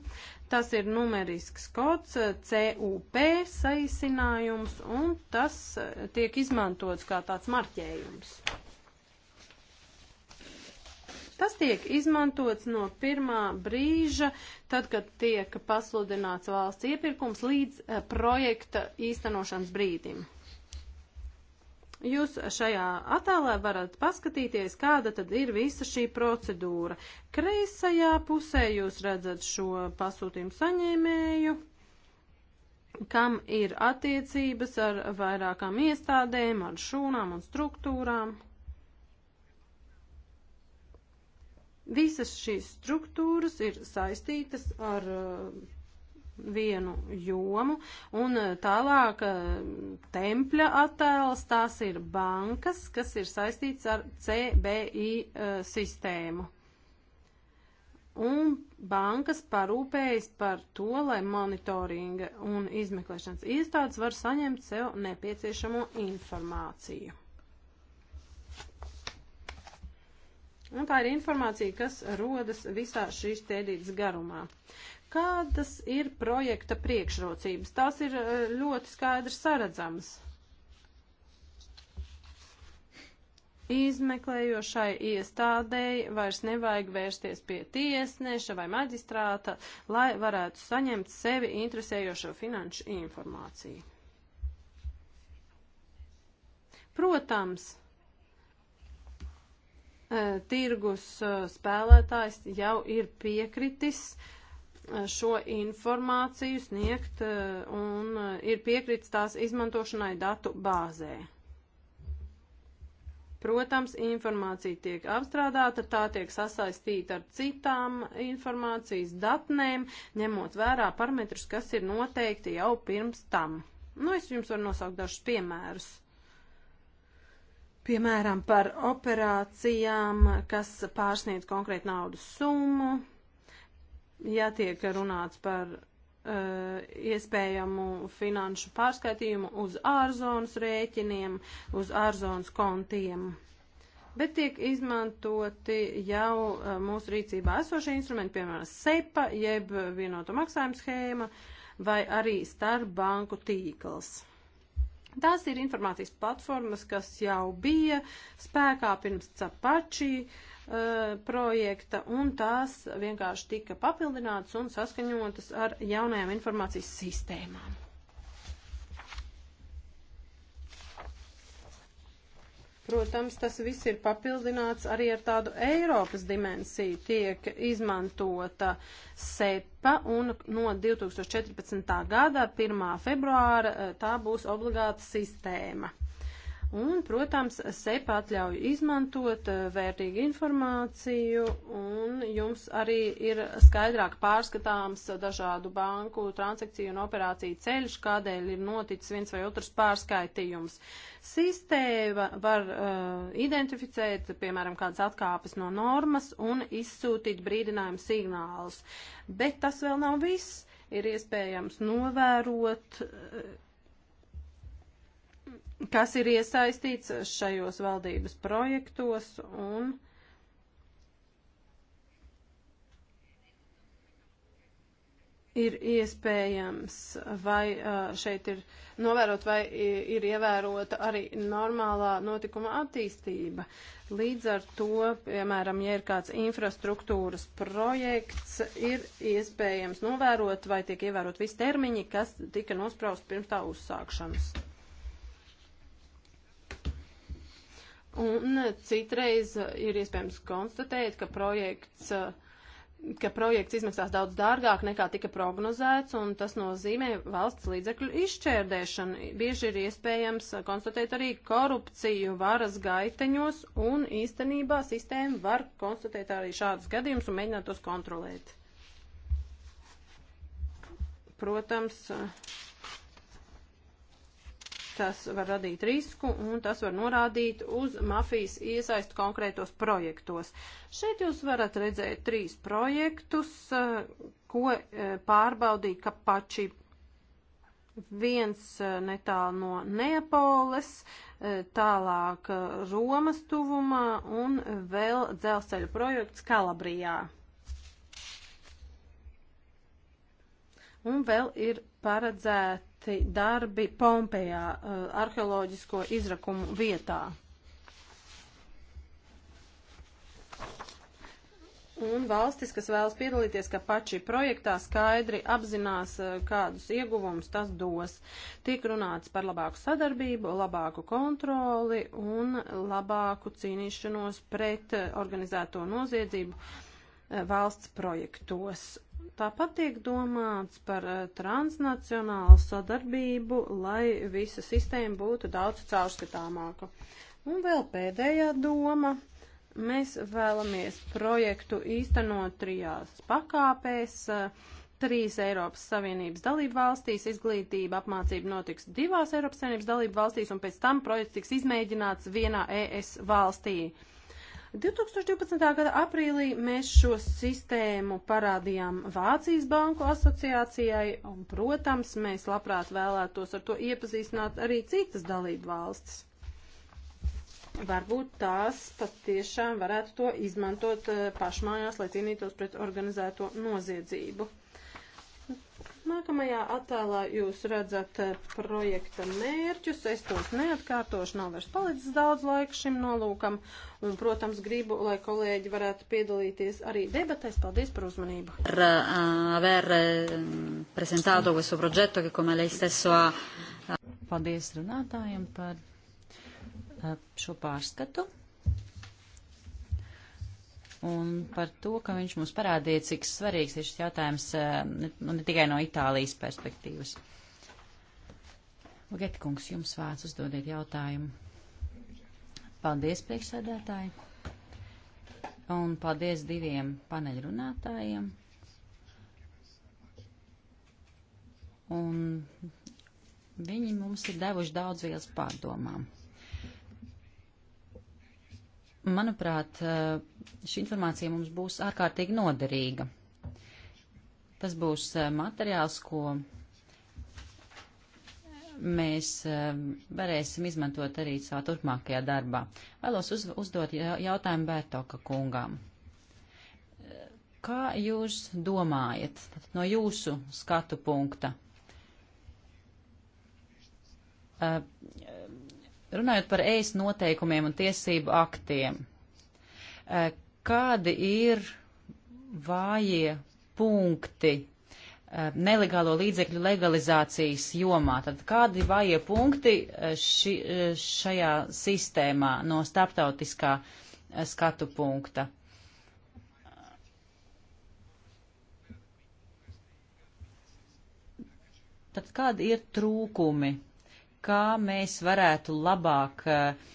Tas ir numerisks kods CUP saīsinājums, un tas tiek izmantots kā tāds marķējums. Tas tiek izmantots no pirmā brīža, tad, kad tiek pasludināts valsts iepirkums līdz eh, projekta īstenošanas brīdim. Jūs šajā attēlē varat paskatīties, kāda tad ir visa šī procedūra. Kreisajā pusē jūs redzat šo pasūtījumu saņēmēju, kam ir attiecības ar vairākām iestādēm, ar šūnām un struktūrām. Visas šīs struktūras ir saistītas ar uh, vienu jomu, un uh, tālāk uh, tempļa attēls, tās ir bankas, kas ir saistīts ar CBI sistēmu. Un bankas parūpējas par to, lai monitoringa un izmeklēšanas iestādes var saņemt sev nepieciešamo informāciju. Un tā ir informācija, kas rodas visā šīs tēdītas garumā. Kādas ir projekta priekšrocības? Tās ir eh, ļoti skaidri saredzamas. Izmeklējošai iestādēji vairs nevajag vērsties pie tiesneša vai maģistrāta, lai varētu saņemt sevi interesējošo finanšu informāciju. Protams, Eh, tirgus eh, spēlētājs jau ir piekritis eh, šo informāciju sniegt un ir piekritis tās izmantošanai datu bāzē. Protams, informācija tiek apstrādāta, tā tiek sasaistīta ar citām informācijas datnēm, ņemot vērā parametrus, kas ir noteikti jau pirms tam. Nu, es jums varu nosaukt dažus piemērus piemēram, par operācijām, kas pārsniedz konkrētu naudas summu, ja tiek runāts par eh, iespējamu finanšu pārskaitījumu uz ārzonas rēķiniem, uz ārzonas kontiem. Bet tiek izmantoti jau eh, mūsu rīcībā esošie instrumenti, piemēram, SEPA, jeb vienoto maksājumu schēma vai arī starpbanku tīkls. Tās ir informācijas platformas, kas jau bija spēkā pirms capačī uh, projekta, un tās vienkārši tika papildinātas un saskaņotas ar jaunajām informācijas sistēmām. protams, tas viss ir papildināts arī ar tādu Eiropas dimensiju. Tiek izmantota SEPA un no 2014. gada 1. februāra eh, tā būs obligāta sistēma. Un, protams, SEP atļauj izmantot eh, vērtīgu informāciju, un jums arī ir skaidrāk pārskatāms dažādu banku transakciju un operāciju ceļš, kādēļ ir noticis viens vai otrs pārskaitījums. Sistēma var uh, identificēt, piemēram, kādas atkāpes no normas un izsūtīt brīdinājumu signālus. Bet tas vēl nav viss. Ir iespējams novērot. Uh, kas ir iesaistīts šajos valdības projektos un ir iespējams, vai uh, šeit ir novērot, vai ir ievērota arī normālā notikuma attīstība. Līdz ar to, piemēram, ja ir kāds infrastruktūras projekts, ir iespējams novērot, vai tiek ievērot visi termiņi, kas tika nospraust pirms tā uzsākšanas. Un eh, citreiz eh, ir iespējams konstatēt, ka projekts, eh, ka projekts izmaksās daudz dārgāk nekā tika prognozēts, un tas nozīmē valsts līdzekļu izšķērdēšanu. Bieži ir iespējams konstatēt arī korupciju varas gaiteņos, un īstenībā sistēma var konstatēt arī šādus gadījumus un mēģināt tos kontrolēt. Protams, tas var radīt risku un tas var norādīt uz mafijas iesaistu konkrētos projektos. Šeit jūs varat redzēt trīs projektus, eh, ko eh, pārbaudīja Kapači. Viens eh, netālu no Neapoles, tālāk Romas tuvumā un vēl dzelzceļa projekts Kalabrijā. Un vēl ir paredzēti darbi Pompejā, eh, arheoloģisko izrakumu vietā. Un valstis, kas vēlas piedalīties Kapači projektā, skaidri apzinās, eh, kādus ieguvumus tas dos. Tiek runāts par labāku sadarbību, labāku kontroli un labāku cīnīšanos pret eh, organizēto noziedzību valsts projektos. Tāpat tiek domāts par eh, transnacionālu sadarbību, lai visa sistēma būtu daudz caurskatāmāka. Un vēl pēdējā doma. Mēs vēlamies projektu īstenot trijās pakāpēs. Trīs Eiropas Savienības dalību valstīs izglītība apmācība notiks divās Eiropas Savienības dalību valstīs, un pēc tam projekts tiks izmēģināts vienā ES valstī. Uh, 2012. gada aprīlī mēs šo sistēmu parādījām Vācijas Banku asociācijai, un, protams, mēs labprāt vēlētos ar to iepazīstināt arī citas dalību valstis varbūt tās patiešām varētu to izmantot eh, pašmājās, lai cīnītos pret organizēto noziedzību. Nākamajā attēlā jūs redzat eh, projekta mērķus. Es tos neatkārtošu, nav vairs palicis daudz laika šim nolūkam. Un, protams, gribu, lai kolēģi varētu piedalīties arī debatēs. Paldies par uzmanību. Ar eh, aver eh, presentado questo progetto, che come lei stesso ha. Paldies runātājiem par šo pārskatu un par to, ka viņš mums parādīja, cik svarīgs ir šis jautājums eh, ne, nu, ne tikai no Itālijas perspektīvas. Getkungs, jums vārds uzdodiet jautājumu. Paldies, priekšsēdētāji, un paldies diviem paneļrunātājiem. Un viņi mums ir devuši daudz vielas pārdomām. Manuprāt, eh, šī informācija mums būs ārkārtīgi noderīga. Tas būs eh, materiāls, ko mēs eh, varēsim izmantot arī savā turpmākajā darbā. Vēlos uz, uzdot jautājumu Bērtoka kungām. Kā jūs domājat no jūsu skatu punkta? Runājot par ES noteikumiem un tiesību aktiem, e, kādi ir vājie punkti e, nelegālo līdzekļu legalizācijas jomā. Tad kādi vājie punkti e, ši, šajā sistēmā no starptautiskā skatu punkta? Tad kādi ir trūkumi kā mēs varētu labāk eh,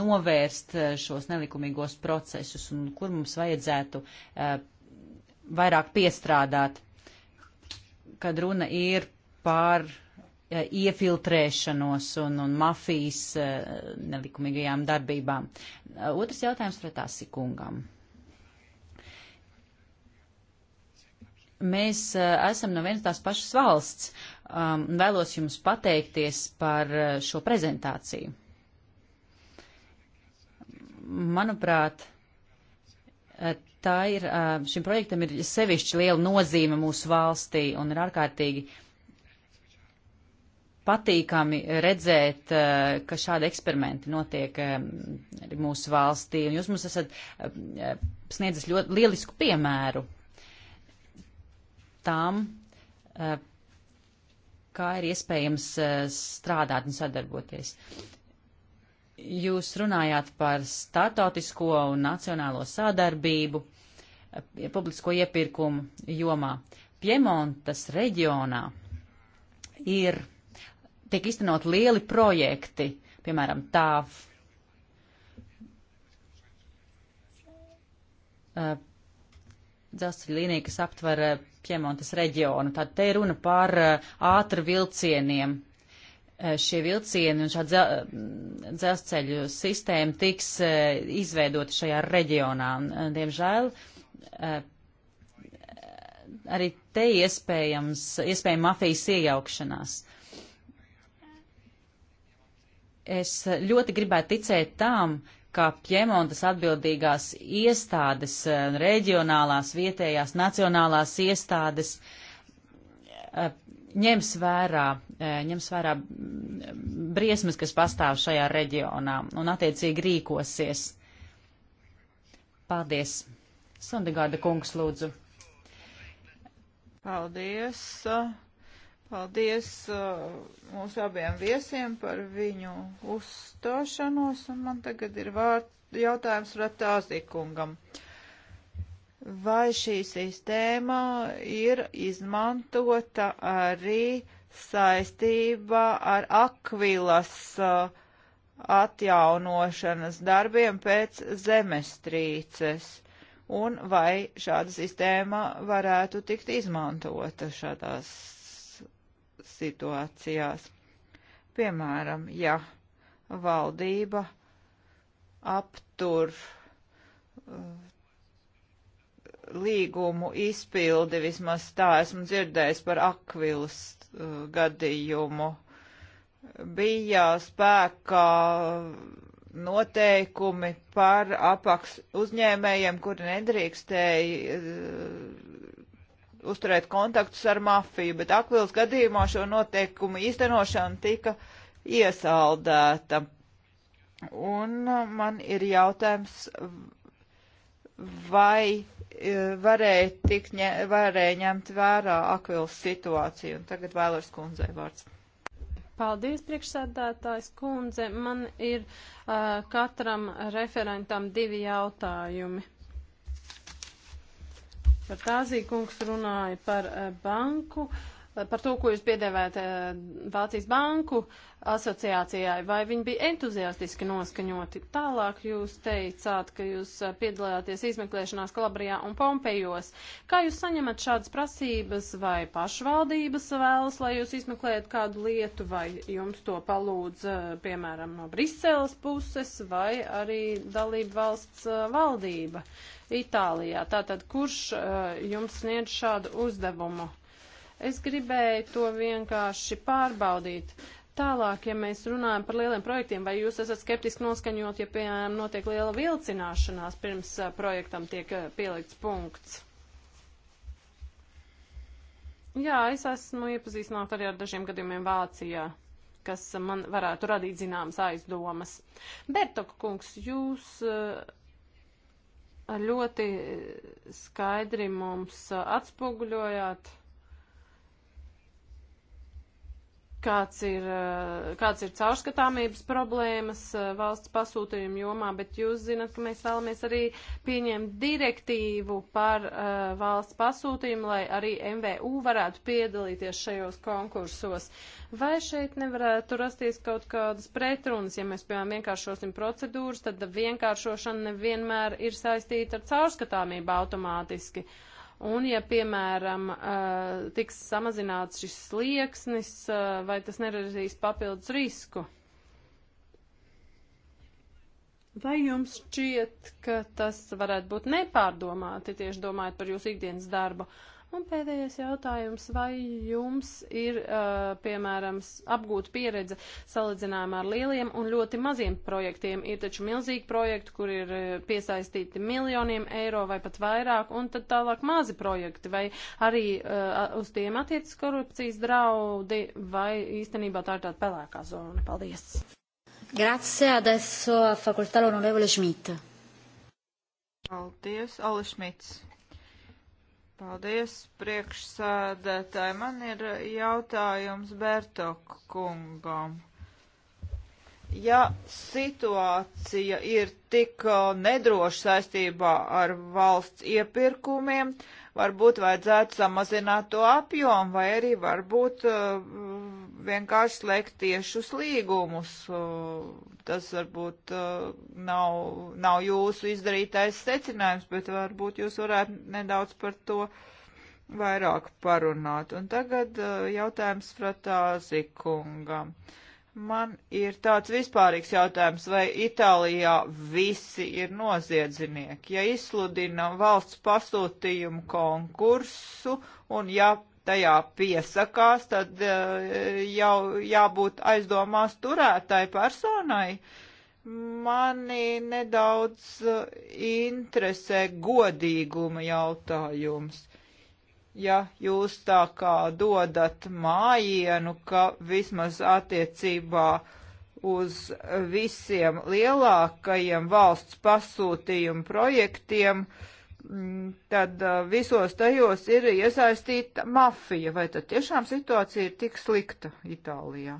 novērst eh, šos nelikumīgos procesus un kur mums vajadzētu eh, vairāk piestrādāt, kad runa ir par iefiltrēšanos un, un mafijas nelikumīgajām darbībām. Otrs jautājums pretās ikungam. Mēs esam no vienas tās pašas valsts, um, vēlos jums pateikties par uh, šo prezentāciju. Manuprāt, uh, tā ir, uh, šim projektam ir sevišķi liela nozīme mūsu valstī un ir ārkārtīgi patīkami redzēt, ka šādi eksperimenti notiek um, mūsu valstī, un jūs mums esat um, sniedzis ļoti lielisku piemēru tām kā ir iespējams eh, strādāt un sadarboties. Jūs runājāt par statotisko un nacionālo sadarbību eh, publisko iepirkumu jomā. Piemontas reģionā ir, tiek iztenot lieli projekti, piemēram, TAV, eh, dzelzceļa līnija, kas aptver eh, Piemontes reģionu. Tad te ir runa par eh, ātru vilcieniem. Eh, šie vilcieni un šā dzelzceļu sistēma tiks izveidota šajā reģionā. Diemžēl arī te iespējams, iespējams mafijas iejaukšanās es ļoti gribētu ticēt tām, ka Pjemontas atbildīgās iestādes, e, reģionālās, vietējās, nacionālās iestādes e, ņems vērā, e, ņems vērā briesmas, kas pastāv šajā reģionā un attiecīgi rīkosies. Paldies. Sondegārda kungs, lūdzu. Paldies. Paldies uh, mūsu abiem viesiem par viņu uzstāšanos, un man tagad ir vārds, jautājums Ratāzikungam. Vai šī sistēma ir izmantota arī saistībā ar akvilas uh, atjaunošanas darbiem pēc zemestrīces? Un vai šāda sistēma varētu tikt izmantota šādās situācijās. Piemēram, ja valdība aptur uh, līgumu izpildi, vismaz tā esmu dzirdējis par akvilas uh, gadījumu, bija spēkā noteikumi par apaks uzņēmējiem, kuri nedrīkstēja uh, uzturēt kontaktus ar mafiju, bet Akvils gadījumā šo noteikumu īstenošana tika iesaldēta. Un uh, man ir jautājums, vai uh, varēja, tik, ņe, varēja ņemt vērā Akvils situāciju. Un tagad vēlers kundzei vārds. Paldies, priekšsēdētājs kundze. Man ir uh, katram referentam divi jautājumi. Tāzī kungs runāja par eh, banku, eh, par to, ko jūs piedēvējat eh, Vācijas banku asociācijai, vai viņi bija entuziastiski noskaņoti. Tālāk jūs teicāt, ka jūs piedalījāties izmeklēšanās Kalabrijā un Pompejos. Kā jūs saņemat šādas prasības, vai pašvaldības vēlas, lai jūs izmeklējat kādu lietu, vai jums to palūdz, piemēram, no Briseles puses, vai arī dalība valsts valdība? Uh, Itālijā. Tātad, kurš uh, jums sniedz šādu uzdevumu? Es gribēju to vienkārši pārbaudīt. Tālāk, ja mēs runājam par lieliem projektiem, vai jūs esat skeptiski noskaņot, ja, piemēram, notiek liela vilcināšanās pirms uh, projektam tiek uh, pielikts punkts? Jā, es esmu iepazīstināta arī ar dažiem gadījumiem Vācijā, kas man varētu radīt zināmas aizdomas. Bertok kungs, jūs uh, ļoti skaidri mums atspoguļojāt. kāds ir, eh, kāds ir caurskatāmības problēmas eh, valsts pasūtījuma jomā, bet jūs zinat, ka mēs vēlamies arī pieņemt direktīvu par uh, valsts pasūtījumu, lai arī MVU varētu piedalīties šajos konkursos. Vai šeit nevarētu rasties kaut kādas pretrunas, ja mēs, piemēram, vienkāršosim procedūras, tad vienkāršošana nevienmēr ir saistīta ar caurskatāmību automātiski. Uh, Un, ja, piemēram, eh, tiks samazināts šis slieksnis, eh, vai tas neradīs papildus risku? Vai jums šķiet, ka tas varētu būt nepārdomāti, tieši domājot par jūsu ikdienas darbu? Uh, Un pēdējais jautājums, vai jums ir, uh, piemēram, apgūta pieredze salīdzinājumā ar lieliem un ļoti maziem projektiem? Ir taču milzīgi projekti, kur ir piesaistīti miljoniem eiro vai pat vairāk, un tad tālāk mazi projekti, vai arī uh, uz tiem attiecas korupcijas draudi, vai īstenībā tā ir tāda pelēkā zona? Paldies! Grazie, adesso facoltà l'onorevole Schmidt. Paldies, Ole Schmidts. Paldies, priekšsēdētāji. Man ir jautājums Bertok kungam. Ja situācija ir tik uh, nedroša saistībā ar valsts iepirkumiem, varbūt vajadzētu samazināt to apjomu, vai arī varbūt uh, vienkārši slēgt tiešus līgumus. Tas varbūt nav, nav jūsu izdarītais secinājums, bet varbūt jūs varētu nedaudz par to vairāk parunāt. Un tagad jautājums Fratāzikungam. Man ir tāds vispārīgs jautājums, vai Itālijā visi ir noziedznieki. Ja izsludina valsts pasūtījumu konkursu un ja tajā piesakās, tad eh, jau jābūt aizdomās turētai personai. Mani nedaudz eh, interesē godīguma jautājums. Ja jūs tā kā dodat mājienu, ka vismaz attiecībā uz visiem lielākajiem valsts pasūtījumu projektiem uh, Mm, tad visos tajos ir iesaistīta mafija. Vai tad tiešām situācija ir tik slikta Itālijā?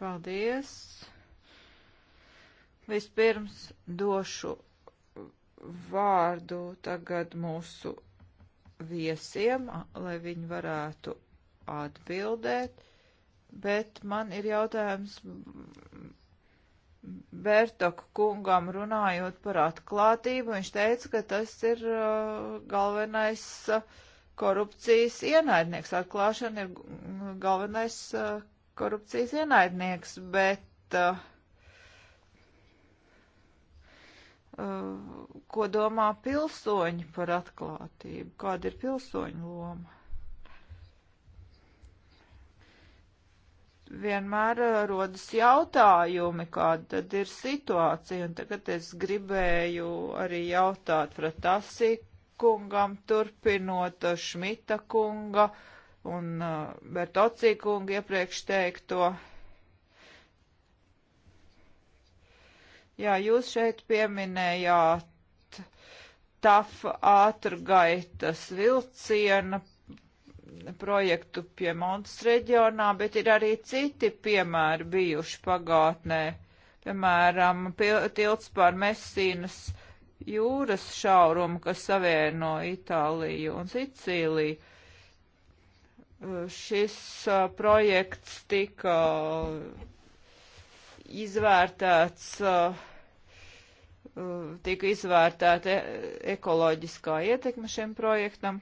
Paldies. Vispirms došu vārdu tagad mūsu viesiem, lai viņi varētu atbildēt, bet man ir jautājums Bertok kungam runājot par atklātību, viņš teica, ka tas ir uh, galvenais uh, korupcijas ienaidnieks. Atklāšana ir mm, galvenais uh, korupcijas ienaidnieks, bet uh, uh, ko domā pilsoņi par atklātību? Kāda ir pilsoņu loma? vienmēr eh, rodas jautājumi, kāda tad ir situācija. Un tagad es gribēju arī jautāt Fratasī kungam, turpinot eh, Šmita kunga un eh, Bertocī kunga iepriekš teikto. Jā, jūs šeit pieminējāt TAF ātrgaitas vilciena projektu pie Montas reģionā, bet ir arī citi piemēri bijuši pagātnē. Piemēram, tilts pār Messīnas jūras šaurumu, kas savieno Itāliju un Sicīliju. Šis projekts tika izvērtēts uh, tika izvērtēta e-, ekoloģiskā ietekme šiem projektam.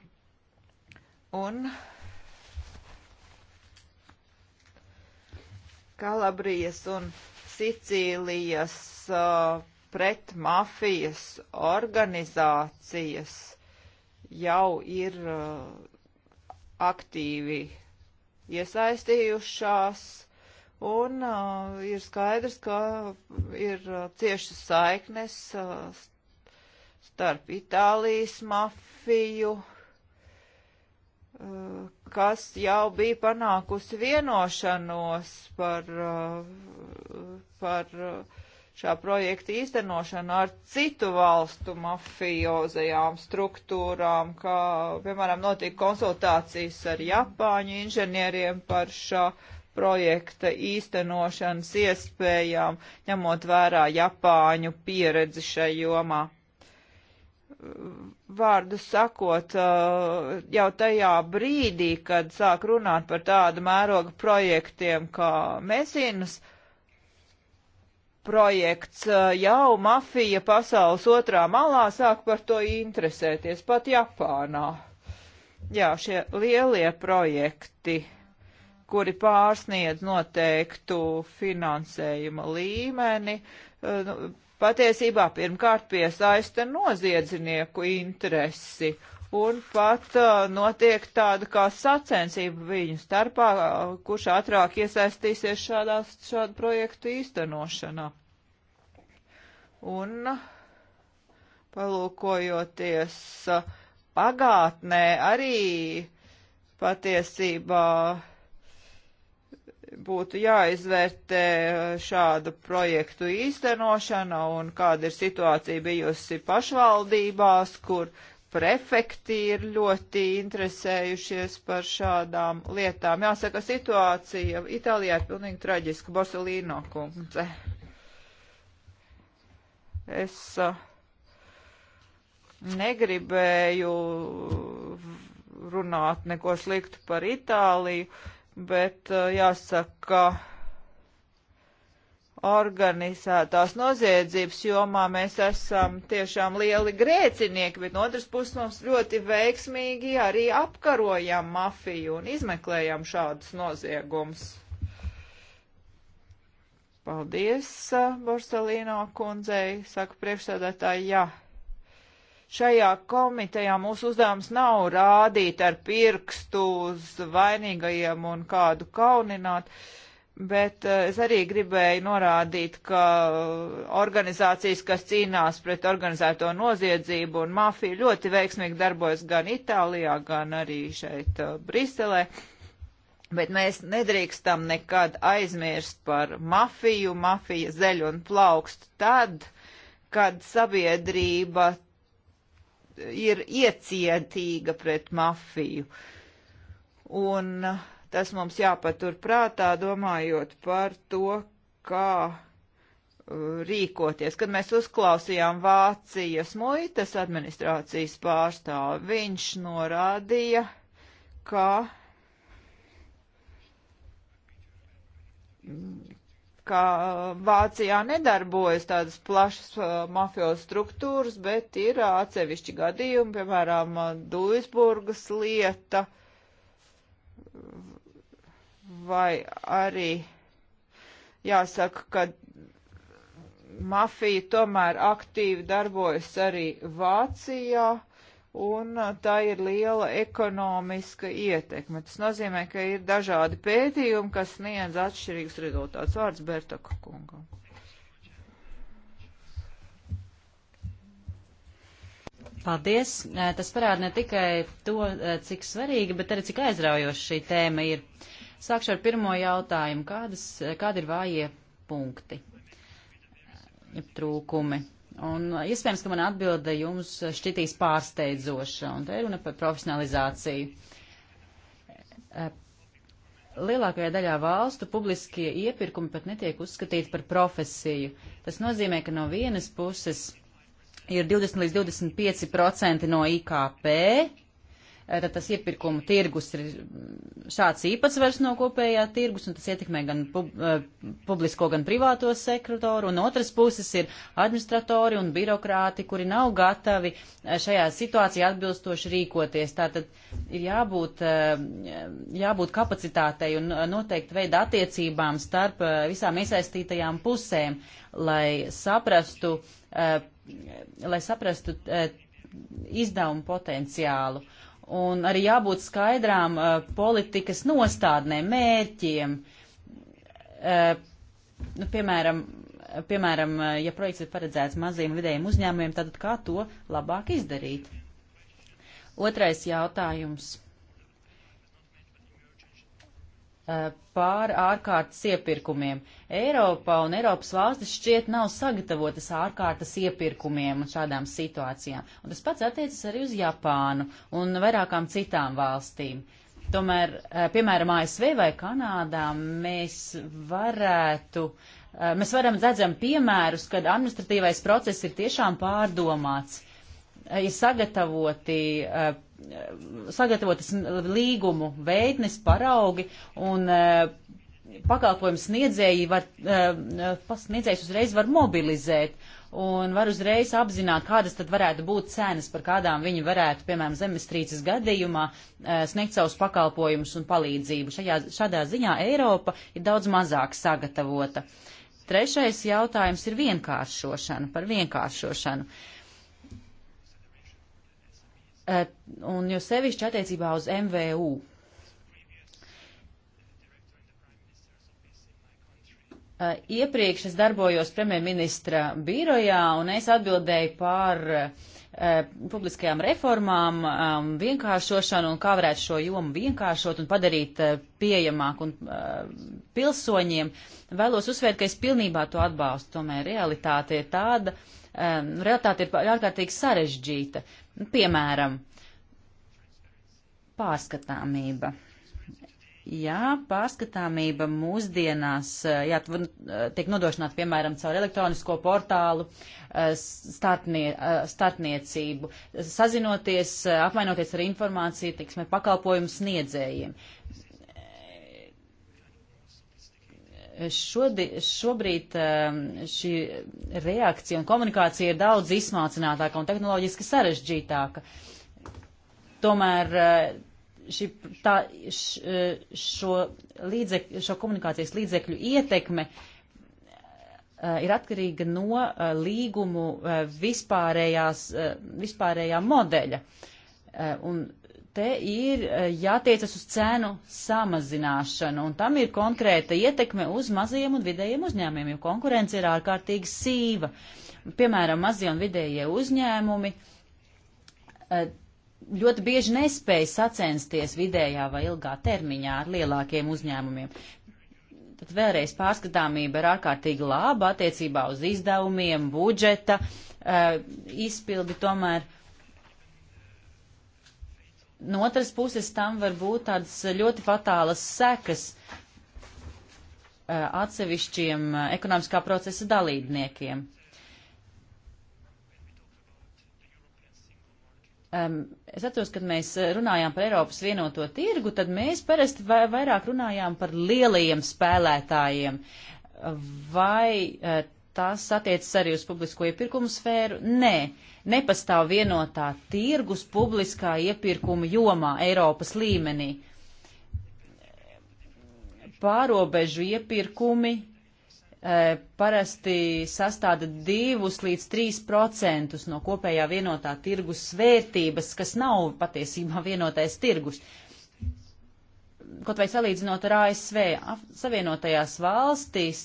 Un Kalabrijas un Sicīlijas uh, pret mafijas organizācijas jau ir uh, aktīvi iesaistījušās, un uh, ir skaidrs, ka ir uh, ciešas saiknes uh, starp Itālijas mafiju, uh, Eh, kas jau bija panākusi vienošanos par, eh, par eh, šā projekta īstenošanu ar citu valstu mafiozajām struktūrām, kā, piemēram, notika konsultācijas ar Japāņu inženieriem par šā projekta īstenošanas iespējām, ņemot vērā Japāņu pieredzi šai jomā vārdu sakot, eh, jau tajā brīdī, kad sāk runāt par tādu mēroga projektiem kā Mesinas projekts, eh, jau mafija pasaules otrā malā sāk par to interesēties, pat Japānā. Jā, šie lielie projekti, kuri pārsniedz noteiktu finansējuma līmeni, eh, nu, patiesībā pirmkārt piesaista noziedznieku interesi. Un pat uh, notiek tāda kā sacensība viņu starpā, uh, kurš ātrāk iesaistīsies šādās, šādu projektu īstenošanā. Un uh, palūkojoties uh, pagātnē arī patiesībā uh, būtu jāizvērtē uh, šādu projektu īstenošana un kāda ir situācija bijusi pašvaldībās, kur prefekti ir ļoti interesējušies par šādām lietām. Jāsaka, situācija Itālijā ir pilnīgi traģiska. Bosolīno kundze. Es uh, negribēju runāt neko sliktu par Itāliju bet uh, jāsaka, organizētās noziedzības jomā mēs esam tiešām lieli grēcinieki, bet no otras puses mums ļoti veiksmīgi arī apkarojam mafiju un izmeklējam šādus noziegumus. Paldies, uh, Borsalīno kundzei, saka priekšsēdētāji, jā. Ja Šajā komitejā mūsu uzdevums nav rādīt ar pirkstu uz vainīgajiem un kādu kaunināt. Bet eh, es arī gribēju norādīt, ka organizācijas, kas cīnās pret organizēto noziedzību un mafiju, ļoti veiksmīgi darbojas gan Itālijā, gan arī šeit eh, Briselē. Bet mēs nedrīkstam nekad aizmirst par mafiju, mafija zeļ un plaukst tad, kad sabiedrība ir iecietīga pret mafiju. Un tas mums jāpatur prātā, domājot par to, kā uh, rīkoties. Kad mēs uzklausījām Vācijas muitas administrācijas pārstāvu, viņš norādīja, ka ka uh, Vācijā nedarbojas tādas plašas uh, mafijos struktūras, bet ir uh, atsevišķi gadījumi, piemēram, uh, Duisburgas lieta vai arī jāsaka, ka mafija tomēr aktīvi darbojas arī Vācijā un tā ir liela ekonomiska ietekme. Tas nozīmē, ka ir dažādi pētījumi, kas sniedz atšķirīgus rezultātus. Vārds Bertaka kungam. Paldies! Tas parāda ne tikai to, cik svarīga, bet arī cik aizraujoša šī tēma ir. Sākšu ar pirmo jautājumu. Kādas, kādi ir vājie punkti? Trūkumi. Un uh, iespējams, ka mana atbilde jums uh, šķitīs pārsteidzoša, un te ir runa par profesionalizāciju. Uh, lielākajā daļā valstu publiskie iepirkumi pat netiek uzskatīti par profesiju. Tas nozīmē, ka no vienas puses ir 20 līdz 25% no IKP, tad tas iepirkuma tirgus ir mm, šāds īpatsvars no kopējā tirgus, un tas ietekmē gan pub, publisko, gan privāto sektoru, un otras puses ir administratori un birokrāti, kuri nav gatavi šajā situācijā atbilstoši rīkoties. Tātad ir jābūt, jābūt kapacitātei un noteikti veida attiecībām starp visām iesaistītajām pusēm, lai saprastu, lai saprastu izdevumu potenciālu. Uh, un arī jābūt skaidrām uh, politikas nostādnēm, mērķiem. Uh, nu, piemēram, piemēram, uh, ja projekts ir paredzēts maziem vidējiem uzņēmumiem, tad kā to labāk izdarīt? Otrais jautājums Eh, pār ārkārtas iepirkumiem. Eiropa un Eiropas valstis šķiet nav sagatavotas ārkārtas iepirkumiem un šādām situācijām. Un tas pats attiecas arī uz Japānu un vairākām citām valstīm. Tomēr, eh, piemēram, ASV vai Kanādā mēs varētu, eh, mēs varam redzam piemērus, kad administratīvais process ir tiešām pārdomāts, ir sagatavoti sagatavotas līgumu veidnes, paraugi un eh, pakalpojumu sniedzēji var, eh, sniedzējs uzreiz var mobilizēt un var uzreiz apzināt, kādas tad varētu būt cenas, par kādām viņi varētu, piemēram, zemestrīces gadījumā eh, sniegt savus pakalpojumus un palīdzību. Šajā, šādā ziņā Eiropa ir daudz mazāk sagatavota. Trešais jautājums ir vienkāršošana, par vienkāršošanu. Uh, Eh, un jo sevišķi attiecībā uz MVU. Eh, iepriekš es darbojos premjerministra birojā, un es atbildēju par uh, E, publiskajām reformām, um, vienkāršošanu un kā varētu šo jomu vienkāršot un padarīt uh, e, pieejamāku uh, e, pilsoņiem. Vēlos uzsvērt, ka es pilnībā to atbalstu. Tomēr realitāte ir tāda, um, realitāte ir ārkārtīgi sarežģīta. Piemēram, pārskatāmība. Jā, pārskatāmība mūsdienās, eh, jā, eh, tiek nodrošināta, piemēram, caur elektronisko portālu, eh, startnie, startniecību, sazinoties, apmainoties ar informāciju, teiksim, pakalpojumu sniedzējiem. šodi, šobrīd ehm, šī reakcija un komunikācija ir daudz izsmalcinātāka un tehnoloģiski sarežģītāka. Tomēr šī, tā, š, šo, līdzek, šo komunikācijas līdzekļu ietekme ir atkarīga no līgumu vispārējās, vispārējā modeļa. Un te ir jātiecas uz cenu samazināšanu, un tam ir konkrēta ietekme uz mazajiem un vidējiem uzņēmumiem, jo konkurence ir ārkārtīgi sīva. Piemēram, mazie un vidējie uzņēmumi ļoti bieži nespēja sacensties vidējā vai ilgā termiņā ar lielākiem uzņēmumiem. Tad vēlreiz pārskatāmība ir ārkārtīgi laba attiecībā uz izdevumiem, budžeta eh, izpildi tomēr. No otras puses tam var būt tādas ļoti fatālas sekas eh, atsevišķiem eh, ekonomiskā procesa dalībniekiem. Es atceros, kad mēs eh, runājām par Eiropas vienoto tirgu, tad mēs parasti vairāk runājām par lielajiem spēlētājiem. Vai eh, tas attiecas arī uz publisko iepirkumu sfēru? Nē, nepastāv vienotā tirgus publiskā iepirkuma jomā Eiropas līmenī. Pārobežu iepirkumi E, parasti sastāda 2 līdz 3 procentus no kopējā vienotā tirgus svērtības, kas nav patiesībā vienotais tirgus. Kaut vai salīdzinot ar ASV, Savienotajās valstīs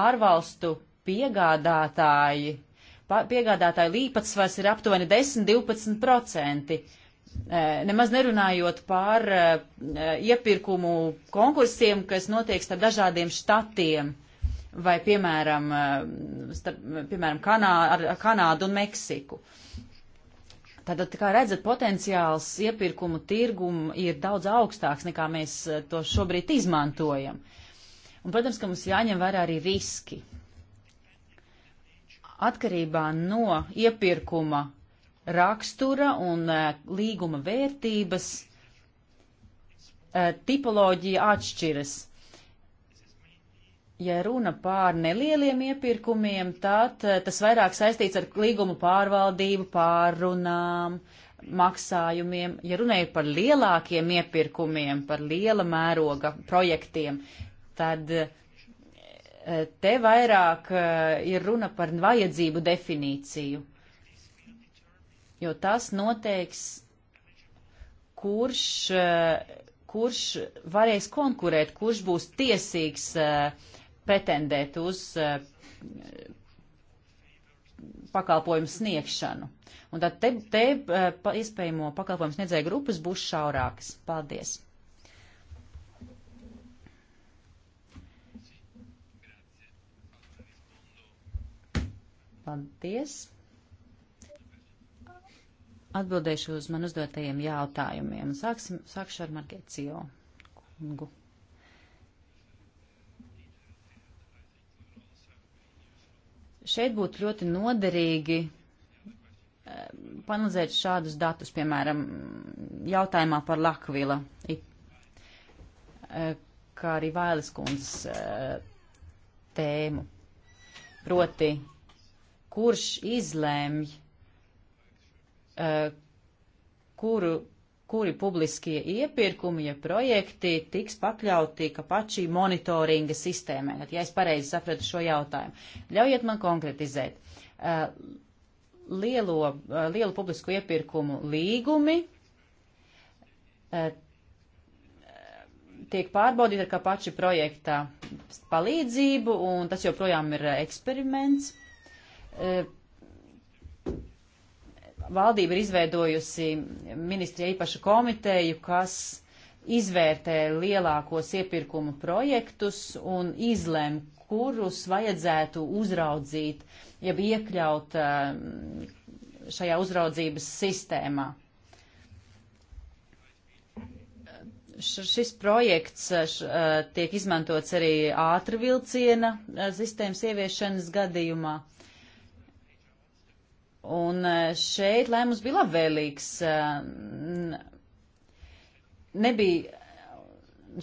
ārvalstu piegādātāji, piegādātāji līpatsvars ir aptuveni 10-12 procenti. E, nemaz nerunājot par e, iepirkumu konkursiem, kas notiek starp dažādiem štatiem vai, piemēram, eh, starp, piemēram Kanā, ar Kanādu un Meksiku. Tātad, kā redzat, potenciāls iepirkumu tirgumu ir daudz augstāks, nekā mēs eh, to šobrīd izmantojam. Un, protams, ka mums jāņem vērā arī riski. Atkarībā no iepirkuma rakstura un eh, līguma vērtības tipoloģija atšķiras. Ja runa pār nelieliem iepirkumiem, tad eh, tas vairāk saistīts ar līgumu pārvaldību, pārrunām, maksājumiem. Ja runēju par lielākiem iepirkumiem, par liela mēroga projektiem, tad eh, te vairāk eh, ir runa par vajadzību definīciju, jo tas noteiks, kurš, kurš varēs konkurēt, kurš būs tiesīgs uh, pretendēt uz eh, pakalpojumu sniegšanu. Un tad te, te eh, iespējamo pakalpojumu sniedzēju grupas būs šaurākas. Paldies! Paldies! Atbildēšu uz man uzdotajiem jautājumiem. Sāksim, sākšu ar Margēcijo kungu. Šeit būtu ļoti noderīgi eh, panalizēt šādus datus, piemēram, jautājumā par Lakvila, eh, kā arī Vailes kundzes eh, tēmu. Proti, kurš izlēmj, kuru kuri publiskie iepirkumi, ja projekti tiks pakļauti kapačī monitoringa sistēmai. Ja es pareizi sapratu šo jautājumu, ļaujiet man konkretizēt. Eh, lielo, eh, lielu publisku iepirkumu līgumi eh, tiek pārbaudīti ar kapačī projektā palīdzību, un tas joprojām ir eksperiments valdība ir izveidojusi ministrija īpašu komiteju, kas izvērtē lielākos iepirkumu projektus un izlem, kurus vajadzētu uzraudzīt, jeb iekļaut eh, šajā uzraudzības sistēmā. Šis projekts eh, š, eh, tiek izmantots arī ātrvilciena sistēmas ieviešanas gadījumā. Un e, šeit lēmums bija labvēlīgs. E, nebija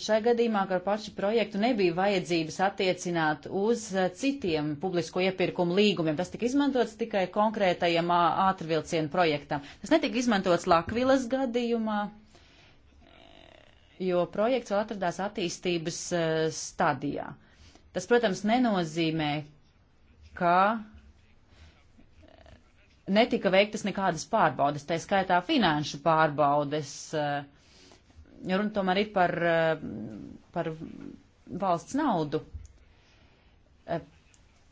šai gadījumā ar pašu projektu nebija vajadzības attiecināt uz e, citiem publisko iepirkumu līgumiem. Tas tika izmantots tikai konkrētajam ātrvilcienu projektam. Tas netika izmantots Lakvilas gadījumā, jo projekts vēl atradās attīstības stadijā. Tas, protams, nenozīmē, ka netika veiktas nekādas pārbaudes, tā skaitā finanšu pārbaudes. Eh, runa tomēr ir par, eh, par valsts naudu. Eh,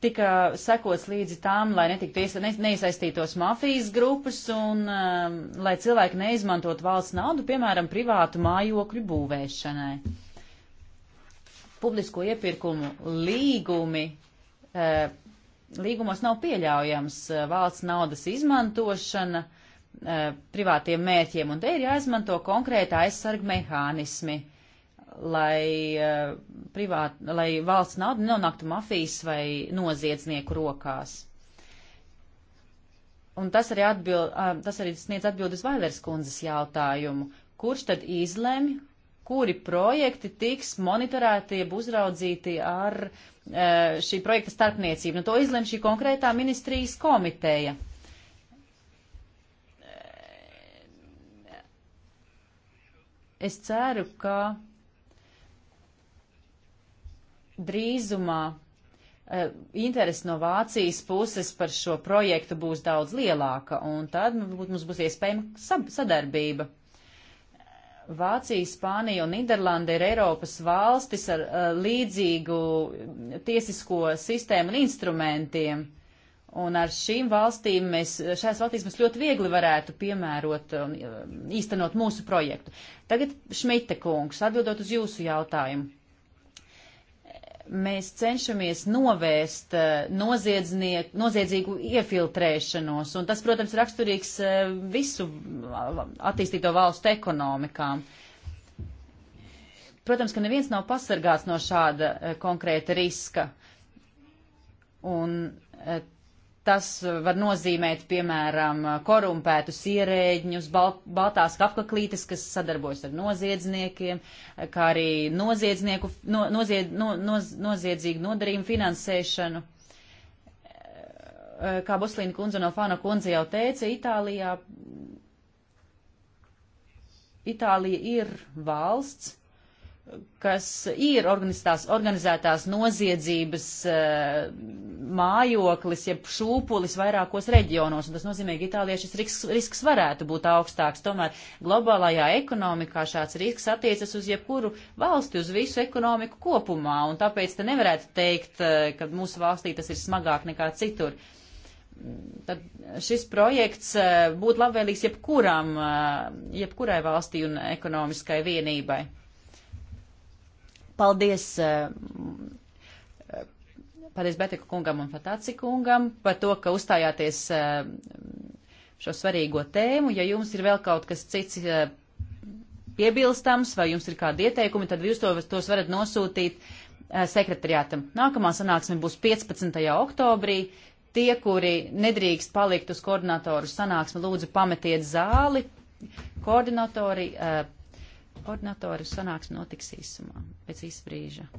tika sekots līdzi tām, lai netiktu iesa, ne, neiesaistītos mafijas grupas un um, lai cilvēki neizmantot valsts naudu, piemēram, privātu mājokļu būvēšanai. Publisko iepirkumu līgumi uh, līgumos nav pieļaujams eh, valsts naudas izmantošana eh, privātiem mērķiem, un te ir jāizmanto konkrēta aizsarga mehānismi, lai, eh, privāt, lai valsts nauda nonāktu mafijas vai noziedznieku rokās. Un tas arī, atbild, tas arī sniedz atbildes Vailers kundzes jautājumu, kurš tad izlemj, kuri projekti tiks monitorēti, uzraudzīti ar e, šī projekta starpniecību. Nu, to izlem šī konkrētā ministrijas komiteja. Es ceru, ka drīzumā e, interesi no Vācijas puses par šo projektu būs daudz lielāka, un tad nu, mums būs iespējama sadarbība. Vācija, Spānija un Niderlanda ir Eiropas valstis ar uh, līdzīgu tiesisko sistēmu un instrumentiem. Un ar šīm valstīm mēs, šajās valstīs mēs ļoti viegli varētu piemērot un uh, īstenot mūsu projektu. Tagad Šmita kungs, atbildot uz jūsu jautājumu mēs cenšamies novērst eh, noziedzīgu iefiltrēšanos, un tas, protams, raksturīgs eh, visu eh, attīstīto valstu ekonomikām. Protams, ka neviens nav pasargāts no šāda konkrēta riska, un Tas eh, var nozīmēt, piemēram, korumpētus ierēģņus, bal baltās kaklaklītes, kas sadarbojas ar noziedzniekiem, kā arī noziedznieku, no, nozied, no, noz, noziedzīgu nodarījumu finansēšanu. Eh, kā Boslīna kundze un Alfāna kundze jau teica, Itālijā, Itālija ir valsts, kas ir organizētās, organizētās noziedzības eh, mājoklis, jeb šūpulis vairākos reģionos, un tas nozīmē, ka Itālijā šis risks, risks varētu būt augstāks. Tomēr globālajā ekonomikā šāds risks attiecas uz jebkuru valsti, uz visu ekonomiku kopumā, un tāpēc te nevarētu teikt, eh, ka mūsu valstī tas ir smagāk nekā citur. Tad šis projekts eh, būtu labvēlīgs jebkuram, jebkurai valstī un ekonomiskai vienībai. Paldies! Eh, paldies Betika kungam un Fatāci kungam par to, ka uzstājāties eh, šo svarīgo tēmu. Ja jums ir vēl kaut kas cits eh, piebilstams vai jums ir kādi ieteikumi, tad jūs to, tos varat nosūtīt sekretariātam. Nākamā sanāksme būs 15. oktobrī. Tie, kuri nedrīkst palikt uz koordinatoru sanāksmi, lūdzu pametiet zāli. Koordinatori Koordinatoru sanāks notiks īsumā, pēc īsa brīža.